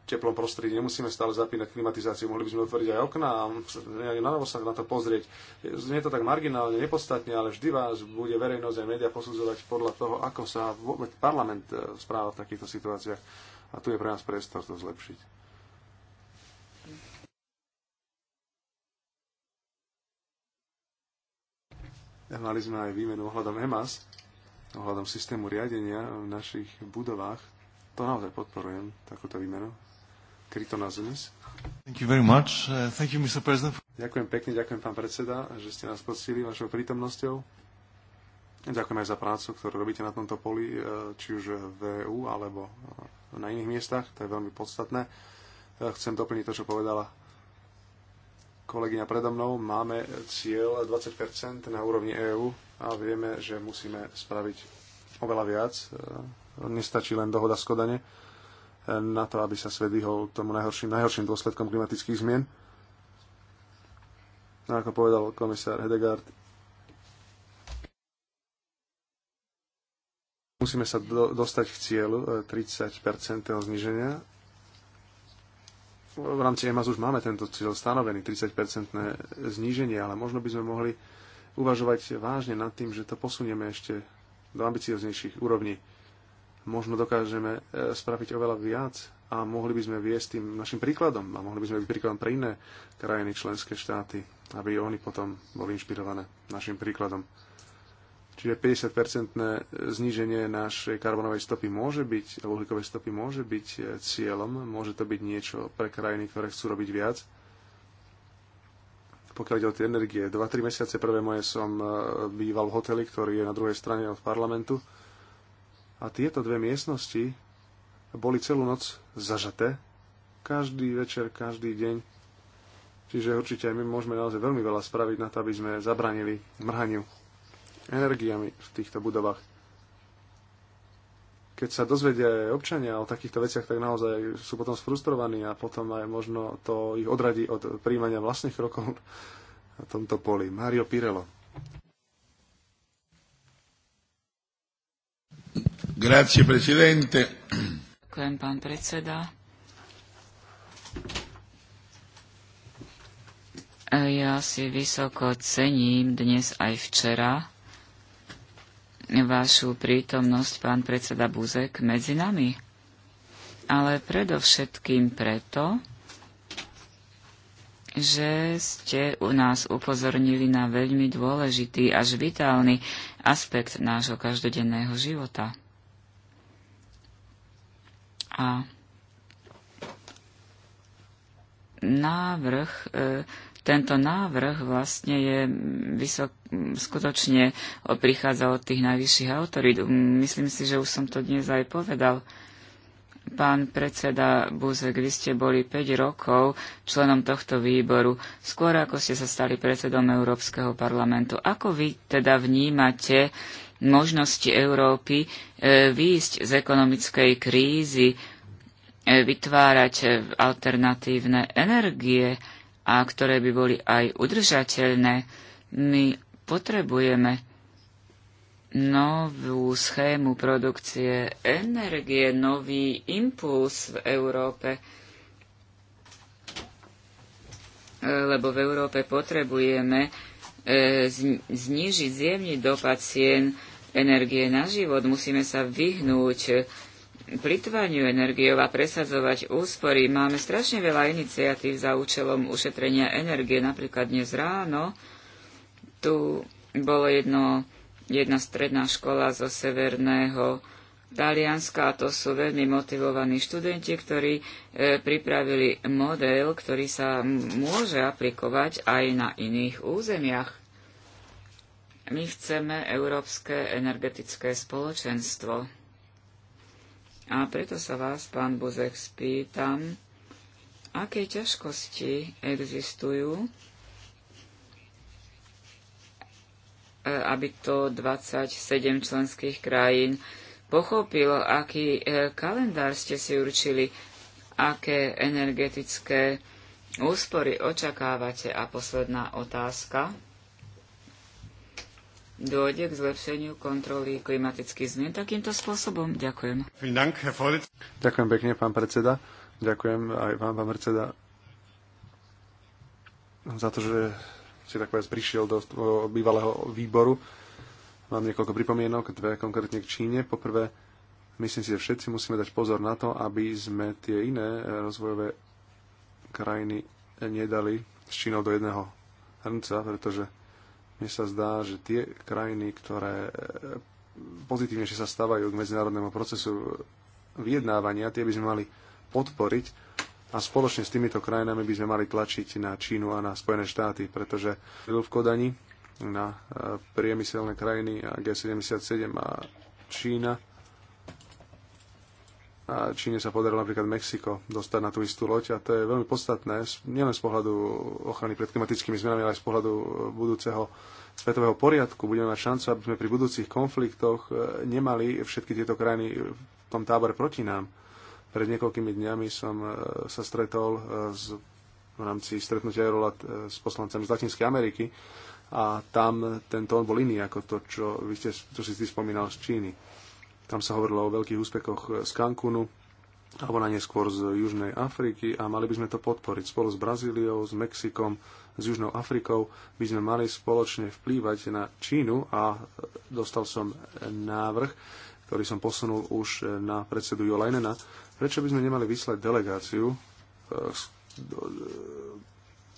teplom prostredí, nemusíme stále zapínať klimatizáciu, mohli by sme otvoriť aj okná a na novo sa na to pozrieť. Nie je to tak marginálne, nepodstatne, ale vždy vás bude verejnosť aj média posudzovať podľa toho, ako sa vôbec parlament e, správa v takýchto situáciách. A tu je pre nás priestor to zlepšiť. Mali sme aj výmenu ohľadom EMAS, ohľadom systému riadenia v našich budovách. To naozaj podporujem, takúto výmenu. Krytonazemis. Thank you very much. Uh, thank you, Mr. President. Ďakujem pekne, ďakujem pán predseda, že ste nás podstili vašou prítomnosťou. Ďakujem aj za prácu, ktorú robíte na tomto poli, uh, či už v EU alebo na iných miestach, to je veľmi podstatné. Uh, chcem doplniť to, čo povedala kolegyňa predo mnou, máme cieľ 20% na úrovni EÚ a vieme, že musíme spraviť oveľa viac. E, nestačí len dohoda z Kodane e, na to, aby sa svet vyhol tomu najhorším, najhorším dôsledkom klimatických zmien. A no, ako povedal komisár Hedegaard, musíme sa do, dostať k cieľu 30% e, zniženia v rámci EMAS už máme tento cieľ stanovený, 30-percentné zníženie, ale možno by sme mohli uvažovať vážne nad tým, že to posunieme ešte do ambicioznejších úrovní. Možno dokážeme e, spraviť oveľa viac a mohli by sme viesť tým našim príkladom a mohli by sme byť príkladom pre iné krajiny, členské štáty, aby oni potom boli inšpirované našim príkladom. Čiže 50-percentné zníženie našej karbonovej stopy môže byť, uhlíkovej stopy môže byť e, cieľom, môže to byť niečo pre krajiny, ktoré chcú robiť viac. Pokiaľ ide o tie energie, 2-3 mesiace prvé moje som e, býval v hoteli, ktorý je na druhej strane od parlamentu. A tieto dve miestnosti boli celú noc zažaté. Každý večer, každý deň. Čiže určite aj my môžeme naozaj veľmi veľa spraviť na to, aby sme zabranili mrhaniu energiami v týchto budovách. Keď sa dozvedia aj občania o takýchto veciach, tak naozaj sú potom sfrustrovaní a potom aj možno to ich odradí od príjmania vlastných rokov na tomto poli. Mario Pirello. Grazie, presidente. Ďakujem, pán predseda. Ja si vysoko cením dnes aj včera vašu prítomnosť, pán predseda Buzek, medzi nami. Ale predovšetkým preto, že ste u nás upozornili na veľmi dôležitý až vitálny aspekt nášho každodenného života. A návrh e, tento návrh vlastne je vysok, skutočne prichádza od tých najvyšších autorít. Myslím si, že už som to dnes aj povedal. Pán predseda Buzek, vy ste boli 5 rokov členom tohto výboru, skôr ako ste sa stali predsedom Európskeho parlamentu. Ako vy teda vnímate možnosti Európy e, výjsť z ekonomickej krízy, e, vytvárať e, alternatívne energie, a ktoré by boli aj udržateľné. My potrebujeme novú schému produkcie energie, nový impuls v Európe, lebo v Európe potrebujeme e, znížiť, zjemný dopad cien energie na život. Musíme sa vyhnúť plitvaniu energiou a presadzovať úspory. Máme strašne veľa iniciatív za účelom ušetrenia energie. Napríklad dnes ráno tu bolo jedno, jedna stredná škola zo severného Talianska a to sú veľmi motivovaní študenti, ktorí e, pripravili model, ktorý sa môže aplikovať aj na iných územiach. My chceme Európske energetické spoločenstvo. A preto sa vás, pán Buzek, spýtam, aké ťažkosti existujú, e, aby to 27 členských krajín pochopilo, aký e, kalendár ste si určili, aké energetické úspory očakávate. A posledná otázka dôjde k zlepšeniu kontroly klimatických zmien takýmto spôsobom. Ďakujem. Ďakujem pekne, pán predseda. Ďakujem aj vám, pán predseda, za to, že si tak povedať prišiel do bývalého výboru. Mám niekoľko pripomienok, dve konkrétne k Číne. Poprvé, myslím si, že všetci musíme dať pozor na to, aby sme tie iné e, rozvojové krajiny nedali s Čínou do jedného hrnca, pretože mne sa zdá, že tie krajiny, ktoré e, pozitívnejšie sa stavajú k medzinárodnému procesu vyjednávania, tie by sme mali podporiť a spoločne s týmito krajinami by sme mali tlačiť na Čínu a na Spojené štáty, pretože v Kodani na e, priemyselné krajiny a G77 a Čína a Číne sa podarilo napríklad Mexiko dostať na tú istú loď a to je veľmi podstatné, nielen z pohľadu ochrany pred klimatickými zmenami, ale aj z pohľadu e, budúceho svetového poriadku. Budeme mať šancu, aby sme pri budúcich konfliktoch e, nemali všetky tieto krajiny v tom tábore proti nám. Pred niekoľkými dňami som e, sa stretol s, v rámci stretnutia Eurolat s poslancami z Latinskej Ameriky a tam ten tón bol iný ako to, čo, vy ste, čo si spomínal z Číny tam sa hovorilo o veľkých úspechoch eh, z Cancúnu alebo na neskôr z Južnej Afriky a mali by sme to podporiť spolu s Brazíliou, s Mexikom, s Južnou Afrikou. By sme mali spoločne vplývať na Čínu a eh, dostal som návrh, ktorý som posunul už eh, na predsedu Jolajnena. Prečo by sme nemali vyslať delegáciu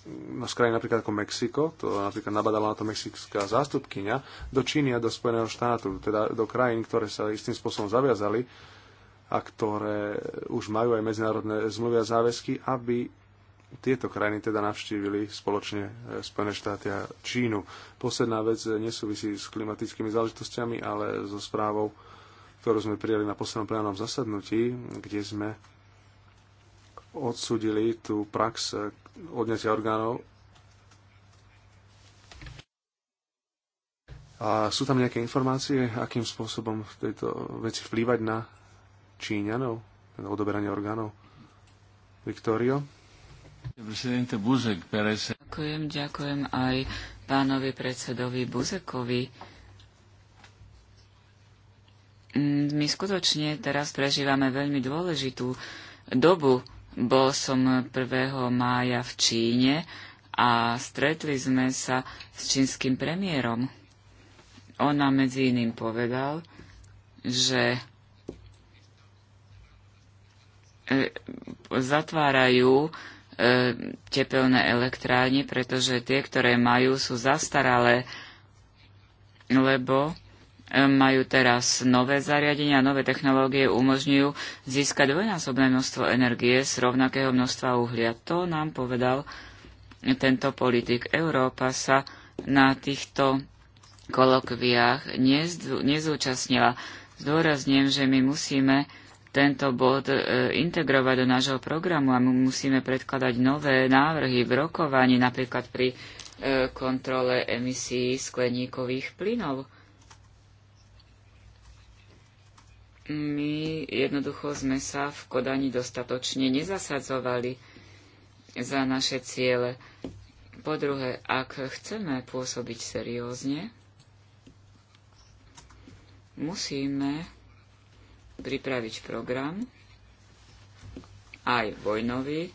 no, z krajín napríklad ako Mexiko, to napríklad nabadala na to mexická zástupkynia, do Číny a do Spojeného štátu, teda do krajín, ktoré sa istým spôsobom zaviazali a ktoré už majú aj medzinárodné zmluvy a záväzky, aby tieto krajiny teda navštívili spoločne e, Spojené štáty a Čínu. Posledná vec e, nesúvisí s klimatickými záležitostiami, ale so správou, ktorú sme prijali na poslednom plenárnom zasadnutí, kde sme odsudili tú prax e, odnesie orgánov. A sú tam nejaké informácie, akým spôsobom v tejto veci vplývať na Číňanov, na odoberanie orgánov? Viktorio? Ďakujem, ďakujem aj pánovi predsedovi Buzekovi. Mm, my skutočne teraz prežívame veľmi dôležitú dobu bol som 1. mája v Číne a stretli sme sa s čínskym premiérom. On nám medzi iným povedal, že e, zatvárajú e, tepelné elektrárne, pretože tie, ktoré majú, sú zastaralé, lebo majú teraz nové zariadenia, nové technológie umožňujú získať dvojnásobné množstvo energie z rovnakého množstva uhlia. To nám povedal tento politik. Európa sa na týchto kolokviách nezúčastnila. Zdôrazním, že my musíme tento bod e, integrovať do nášho programu a my musíme predkladať nové návrhy v rokovaní, napríklad pri e, kontrole emisí skleníkových plynov. my jednoducho sme sa v Kodani dostatočne nezasadzovali za naše ciele. Po druhé, ak chceme pôsobiť seriózne, musíme pripraviť program, aj vojnový,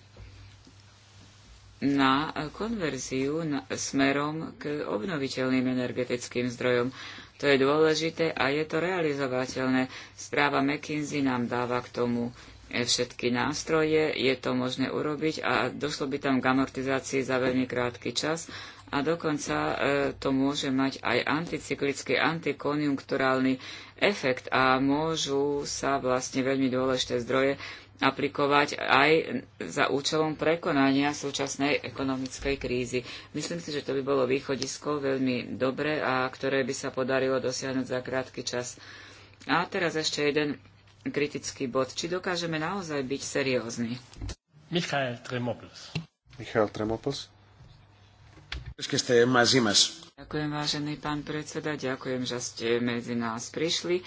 na konverziu smerom k obnoviteľným energetickým zdrojom. To je dôležité a je to realizovateľné. Správa McKinsey nám dáva k tomu e, všetky nástroje, je to možné urobiť a došlo by tam k amortizácii za veľmi krátky čas a dokonca e, to môže mať aj anticyklický, antikonjunkturálny efekt a môžu sa vlastne veľmi dôležité zdroje aplikovať aj za účelom prekonania súčasnej ekonomickej krízy. Myslím si, že to by bolo východisko veľmi dobre a ktoré by sa podarilo dosiahnuť za krátky čas. A teraz ešte jeden kritický bod. Či dokážeme naozaj byť seriózni? Michal Tremopoulos. Michal Tremopoulos. Ďakujem, vážený pán predseda, ďakujem, že ste medzi nás prišli.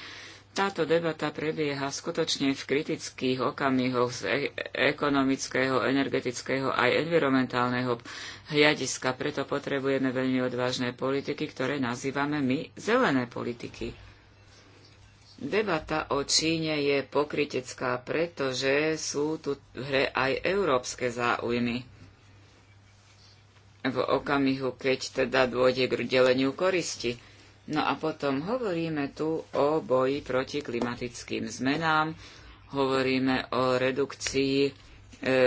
Táto debata prebieha skutočne v kritických okamihoch z e- ekonomického, energetického aj environmentálneho hľadiska, preto potrebujeme veľmi odvážne politiky, ktoré nazývame my zelené politiky. Debata o Číne je pokritecká, pretože sú tu v hre aj európske záujmy. V okamihu, keď teda dôjde k deleniu koristi – No a potom hovoríme tu o boji proti klimatickým zmenám, hovoríme o redukcii e,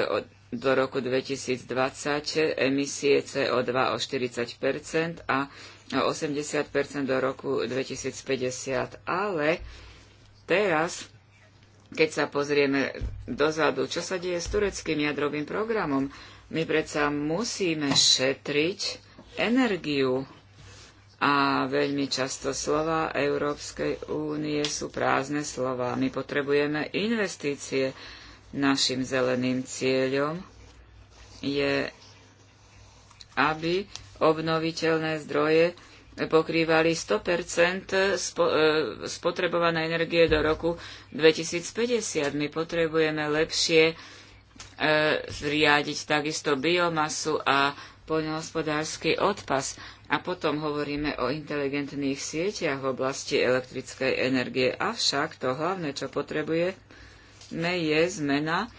o, do roku 2020 emisie CO2 o 40 a o 80 do roku 2050. Ale teraz, keď sa pozrieme dozadu, čo sa deje s tureckým jadrovým programom, my predsa musíme šetriť energiu a veľmi často slova Európskej únie sú prázdne slova. My potrebujeme investície. Našim zeleným cieľom je, aby obnoviteľné zdroje pokrývali 100 e, spotrebované energie do roku 2050. My potrebujeme lepšie e, zriadiť takisto biomasu a poľnohospodársky odpas. A potom hovoríme o inteligentných sieťach v oblasti elektrickej energie. Avšak to hlavné, čo potrebujeme, je zmena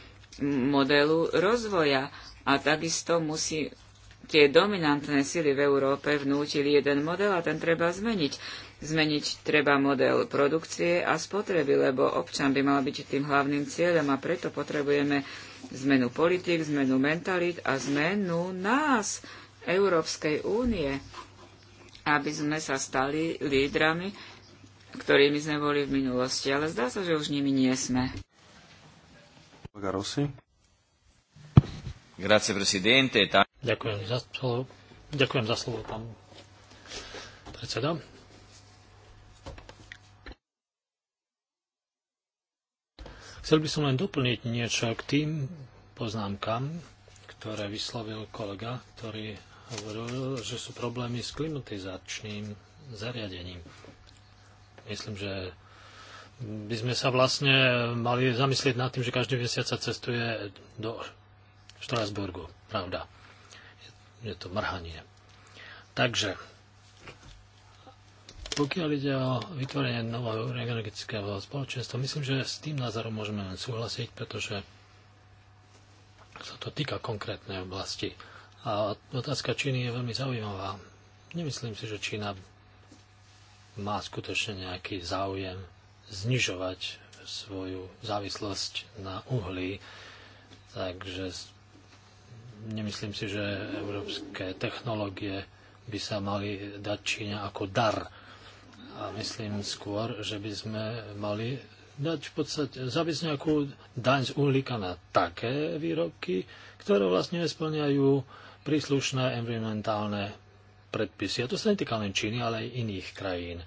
modelu rozvoja. A takisto musí tie dominantné sily v Európe vnútili jeden model a ten treba zmeniť. Zmeniť treba model produkcie a spotreby, lebo občan by mal byť tým hlavným cieľom a preto potrebujeme zmenu politik, zmenu mentalit a zmenu nás Európskej únie, aby sme sa stali lídrami, ktorými sme boli v minulosti, ale zdá sa, že už nimi nie sme. Ďakujem za, slovo. Ďakujem za slovo, pán predseda. Chcel by som len doplniť niečo k tým poznámkam, ktoré vyslovil kolega, ktorý hovoril, že sú problémy s klimatizačným zariadením. Myslím, že by sme sa vlastne mali zamyslieť nad tým, že každý mesiac sa cestuje do Štrasburgu. Pravda. Je to mrhanie. Takže, pokiaľ ide o vytvorenie nového energetického spoločenstva, myslím, že s tým názorom môžeme len súhlasiť, pretože sa to týka konkrétnej oblasti a otázka Číny je veľmi zaujímavá. Nemyslím si, že Čína má skutočne nejaký záujem znižovať svoju závislosť na uhlí. Takže nemyslím si, že európske technológie by sa mali dať Číne ako dar. A myslím skôr, že by sme mali dať v podstate, zaviesť nejakú daň z uhlíka na také výrobky, ktoré vlastne nesplňajú príslušné environmentálne predpisy. A to sa netýka len Číny, ale aj iných krajín.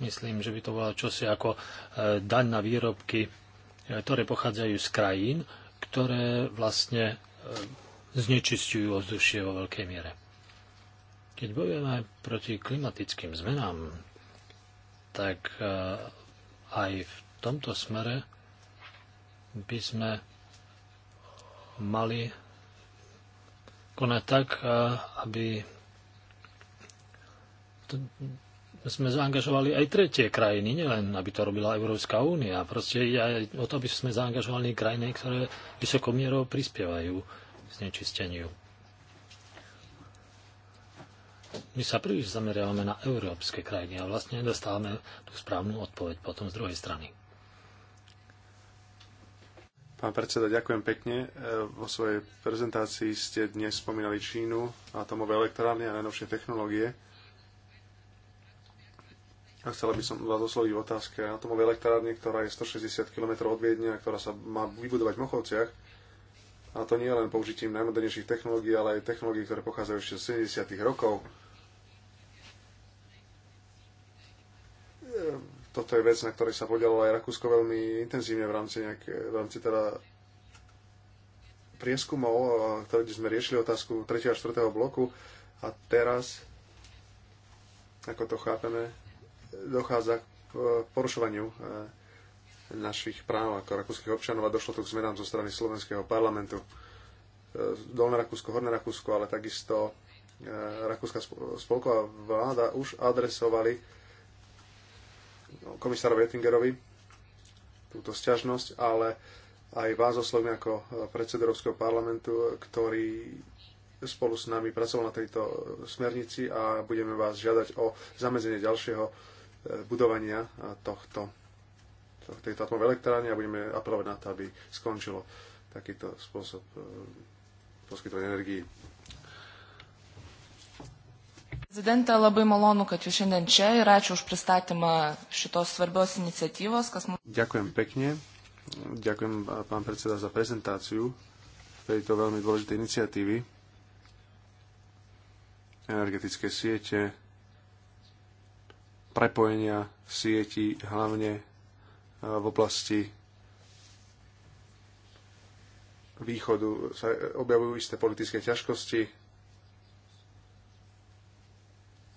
Myslím, že by to bolo čosi ako e, daň na výrobky, e, ktoré pochádzajú z krajín, ktoré vlastne e, znečistujú ovzdušie vo veľkej miere. Keď bojujeme proti klimatickým zmenám, tak aj v tomto smere by sme mali konať tak, aby sme zaangažovali aj tretie krajiny, nielen aby to robila Európska únia. Proste aj o to, aby sme zaangažovali krajiny, ktoré vysokou mierou prispievajú k znečisteniu. My sa príliš zameriavame na európske krajiny a vlastne nedostávame tú správnu odpoveď potom z druhej strany. Pán predseda, ďakujem pekne. E, vo svojej prezentácii ste dnes spomínali Čínu, atomové elektrárne a najnovšie technológie. A chcela by som vás osloviť v otázke atomovej elektrárne, ktorá je 160 km od Viedne a ktorá sa má vybudovať v Mochovciach. A to nie len použitím najmodernejších technológií, ale aj technológií, ktoré pochádzajú ešte z 70. rokov. Toto je vec, na ktorej sa podielalo aj Rakúsko veľmi intenzívne v rámci, nejak, v rámci teda prieskumov, ktoré sme riešili otázku 3. a 4. bloku a teraz, ako to chápeme, dochádza k e, porušovaniu e, našich práv ako rakúskych občanov a došlo to k zmenám zo strany slovenského parlamentu. E, Dolné Rakúsko, Horné Rakúsko, ale takisto rakúska spolková vláda už adresovali komisárovi Ettingerovi túto sťažnosť, ale aj vás oslovím ako predsed Európskeho parlamentu, ktorý spolu s nami pracoval na tejto smernici a budeme vás žiadať o zamedzenie ďalšieho e, budovania tohto, tejto atmové elektrárne a budeme apelovať na to, aby skončilo takýto spôsob e, poskytovania energii. Prezidente, labai malonu, kad jūs šiandien čia ir ačiū už pristatymą šitos svarbios iniciatyvos. Kas... Ďakujem pekne. Ďakujem, pán predseda, za prezentáciu tejto veľmi dôležitej iniciatívy energetické siete, prepojenia sietí hlavne v oblasti východu sa objavujú isté politické ťažkosti,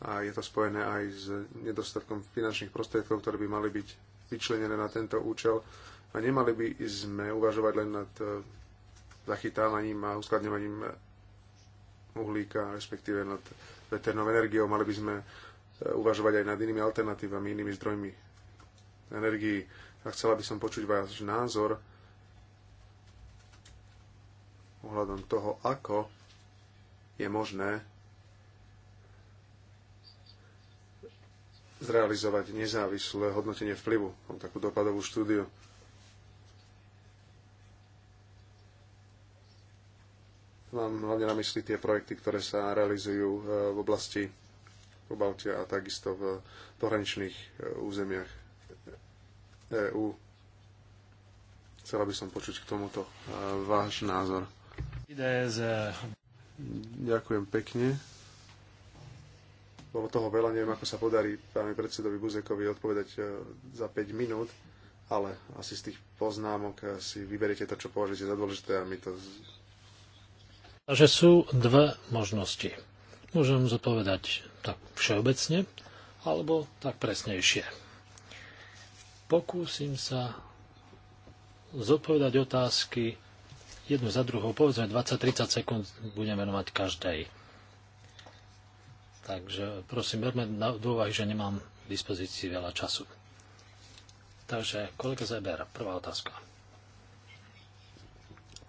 a je to spojené aj s nedostatkom finančných prostriedkov, ktoré by mali byť vyčlenené na tento účel a nemali by sme uvažovať len nad e, zachytávaním a uskladňovaním uhlíka, respektíve nad veternou energiou. Mali by sme e, uvažovať aj nad inými alternatívami, inými zdrojmi energii. A chcela by som počuť váš názor ohľadom toho, ako je možné zrealizovať nezávislé hodnotenie vplyvu, Mám takú dopadovú štúdiu. Mám hlavne na mysli tie projekty, ktoré sa realizujú e, v oblasti Pobaltia a takisto v pohraničných e, územiach EÚ. Chcela by som počuť k tomuto e, váš názor. Ďakujem pekne. Bolo toho veľa, neviem, ako sa podarí pánovi predsedovi Buzekovi odpovedať e, za 5 minút, ale asi z tých poznámok e, si vyberiete to, čo považujete za dôležité a my to... Takže sú dve možnosti. Môžem zodpovedať tak všeobecne, alebo tak presnejšie. Pokúsim sa zodpovedať otázky jednu za druhou, povedzme 20-30 sekúnd budeme venovať každej. Takže prosím, berme na úvahy, že nemám v dispozícii veľa času. Takže kolega Zeber, prvá otázka.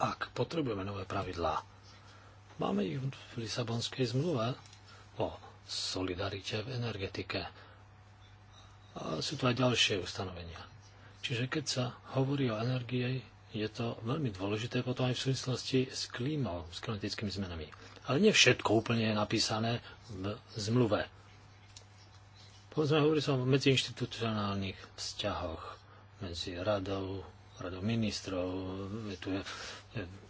Ak potrebujeme nové pravidlá, máme ich v Lisabonskej zmluve o solidarite v energetike. A sú tu aj ďalšie ustanovenia. Čiže keď sa hovorí o energii, je to veľmi dôležité potom aj v súvislosti s klímou, s klimatickými zmenami ale nie všetko úplne je napísané v zmluve. Povedzme, hovorí som o medziinstitucionálnych vzťahoch medzi radou, radou ministrov, je tu je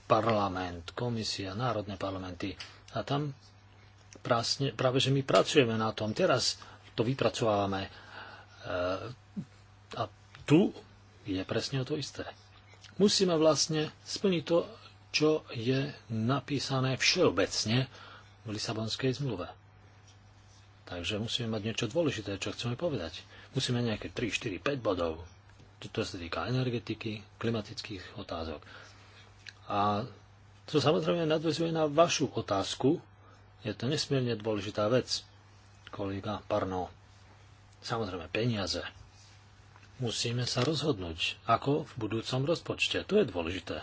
parlament, komisia, národné parlamenty a tam prásne, práve, že my pracujeme na tom. Teraz to vypracovávame e, a tu je presne o to isté. Musíme vlastne splniť to, čo je napísané všeobecne v Lisabonskej zmluve. Takže musíme mať niečo dôležité, čo chceme povedať. Musíme nejaké 3, 4, 5 bodov. To sa týka energetiky, klimatických otázok. A to samozrejme nadvezuje na vašu otázku. Je to nesmierne dôležitá vec, kolega Parno. Samozrejme, peniaze. Musíme sa rozhodnúť, ako v budúcom rozpočte. To je dôležité.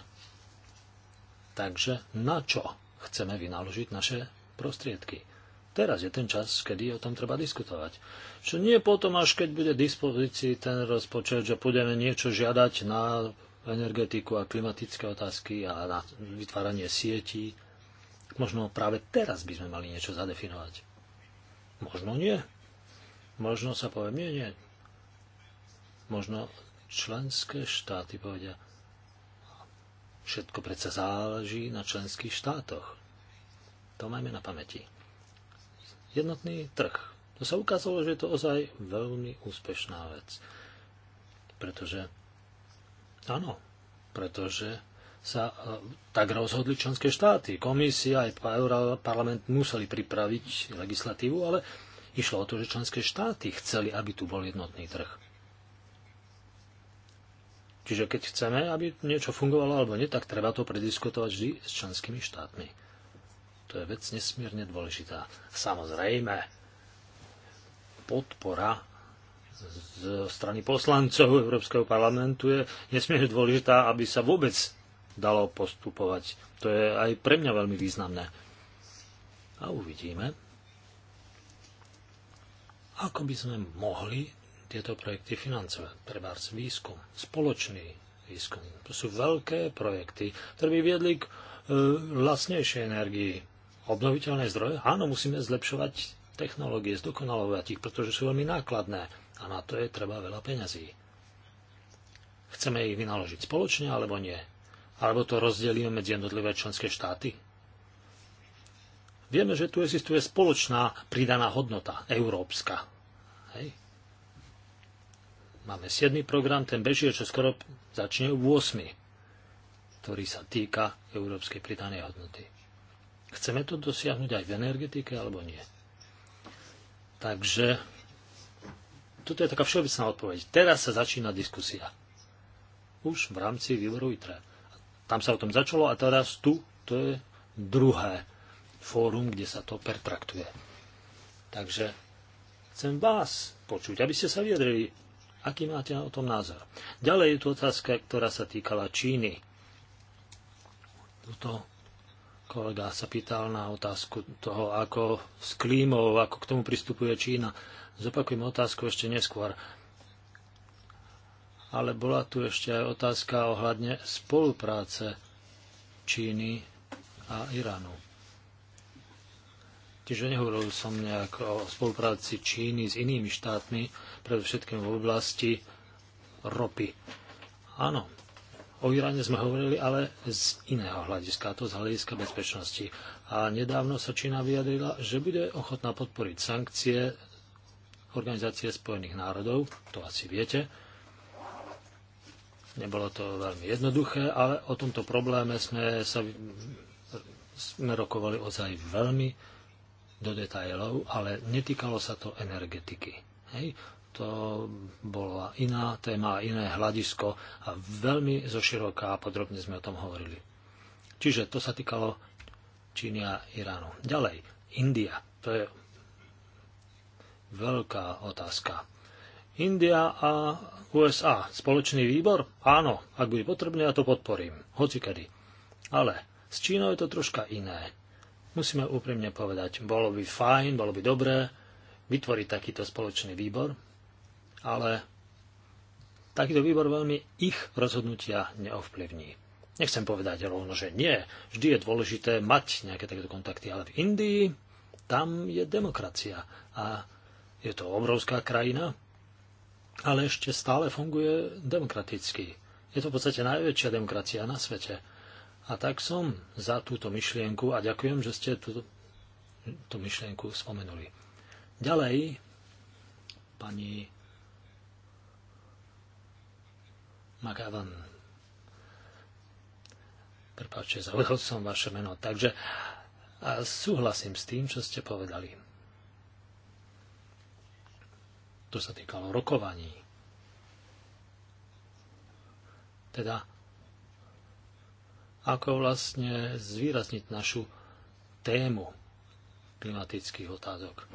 Takže na čo chceme vynaložiť naše prostriedky? Teraz je ten čas, kedy o tom treba diskutovať. Čo nie potom, až keď bude dispozícii ten rozpočet, že budeme niečo žiadať na energetiku a klimatické otázky a na vytváranie sietí. Možno práve teraz by sme mali niečo zadefinovať. Možno nie. Možno sa povie, nie, nie. Možno členské štáty povedia, Všetko predsa záleží na členských štátoch. To majme na pamäti. Jednotný trh. To sa ukázalo, že je to ozaj veľmi úspešná vec. Pretože, áno, pretože sa e, tak rozhodli členské štáty. Komisia aj parlament museli pripraviť legislatívu, ale išlo o to, že členské štáty chceli, aby tu bol jednotný trh. Čiže keď chceme, aby niečo fungovalo alebo nie, tak treba to prediskutovať vždy s členskými štátmi. To je vec nesmierne dôležitá. Samozrejme, podpora zo strany poslancov Európskeho parlamentu je nesmierne dôležitá, aby sa vôbec dalo postupovať. To je aj pre mňa veľmi významné. A uvidíme, ako by sme mohli tieto projekty financovať. Trebárs výskum, spoločný výskum. To sú veľké projekty, ktoré by viedli k e, vlastnejšej energii. Obnoviteľné zdroje? Áno, musíme zlepšovať technológie, zdokonalovať ich, pretože sú veľmi nákladné a na to je treba veľa peňazí. Chceme ich vynaložiť spoločne alebo nie? Alebo to rozdelíme medzi jednotlivé členské štáty? Vieme, že tu existuje spoločná pridaná hodnota, európska. Hej. Máme 7. program, ten beží, čo skoro začne v 8. ktorý sa týka európskej pridanej hodnoty. Chceme to dosiahnuť aj v energetike, alebo nie? Takže toto je taká všeobecná odpoveď. Teraz sa začína diskusia. Už v rámci výboru ITRE. Tam sa o tom začalo a teraz tu to je druhé fórum, kde sa to pertraktuje. Takže chcem vás počuť, aby ste sa vyjadrili Aký máte o tom názor? Ďalej je tu otázka, ktorá sa týkala Číny. Tuto kolega sa pýtal na otázku toho, ako s klímou, ako k tomu pristupuje Čína. Zopakujem otázku ešte neskôr. Ale bola tu ešte aj otázka ohľadne spolupráce Číny a Iránu. Čiže nehovoril som nejak o spolupráci Číny s inými štátmi, predovšetkým v oblasti ropy. Áno, o Iráne sme hovorili, ale z iného hľadiska, to z hľadiska bezpečnosti. A nedávno sa Čína vyjadrila, že bude ochotná podporiť sankcie Organizácie spojených národov, to asi viete. Nebolo to veľmi jednoduché, ale o tomto probléme sme sa sme rokovali ozaj veľmi do detajlov, ale netýkalo sa to energetiky. Hej? To bola iná téma, iné hľadisko a veľmi zoširoká a podrobne sme o tom hovorili. Čiže to sa týkalo Číny a Iránu. Ďalej, India. To je veľká otázka. India a USA. Spoločný výbor? Áno, ak bude potrebné, ja to podporím. Hoci kedy. Ale s Čínou je to troška iné. Musíme úprimne povedať, bolo by fajn, bolo by dobré vytvoriť takýto spoločný výbor, ale takýto výbor veľmi ich rozhodnutia neovplyvní. Nechcem povedať rovno, že nie. Vždy je dôležité mať nejaké takéto kontakty, ale v Indii tam je demokracia a je to obrovská krajina, ale ešte stále funguje demokraticky. Je to v podstate najväčšia demokracia na svete. A tak som za túto myšlienku a ďakujem, že ste túto, tú myšlienku spomenuli. Ďalej, pani Magavan. Prepáčte, zaujal som vaše meno. Takže a súhlasím s tým, čo ste povedali. To sa týkalo rokovaní. Teda ako vlastne zvýrazniť našu tému klimatických otázok.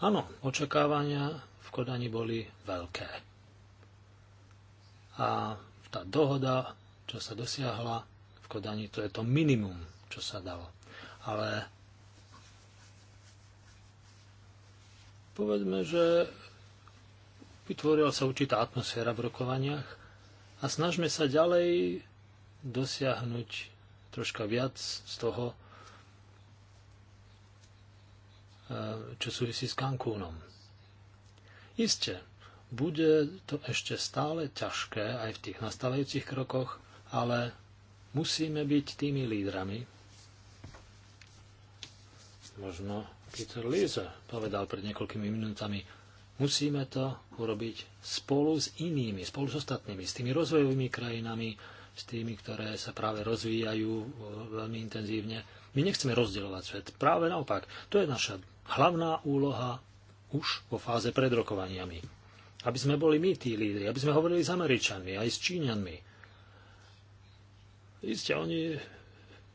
Áno, očakávania v Kodani boli veľké. A tá dohoda, čo sa dosiahla v Kodani, to je to minimum, čo sa dalo. Ale povedzme, že vytvorila sa určitá atmosféra v rokovaniach a snažme sa ďalej dosiahnuť troška viac z toho, e, čo súvisí s Cancúnom. Isté, bude to ešte stále ťažké aj v tých nastávajúcich krokoch, ale musíme byť tými lídrami. Možno Peter Lise povedal pred niekoľkými minútami, Musíme to urobiť spolu s inými, spolu s ostatnými, s tými rozvojovými krajinami, s tými, ktoré sa práve rozvíjajú e, veľmi intenzívne. My nechceme rozdielovať svet. Práve naopak, to je naša hlavná úloha už vo fáze pred rokovaniami. Aby sme boli my tí lídri, aby sme hovorili s Američanmi, aj s Číňanmi. Isté, oni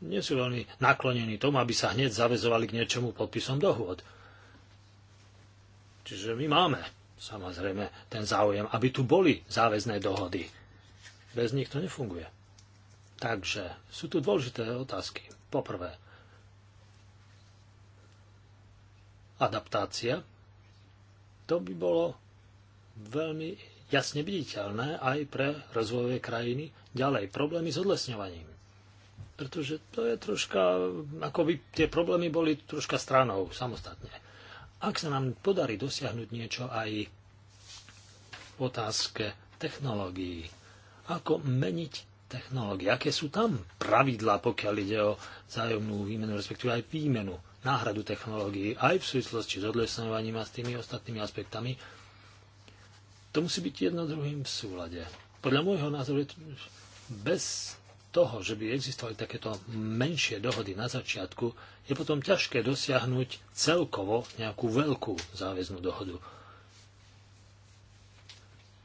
nie sú veľmi naklonení tomu, aby sa hneď zavezovali k niečomu podpisom dohôd. Čiže my máme samozrejme ten záujem, aby tu boli záväzné dohody. Bez nich to nefunguje. Takže sú tu dôležité otázky. Poprvé, adaptácia. To by bolo veľmi jasne viditeľné aj pre rozvojové krajiny. Ďalej, problémy s odlesňovaním. Pretože to je troška, ako by tie problémy boli troška stranou, samostatne. Ak sa nám podarí dosiahnuť niečo aj v otázke technológií, ako meniť technológie, aké sú tam pravidlá, pokiaľ ide o vzájomnú výmenu, respektíve aj výmenu, náhradu technológií, aj v súvislosti s odlesňovaním a s tými ostatnými aspektami, to musí byť jedno druhým v súlade. Podľa môjho názoru bez toho, že by existovali takéto menšie dohody na začiatku, je potom ťažké dosiahnuť celkovo nejakú veľkú záväznú dohodu.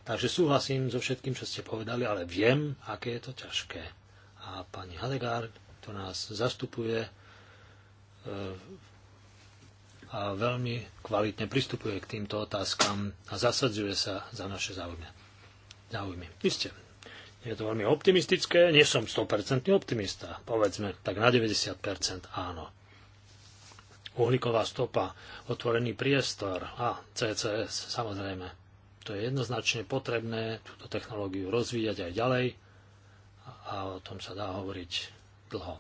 Takže súhlasím so všetkým, čo ste povedali, ale viem, aké je to ťažké. A pani Hadegard, to nás zastupuje eh, a veľmi kvalitne pristupuje k týmto otázkam a zasadzuje sa za naše záujmy. záujmy. Isté, je to veľmi optimistické, nie som 100% optimista, povedzme, tak na 90% áno. Uhlíková stopa, otvorený priestor a CCS, samozrejme. To je jednoznačne potrebné túto technológiu rozvíjať aj ďalej a o tom sa dá hovoriť dlho.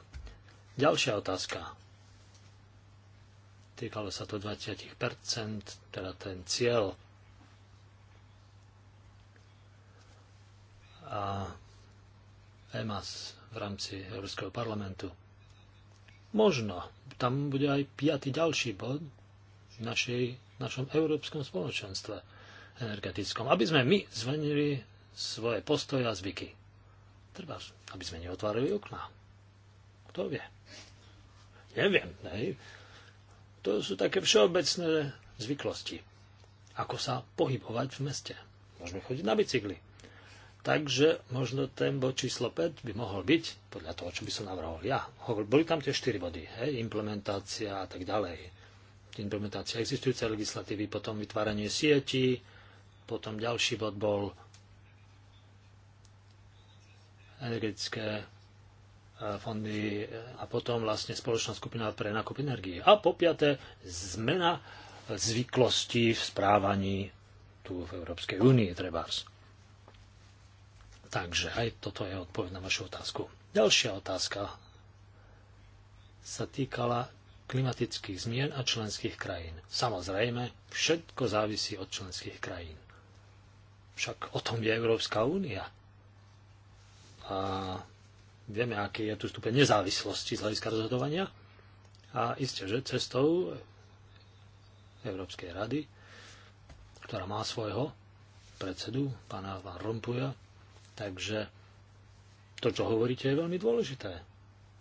Ďalšia otázka. Týkalo sa to 20%, teda ten cieľ a EMAS v rámci Európskeho parlamentu. Možno tam bude aj piatý ďalší bod v našej, našom európskom spoločenstve energetickom, aby sme my zvenili svoje postoje a zvyky. Treba, aby sme neotvárali okná. Kto vie? Neviem, hej. To sú také všeobecné zvyklosti. Ako sa pohybovať v meste. Môžeme chodiť na bicykli. Takže možno ten bod číslo 5 by mohol byť, podľa toho, čo by som navrhol ja. Boli tam tie 4 body, hej, implementácia a tak ďalej. Implementácia existujúcej legislatívy, potom vytváranie sieti, potom ďalší bod bol energetické e, fondy a potom vlastne spoločná skupina pre nákup energie. A po piaté, zmena zvyklostí v správaní tu v Európskej únii, trebárs. Takže aj toto je odpoveď na vašu otázku. Ďalšia otázka sa týkala klimatických zmien a členských krajín. Samozrejme, všetko závisí od členských krajín. Však o tom je Európska únia. A vieme, aký je tu stupeň nezávislosti z hľadiska rozhodovania. A isté, že cestou Európskej rady, ktorá má svojho predsedu, pána Van Rompuja, Takže to, čo hovoríte, je veľmi dôležité.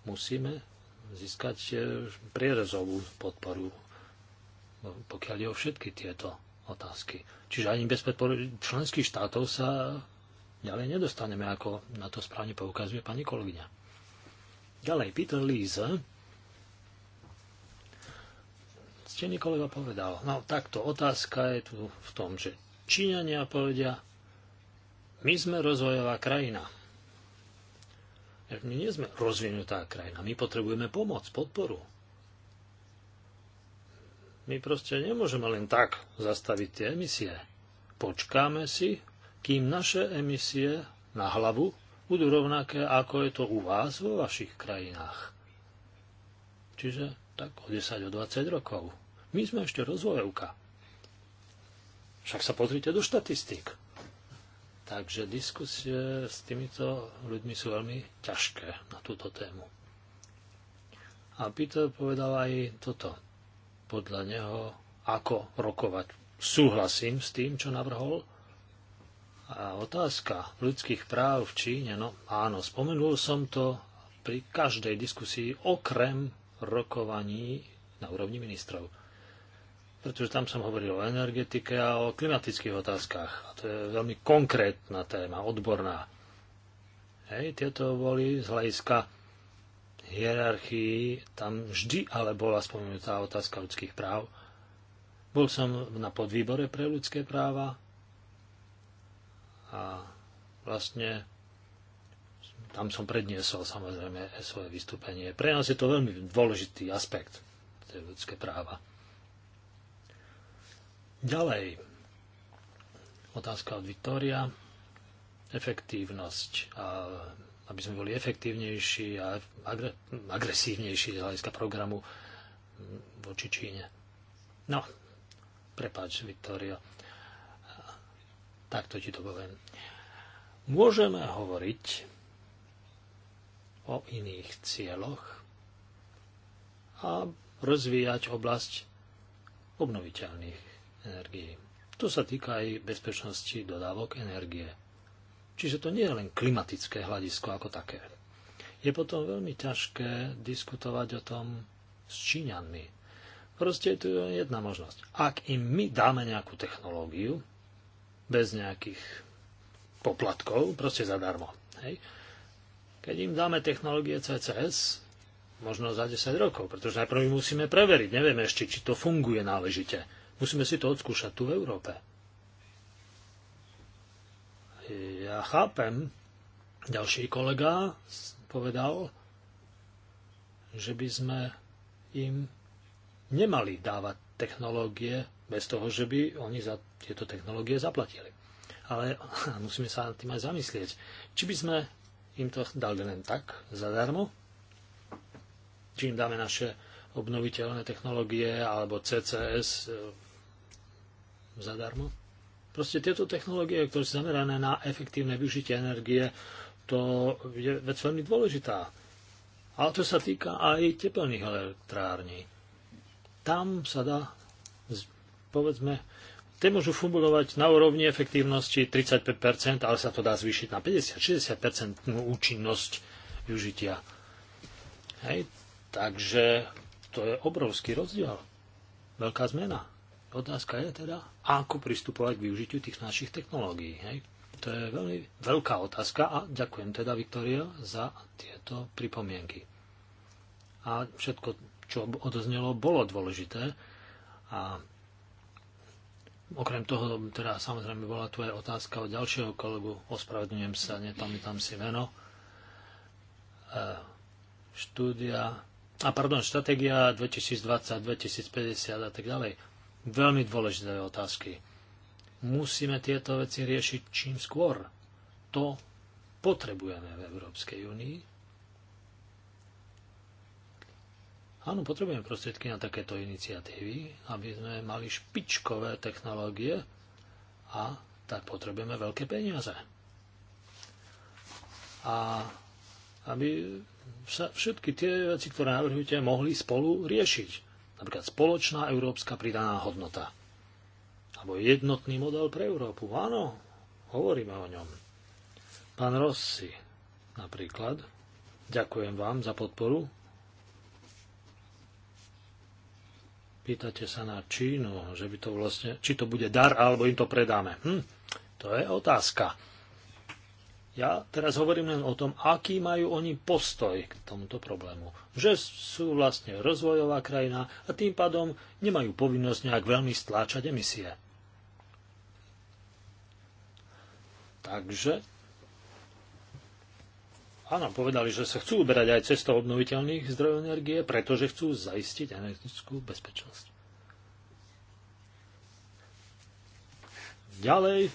Musíme získať e, prierezovú podporu, pokiaľ je o všetky tieto otázky. Čiže ani bez podpory členských štátov sa ďalej nedostaneme, ako na to správne poukazuje pani kolegyňa. Ďalej, Peter Líze. Ste kolega povedal, no takto otázka je tu v tom, že Číňania povedia, my sme rozvojová krajina. My nie sme rozvinutá krajina. My potrebujeme pomoc, podporu. My proste nemôžeme len tak zastaviť tie emisie. Počkáme si, kým naše emisie na hlavu budú rovnaké, ako je to u vás vo vašich krajinách. Čiže tak o 10, o 20 rokov. My sme ešte rozvojovka. Však sa pozrite do štatistík. Takže diskusie s týmito ľuďmi sú veľmi ťažké na túto tému. A Peter povedal aj toto. Podľa neho, ako rokovať. Súhlasím s tým, čo navrhol. A otázka ľudských práv v Číne, no áno, spomenul som to pri každej diskusii, okrem rokovaní na úrovni ministrov pretože tam som hovoril o energetike a o klimatických otázkach. A to je veľmi konkrétna téma, odborná. Hej, tieto boli z hľadiska hierarchii, tam vždy ale bola spomenutá otázka ľudských práv. Bol som na podvýbore pre ľudské práva a vlastne tam som predniesol samozrejme svoje vystúpenie. Pre nás je to veľmi dôležitý aspekt, tie ľudské práva. Ďalej, otázka od Viktória, efektívnosť a aby sme boli efektívnejší a agresívnejší z hľadiska programu voči Číne. No, prepáč, Viktória. Takto ti to poviem. Môžeme hovoriť o iných cieľoch a rozvíjať oblasť obnoviteľných energii. To sa týka aj bezpečnosti dodávok energie. Čiže to nie je len klimatické hľadisko ako také. Je potom veľmi ťažké diskutovať o tom s Číňanmi. Proste je tu jedna možnosť. Ak im my dáme nejakú technológiu, bez nejakých poplatkov, proste zadarmo. Hej. Keď im dáme technológie CCS, možno za 10 rokov, pretože najprv musíme preveriť, nevieme ešte, či to funguje náležite Musíme si to odskúšať tu v Európe. Ja chápem, ďalší kolega povedal, že by sme im nemali dávať technológie bez toho, že by oni za tieto technológie zaplatili. Ale musíme sa nad tým aj zamyslieť. Či by sme im to dali len tak, zadarmo? Či im dáme naše obnoviteľné technológie alebo CCS zadarmo. Proste tieto technológie, ktoré sú zamerané na efektívne využitie energie, to je vec veľmi dôležitá. Ale to sa týka aj tepelných elektrární. Tam sa dá, povedzme, tie môžu fungovať na úrovni efektívnosti 35%, ale sa to dá zvýšiť na 50-60% účinnosť využitia. Hej, takže to je obrovský rozdiel. Veľká zmena. Otázka je teda, ako pristupovať k využitiu tých našich technológií. Hej? To je veľmi veľká otázka a ďakujem teda, Viktoria, za tieto pripomienky. A všetko, čo odoznelo, bolo dôležité. A okrem toho, teda samozrejme bola tu aj otázka od ďalšieho kolegu, ospravedlňujem sa, nepamätám si meno. E, štúdia a pardon, stratégia 2020, 2050 a tak ďalej veľmi dôležité otázky. Musíme tieto veci riešiť čím skôr. To potrebujeme v Európskej únii. Áno, potrebujeme prostriedky na takéto iniciatívy, aby sme mali špičkové technológie a tak potrebujeme veľké peniaze. A aby sa všetky tie veci, ktoré navrhujete, mohli spolu riešiť Napríklad spoločná európska pridaná hodnota. Alebo jednotný model pre Európu. Áno, hovoríme o ňom. Pán Rossi napríklad. Ďakujem vám za podporu. Pýtate sa na Čínu, že by to vlastne, či to bude dar, alebo im to predáme. Hm, to je otázka. Ja teraz hovorím len o tom, aký majú oni postoj k tomuto problému. Že sú vlastne rozvojová krajina a tým pádom nemajú povinnosť nejak veľmi stláčať emisie. Takže, áno, povedali, že sa chcú uberať aj cesto obnoviteľných zdrojov energie, pretože chcú zaistiť energetickú bezpečnosť. Ďalej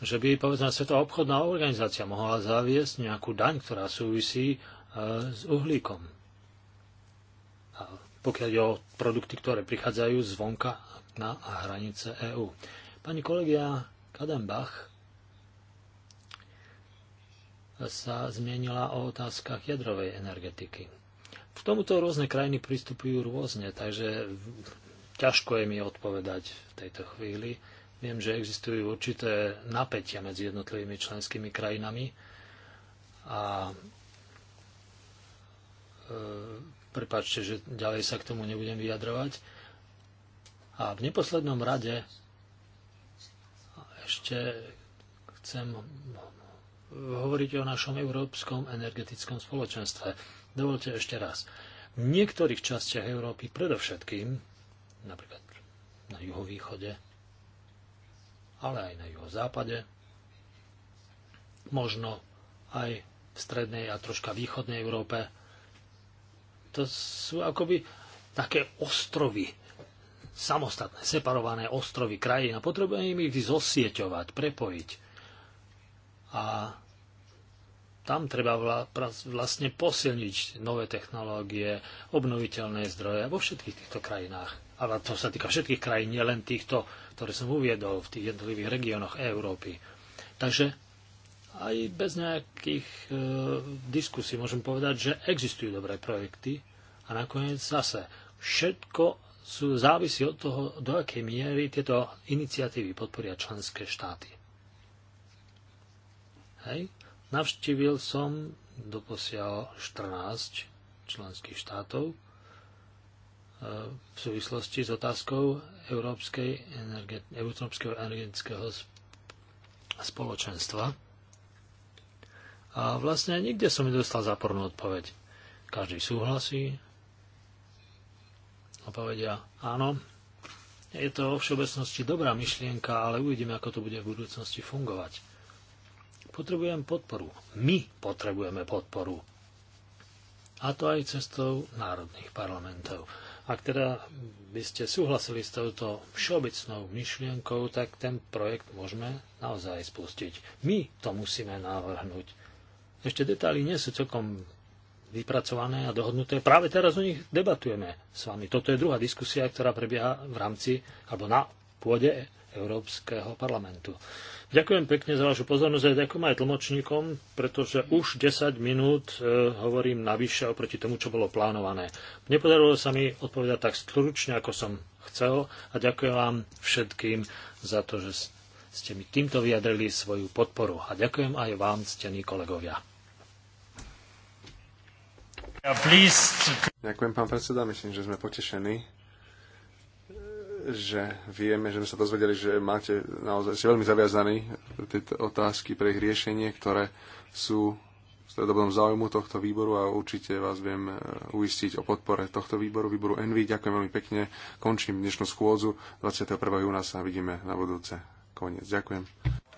že by, povedzme, Svetová obchodná organizácia mohla zaviesť nejakú daň, ktorá súvisí e, s uhlíkom. A pokiaľ je o produkty, ktoré prichádzajú zvonka na hranice EÚ. Pani kolegia Kadenbach sa zmienila o otázkach jadrovej energetiky. K tomuto rôzne krajiny pristupujú rôzne, takže ťažko je mi odpovedať v tejto chvíli Viem, že existujú určité napätia medzi jednotlivými členskými krajinami a e, prepáčte, že ďalej sa k tomu nebudem vyjadrovať. A v neposlednom rade ešte chcem hovoriť o našom európskom energetickom spoločenstve. Dovolte ešte raz. V niektorých častiach Európy, predovšetkým, napríklad na juhovýchode, ale aj na jeho západe, možno aj v strednej a troška východnej Európe. To sú akoby také ostrovy, samostatné, separované ostrovy krajín a potrebujeme ich zosieťovať, prepojiť. A tam treba vlastne posilniť nové technológie, obnoviteľné zdroje vo všetkých týchto krajinách ale to sa týka všetkých krajín, nielen týchto, ktoré som uviedol v tých jednotlivých regiónoch Európy. Takže aj bez nejakých e, diskusí môžem povedať, že existujú dobré projekty a nakoniec zase všetko sú, závisí od toho, do akej miery tieto iniciatívy podporia členské štáty. Hej? Navštívil som doposiaľ 14 členských štátov v súvislosti s otázkou Európskej energe- Európskeho energetického spoločenstva. A vlastne nikde som nedostal zápornú odpoveď. Každý súhlasí a povedia áno, je to vo všeobecnosti dobrá myšlienka, ale uvidíme, ako to bude v budúcnosti fungovať. Potrebujem podporu. My potrebujeme podporu. A to aj cestou národných parlamentov. Ak teda by ste súhlasili s touto všeobecnou myšlienkou, tak ten projekt môžeme naozaj spustiť. My to musíme navrhnúť. Ešte detaily nie sú celkom vypracované a dohodnuté. Práve teraz o nich debatujeme s vami. Toto je druhá diskusia, ktorá prebieha v rámci alebo na pôde Európskeho parlamentu. Ďakujem pekne za vašu pozornosť a ďakujem aj tlmočníkom, pretože už 10 minút e, hovorím navyše oproti tomu, čo bolo plánované. Nepodarilo sa mi odpovedať tak stručne, ako som chcel a ďakujem vám všetkým za to, že ste mi týmto vyjadrili svoju podporu a ďakujem aj vám, ctení kolegovia. Ďakujem, pán predseda. Myslím, že sme potešení že vieme, že sme sa dozvedeli, že máte naozaj, ste veľmi zaviazaní tieto otázky pre ich riešenie, ktoré sú v stredobodom záujmu tohto výboru a určite vás viem e, uistiť o podpore tohto výboru, výboru Envy. Ďakujem veľmi pekne. Končím dnešnú schôdzu. 21. júna sa vidíme na budúce. Koniec. Ďakujem.